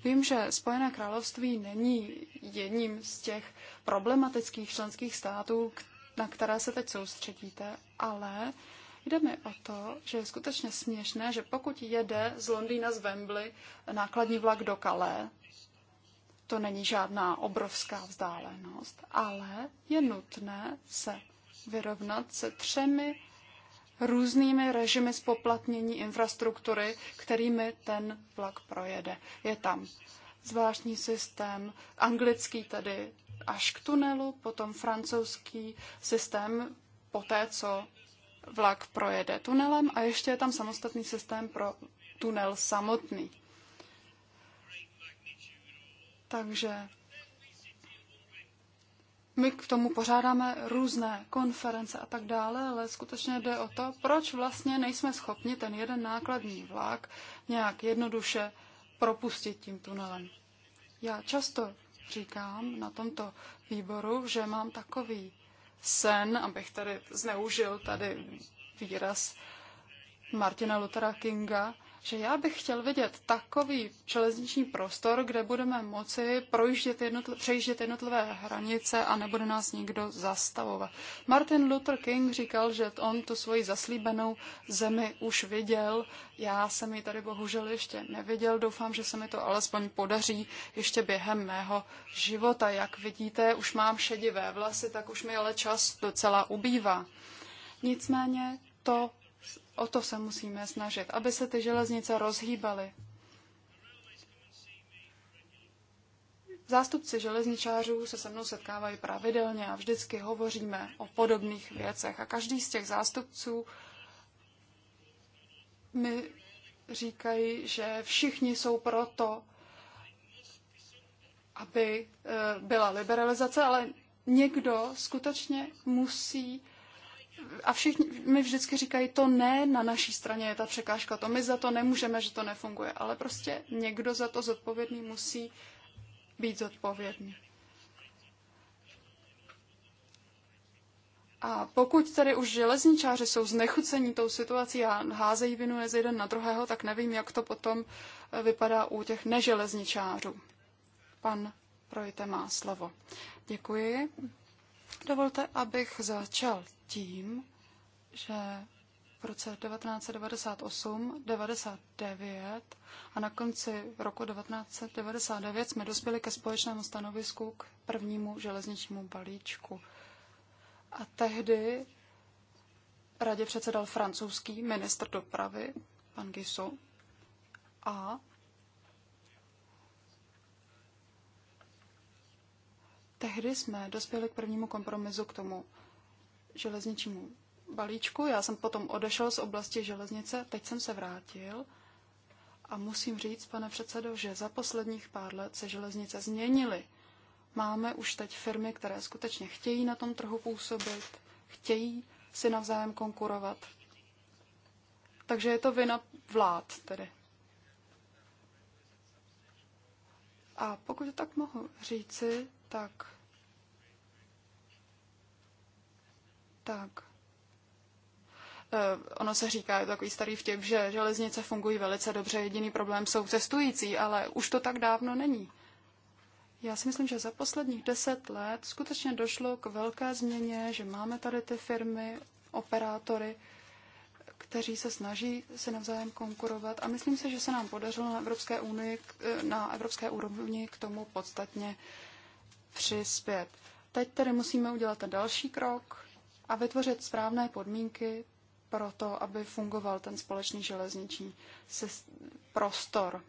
Vím, že Spojené království není jedním z těch problematických členských států, na které se teď soustředíte, ale Jde mi o to, že je skutečně směšné, že pokud jede z Londýna z Wembley nákladní vlak do Calais, to není žádná obrovská vzdálenost, ale je nutné se vyrovnat se třemi různými režimy spoplatnění infrastruktury, kterými ten vlak projede. Je tam zvláštní systém, anglický tedy až k tunelu, potom francouzský systém po té, co vlak projede tunelem a ještě je tam samostatný systém pro tunel samotný. Takže my k tomu pořádáme různé konference a tak dále, ale skutečně jde o to, proč vlastně nejsme schopni ten jeden nákladní vlak nějak jednoduše propustit tím tunelem. Já často říkám na tomto výboru, že mám takový sen, abych tady zneužil tady výraz Martina Luthera Kinga, že já bych chtěl vidět takový železniční prostor, kde budeme moci projíždět jednotl- přejíždět jednotlivé hranice a nebude nás nikdo zastavovat. Martin Luther King říkal, že on tu svoji zaslíbenou zemi už viděl. Já jsem ji tady bohužel ještě neviděl. Doufám, že se mi to alespoň podaří ještě během mého života. Jak vidíte, už mám šedivé vlasy, tak už mi ale čas docela ubývá. Nicméně to O to se musíme snažit, aby se ty železnice rozhýbaly. Zástupci železničářů se se mnou setkávají pravidelně a vždycky hovoříme o podobných věcech. A každý z těch zástupců mi říkají, že všichni jsou proto, aby eh, byla liberalizace, ale někdo skutečně musí a všichni mi vždycky říkají, to ne, na naší straně je ta překážka, to my za to nemůžeme, že to nefunguje, ale prostě někdo za to zodpovědný musí být zodpovědný. A pokud tedy už železničáři jsou znechucení tou situací a házejí vinu z jeden na druhého, tak nevím, jak to potom eh, vypadá u těch neželezničářů. Pan Projte má slovo. Děkuji. Dovolte, abych začal tím, že v roce 1998, 99 a na konci roku 1999 jsme dospěli ke společnému stanovisku k prvnímu železničnímu balíčku. A tehdy radě předsedal francouzský ministr dopravy, pan Gisu, a tehdy jsme dospěli k prvnímu kompromisu k tomu železničnímu balíčku. Já jsem potom odešel z oblasti železnice, teď jsem se vrátil a musím říct, pane předsedo, že za posledních pár let se železnice změnily. Máme už teď firmy, které skutečně chtějí na tom trhu působit, chtějí si navzájem konkurovat. Takže je to vina vlád tedy. A pokud tak mohu říci, tak tak eh, ono se říká, je to takový starý vtip, že železnice fungují velice dobře, jediný problém jsou cestující, ale už to tak dávno není. Já si myslím, že za posledních deset let skutečně došlo k velké změně, že máme tady ty firmy, operátory, kteří se snaží se navzájem konkurovat a myslím si, že se nám podařilo na Evropské, unii, eh, na evropské úrovni k tomu podstatně přispět. Teď tedy musíme udělat ten další krok, a vytvořit správné podmínky pro to, aby fungoval ten společný železniční prostor.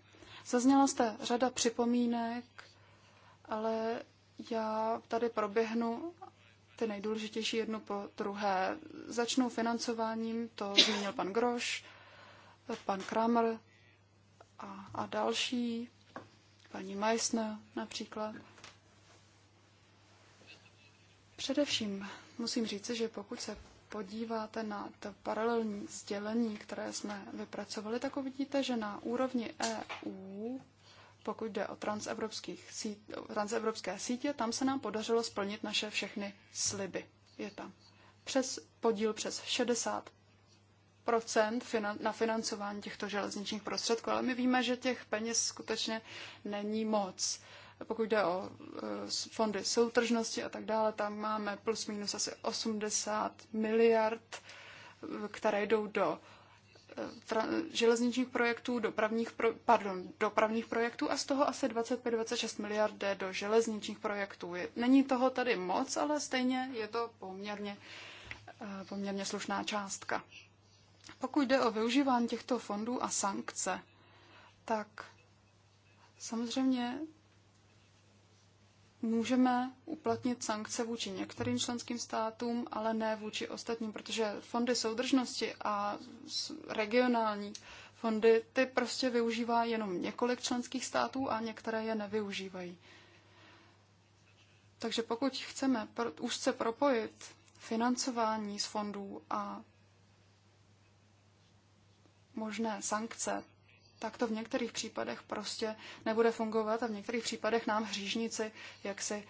Zazněla jste řada připomínek, ale já tady proběhnu ty nejdůležitější jednu po druhé. Začnu financováním, to zmínil pan Groš, pan Kramer a, a další, paní Meissner například. Především musím říci, že pokud se podíváte na to paralelní sdělení, které jsme vypracovali, tak uvidíte, že na úrovni EU, pokud jde o transevropské sítě, tam se nám podařilo splnit naše všechny sliby. Je tam přes podíl přes 60 na financování těchto železničních prostředků, ale my víme, že těch peněz skutečně není moc pokud jde o eh, fondy soutržnosti a tak dále, tam máme plus minus asi 80 miliard, které jdou do eh, železničních projektů, dopravních, pro, pardon, dopravních projektů a z toho asi 25-26 miliard jde do železničních projektů. Je, není toho tady moc, ale stejně je to poměrně, eh, poměrně slušná částka. Pokud jde o využívání těchto fondů a sankce, tak samozřejmě můžeme uplatnit sankce vůči některým členským státům, ale ne vůči ostatním, protože fondy soudržnosti a regionální fondy ty prostě využívá jenom několik členských států a některé je nevyužívají. Takže pokud chceme úzce propojit financování z fondů a možné sankce, tak to v některých případech prostě nebude fungovat a v některých případech nám hřížníci jaksi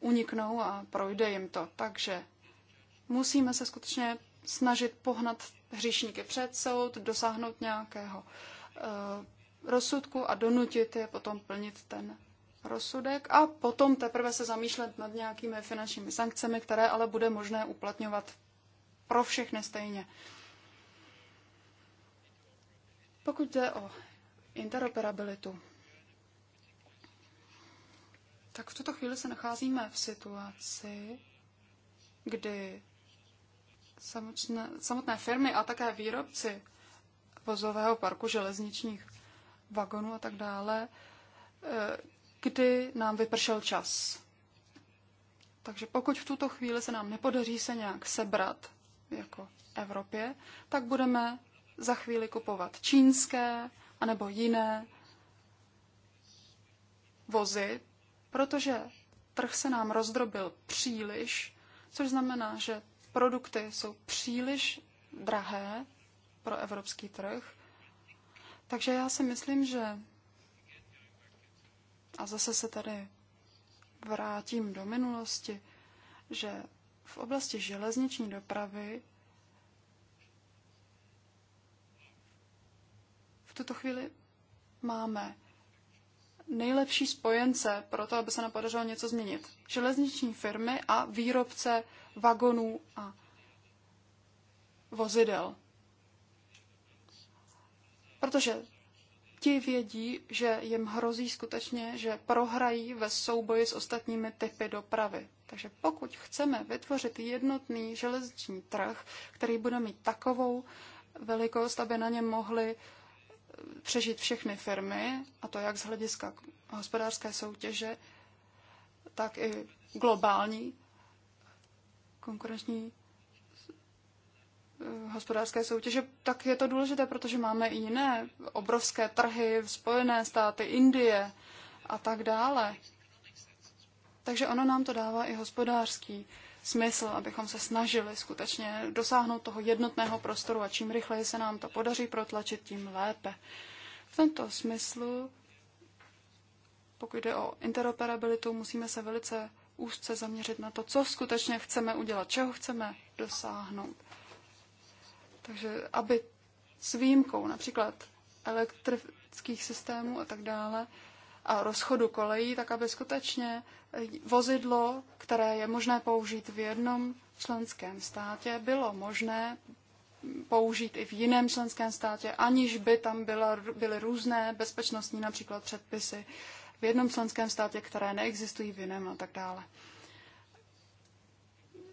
uniknou a projde jim to. Takže musíme se skutečně snažit pohnat hříšníky před soud, dosáhnout nějakého uh, rozsudku a donutit je potom plnit ten rozsudek a potom teprve se zamýšlet nad nějakými finančními sankcemi, které ale bude možné uplatňovat pro všechny stejně. Pokud jde o interoperabilitu, tak v tuto chvíli se nacházíme v situaci, kdy samotné, samotné firmy a také výrobci vozového parku železničních vagonů a tak dále, eh, kdy nám vypršel čas. Takže pokud v tuto chvíli se nám nepodaří se nějak sebrat jako Evropě, tak budeme za chvíli kupovat čínské anebo jiné vozy, protože trh se nám rozdrobil příliš, což znamená, že produkty jsou příliš drahé pro evropský trh. Takže já si myslím, že a zase se tady vrátím do minulosti, že v oblasti železniční dopravy tuto chvíli máme nejlepší spojence pro to, aby se nám podařilo něco změnit. Železniční firmy a výrobce vagonů a vozidel. Protože ti vědí, že jim hrozí skutečně, že prohrají ve souboji s ostatními typy dopravy. Takže pokud chceme vytvořit jednotný železniční trh, který bude mít takovou velikost, aby na něm mohly přežít všechny firmy, a to jak z hlediska hospodářské soutěže, tak i globální konkurenční eh, hospodářské soutěže, tak je to důležité, protože máme i jiné obrovské trhy, Spojené státy, Indie a tak dále. Takže ono nám to dává i hospodářský smysl, abychom se snažili skutečně dosáhnout toho jednotného prostoru a čím rychleji se nám to podaří protlačit, tím lépe. V tomto smyslu, pokud jde o interoperabilitu, musíme se velice úzce zaměřit na to, co skutečně chceme udělat, čeho chceme dosáhnout. Takže aby s výjimkou například elektrických systémů a tak dále, rozchodu kolejí, tak aby skutečně eh, vozidlo, které je možné použít v jednom členském státě, bylo možné použít i v jiném členském státě, aniž by tam byla, byly různé bezpečnostní například předpisy v jednom členském státě, které neexistují v jiném a tak dále.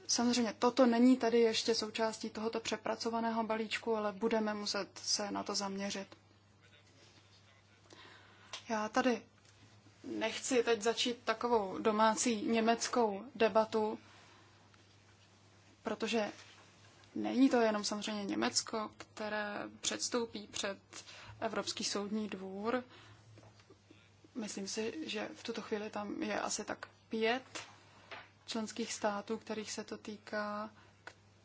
Samozřejmě toto není tady ještě součástí tohoto přepracovaného balíčku, ale budeme muset se na to zaměřit. Já tady nechci teď začít takovou domácí německou debatu, protože není to jenom samozřejmě Německo, které předstoupí před Evropský soudní dvůr. Myslím si, že v tuto chvíli tam je asi tak pět členských států, kterých se to týká,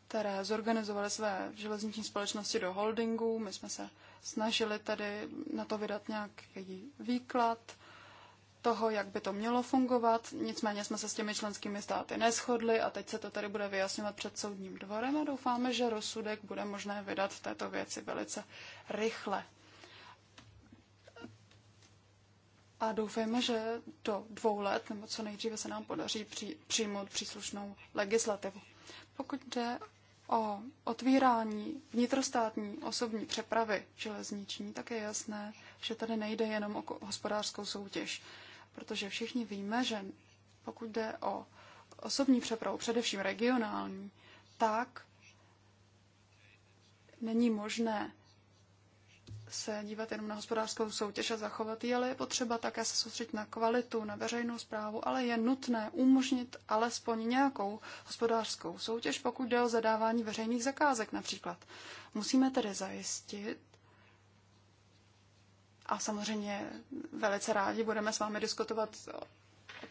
které zorganizovaly své železniční společnosti do holdingu. My jsme se snažili tady na to vydat nějaký výklad toho, jak by to mělo fungovat, nicméně jsme se s těmi členskými státy neschodli a teď se to tady bude vyjasňovat před soudním dvorem a doufáme, že rozsudek bude možné vydat v této věci velice rychle. A doufejme, že do dvou let, nebo co nejdříve se nám podaří při, přijmout příslušnou legislativu. Pokud jde o otvírání vnitrostátní osobní přepravy železniční, tak je jasné, že tady nejde jenom o hospodářskou soutěž protože všichni víme, že pokud jde o osobní přepravu, především regionální, tak není možné se dívat jenom na hospodářskou soutěž a zachovat ji, ale je potřeba také se soustředit na kvalitu, na veřejnou zprávu, ale je nutné umožnit alespoň nějakou hospodářskou soutěž, pokud jde o zadávání veřejných zakázek například. Musíme tedy zajistit, a samozřejmě velice rádi budeme s vámi diskutovat o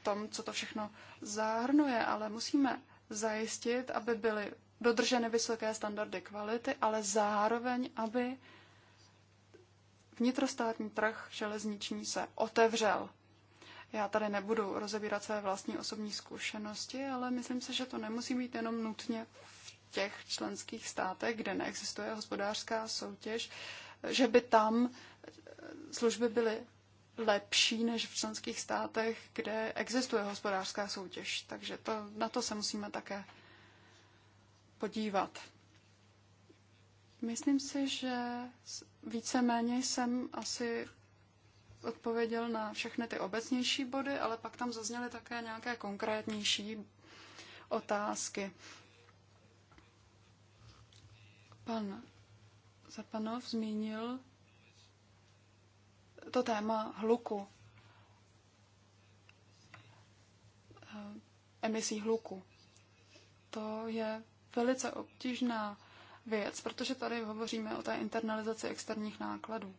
tom, co to všechno zahrnuje, ale musíme zajistit, aby byly dodrženy vysoké standardy kvality, ale zároveň, aby vnitrostátní trh železniční se otevřel. Já tady nebudu rozebírat své vlastní osobní zkušenosti, ale myslím se, že to nemusí být jenom nutně v těch členských státech, kde neexistuje hospodářská soutěž, že by tam služby byly lepší než v členských státech, kde existuje hospodářská soutěž. Takže to, na to se musíme také podívat. Myslím si, že víceméně jsem asi odpověděl na všechny ty obecnější body, ale pak tam zazněly také nějaké konkrétnější otázky. Pan Zapanov zmínil to téma hluku, eh, emisí hluku. To je velice obtížná věc, protože tady hovoříme o té internalizaci externích nákladů.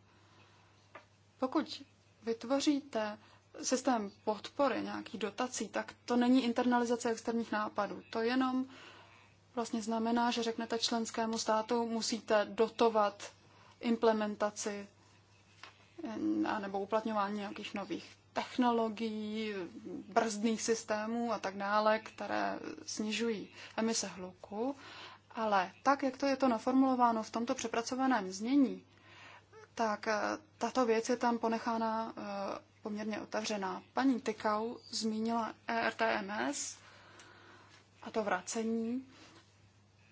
Pokud vytvoříte systém podpory, nějaký dotací, tak to není internalizace externích nápadů. To jenom vlastně znamená, že řeknete členskému státu, musíte dotovat implementaci nebo uplatňování nějakých nových technologií, brzdných systémů a tak dále, které snižují emise hluku. Ale tak, jak to je to naformulováno v tomto přepracovaném znění, tak eh, tato věc je tam ponechána eh, poměrně otevřená. Paní Tykau zmínila ERTMS a to vracení.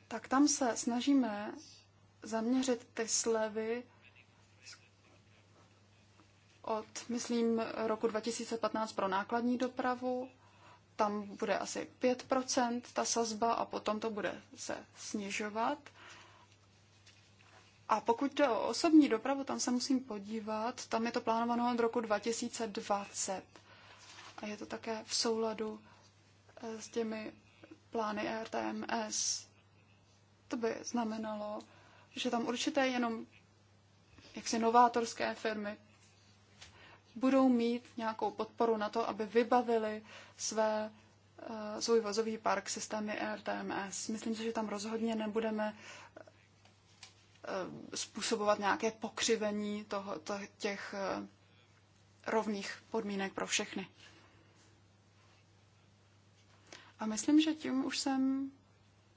Tak tam se snažíme zaměřit ty slevy od, myslím, roku 2015 pro nákladní dopravu. Tam bude asi 5% ta sazba a potom to bude se snižovat. A pokud jde o osobní dopravu, tam se musím podívat. Tam je to plánováno od roku 2020. A je to také v souladu eh, s těmi plány RTMS. To by znamenalo, že tam určité jenom jaksi novátorské firmy budou mít nějakou podporu na to, aby vybavili své, eh, svůj vozový park systémy ERTMS. Myslím si, že tam rozhodně nebudeme eh, způsobovat nějaké pokřivení toho, to, těch eh, rovných podmínek pro všechny. A myslím, že tím už jsem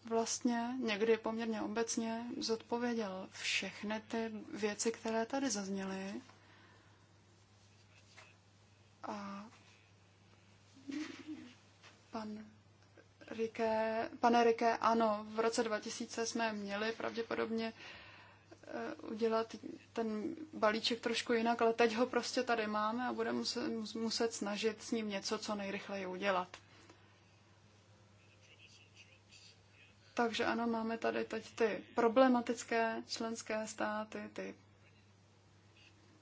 vlastně někdy poměrně obecně zodpověděl všechny ty věci, které tady zazněly. A pan Rike, pane Rike, ano, v roce 2000 jsme měli pravděpodobně eh, udělat ten balíček trošku jinak, ale teď ho prostě tady máme a budeme muset, muset snažit s ním něco co nejrychleji udělat. Takže ano, máme tady teď ty problematické členské státy, ty.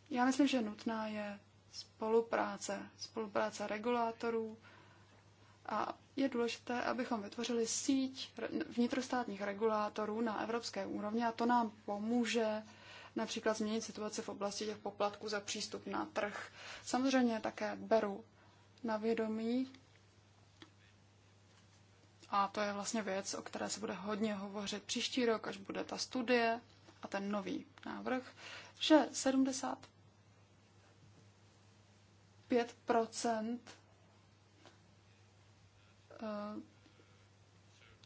Já myslím, že nutná je spolupráce, spolupráce regulátorů a je důležité, abychom vytvořili síť vnitrostátních regulátorů na evropské úrovni a to nám pomůže například změnit situaci v oblasti těch poplatků za přístup na trh. Samozřejmě také beru na vědomí a to je vlastně věc, o které se bude hodně hovořit příští rok, až bude ta studie a ten nový návrh, že 70 5 eh,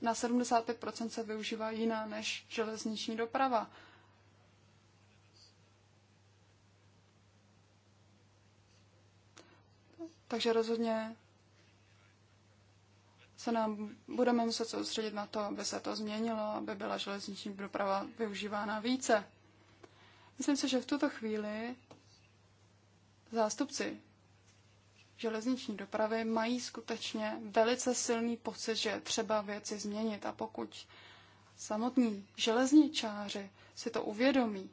na 75 se využívá jiná než železniční doprava. Takže rozhodně se nám budeme muset soustředit na to, aby se to změnilo, aby byla železniční doprava využívána více. Myslím si, že v tuto chvíli zástupci železniční dopravy mají skutečně velice silný pocit, že je třeba věci změnit. A pokud samotní železničáři si to uvědomí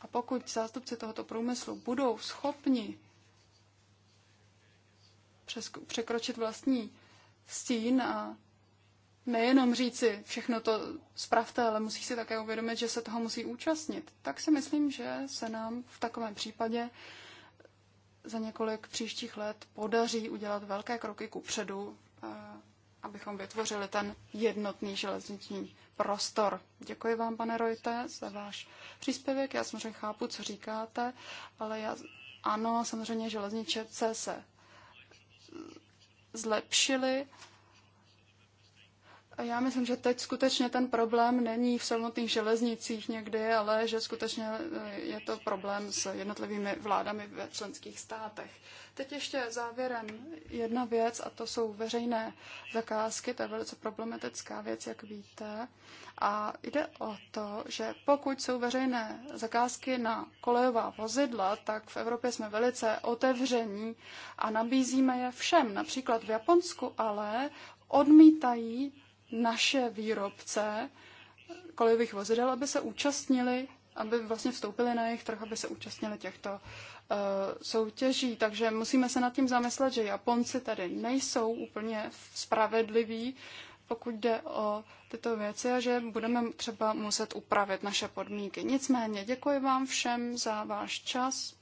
a pokud zástupci tohoto průmyslu budou schopni překročit vlastní stín a nejenom říci, všechno to zpravte, ale musí si také uvědomit, že se toho musí účastnit, tak si myslím, že se nám v takovém případě za několik příštích let podaří udělat velké kroky ku předu, eh, abychom vytvořili ten jednotný železniční prostor. Děkuji vám, pane Rojte, za váš příspěvek. Já samozřejmě chápu, co říkáte, ale já, ano, samozřejmě železničce se zlepšily já myslím, že teď skutečně ten problém není v silnotných železnicích někdy, ale že skutečně eh, je to problém s jednotlivými vládami ve členských státech. Teď ještě závěrem jedna věc, a to jsou veřejné zakázky. To je velice problematická věc, jak víte. A jde o to, že pokud jsou veřejné zakázky na kolejová vozidla, tak v Evropě jsme velice otevření a nabízíme je všem. Například v Japonsku ale odmítají naše výrobce kolejových vozidel, aby se účastnili, aby vlastně vstoupili na jejich trh, aby se účastnili těchto uh, soutěží. Takže musíme se nad tím zamyslet, že Japonci tady nejsou úplně spravedliví, pokud jde o tyto věci a že budeme třeba muset upravit naše podmínky. Nicméně děkuji vám všem za váš čas.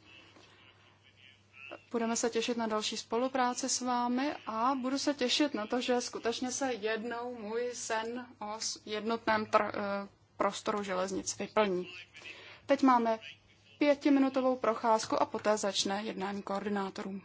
Budeme se těšit na další spolupráci s vámi a budu se těšit na to, že skutečně se jednou můj sen o jednotném eh, prostoru železnic vyplní. Teď máme pětiminutovou procházku a poté začne jednání koordinátorů.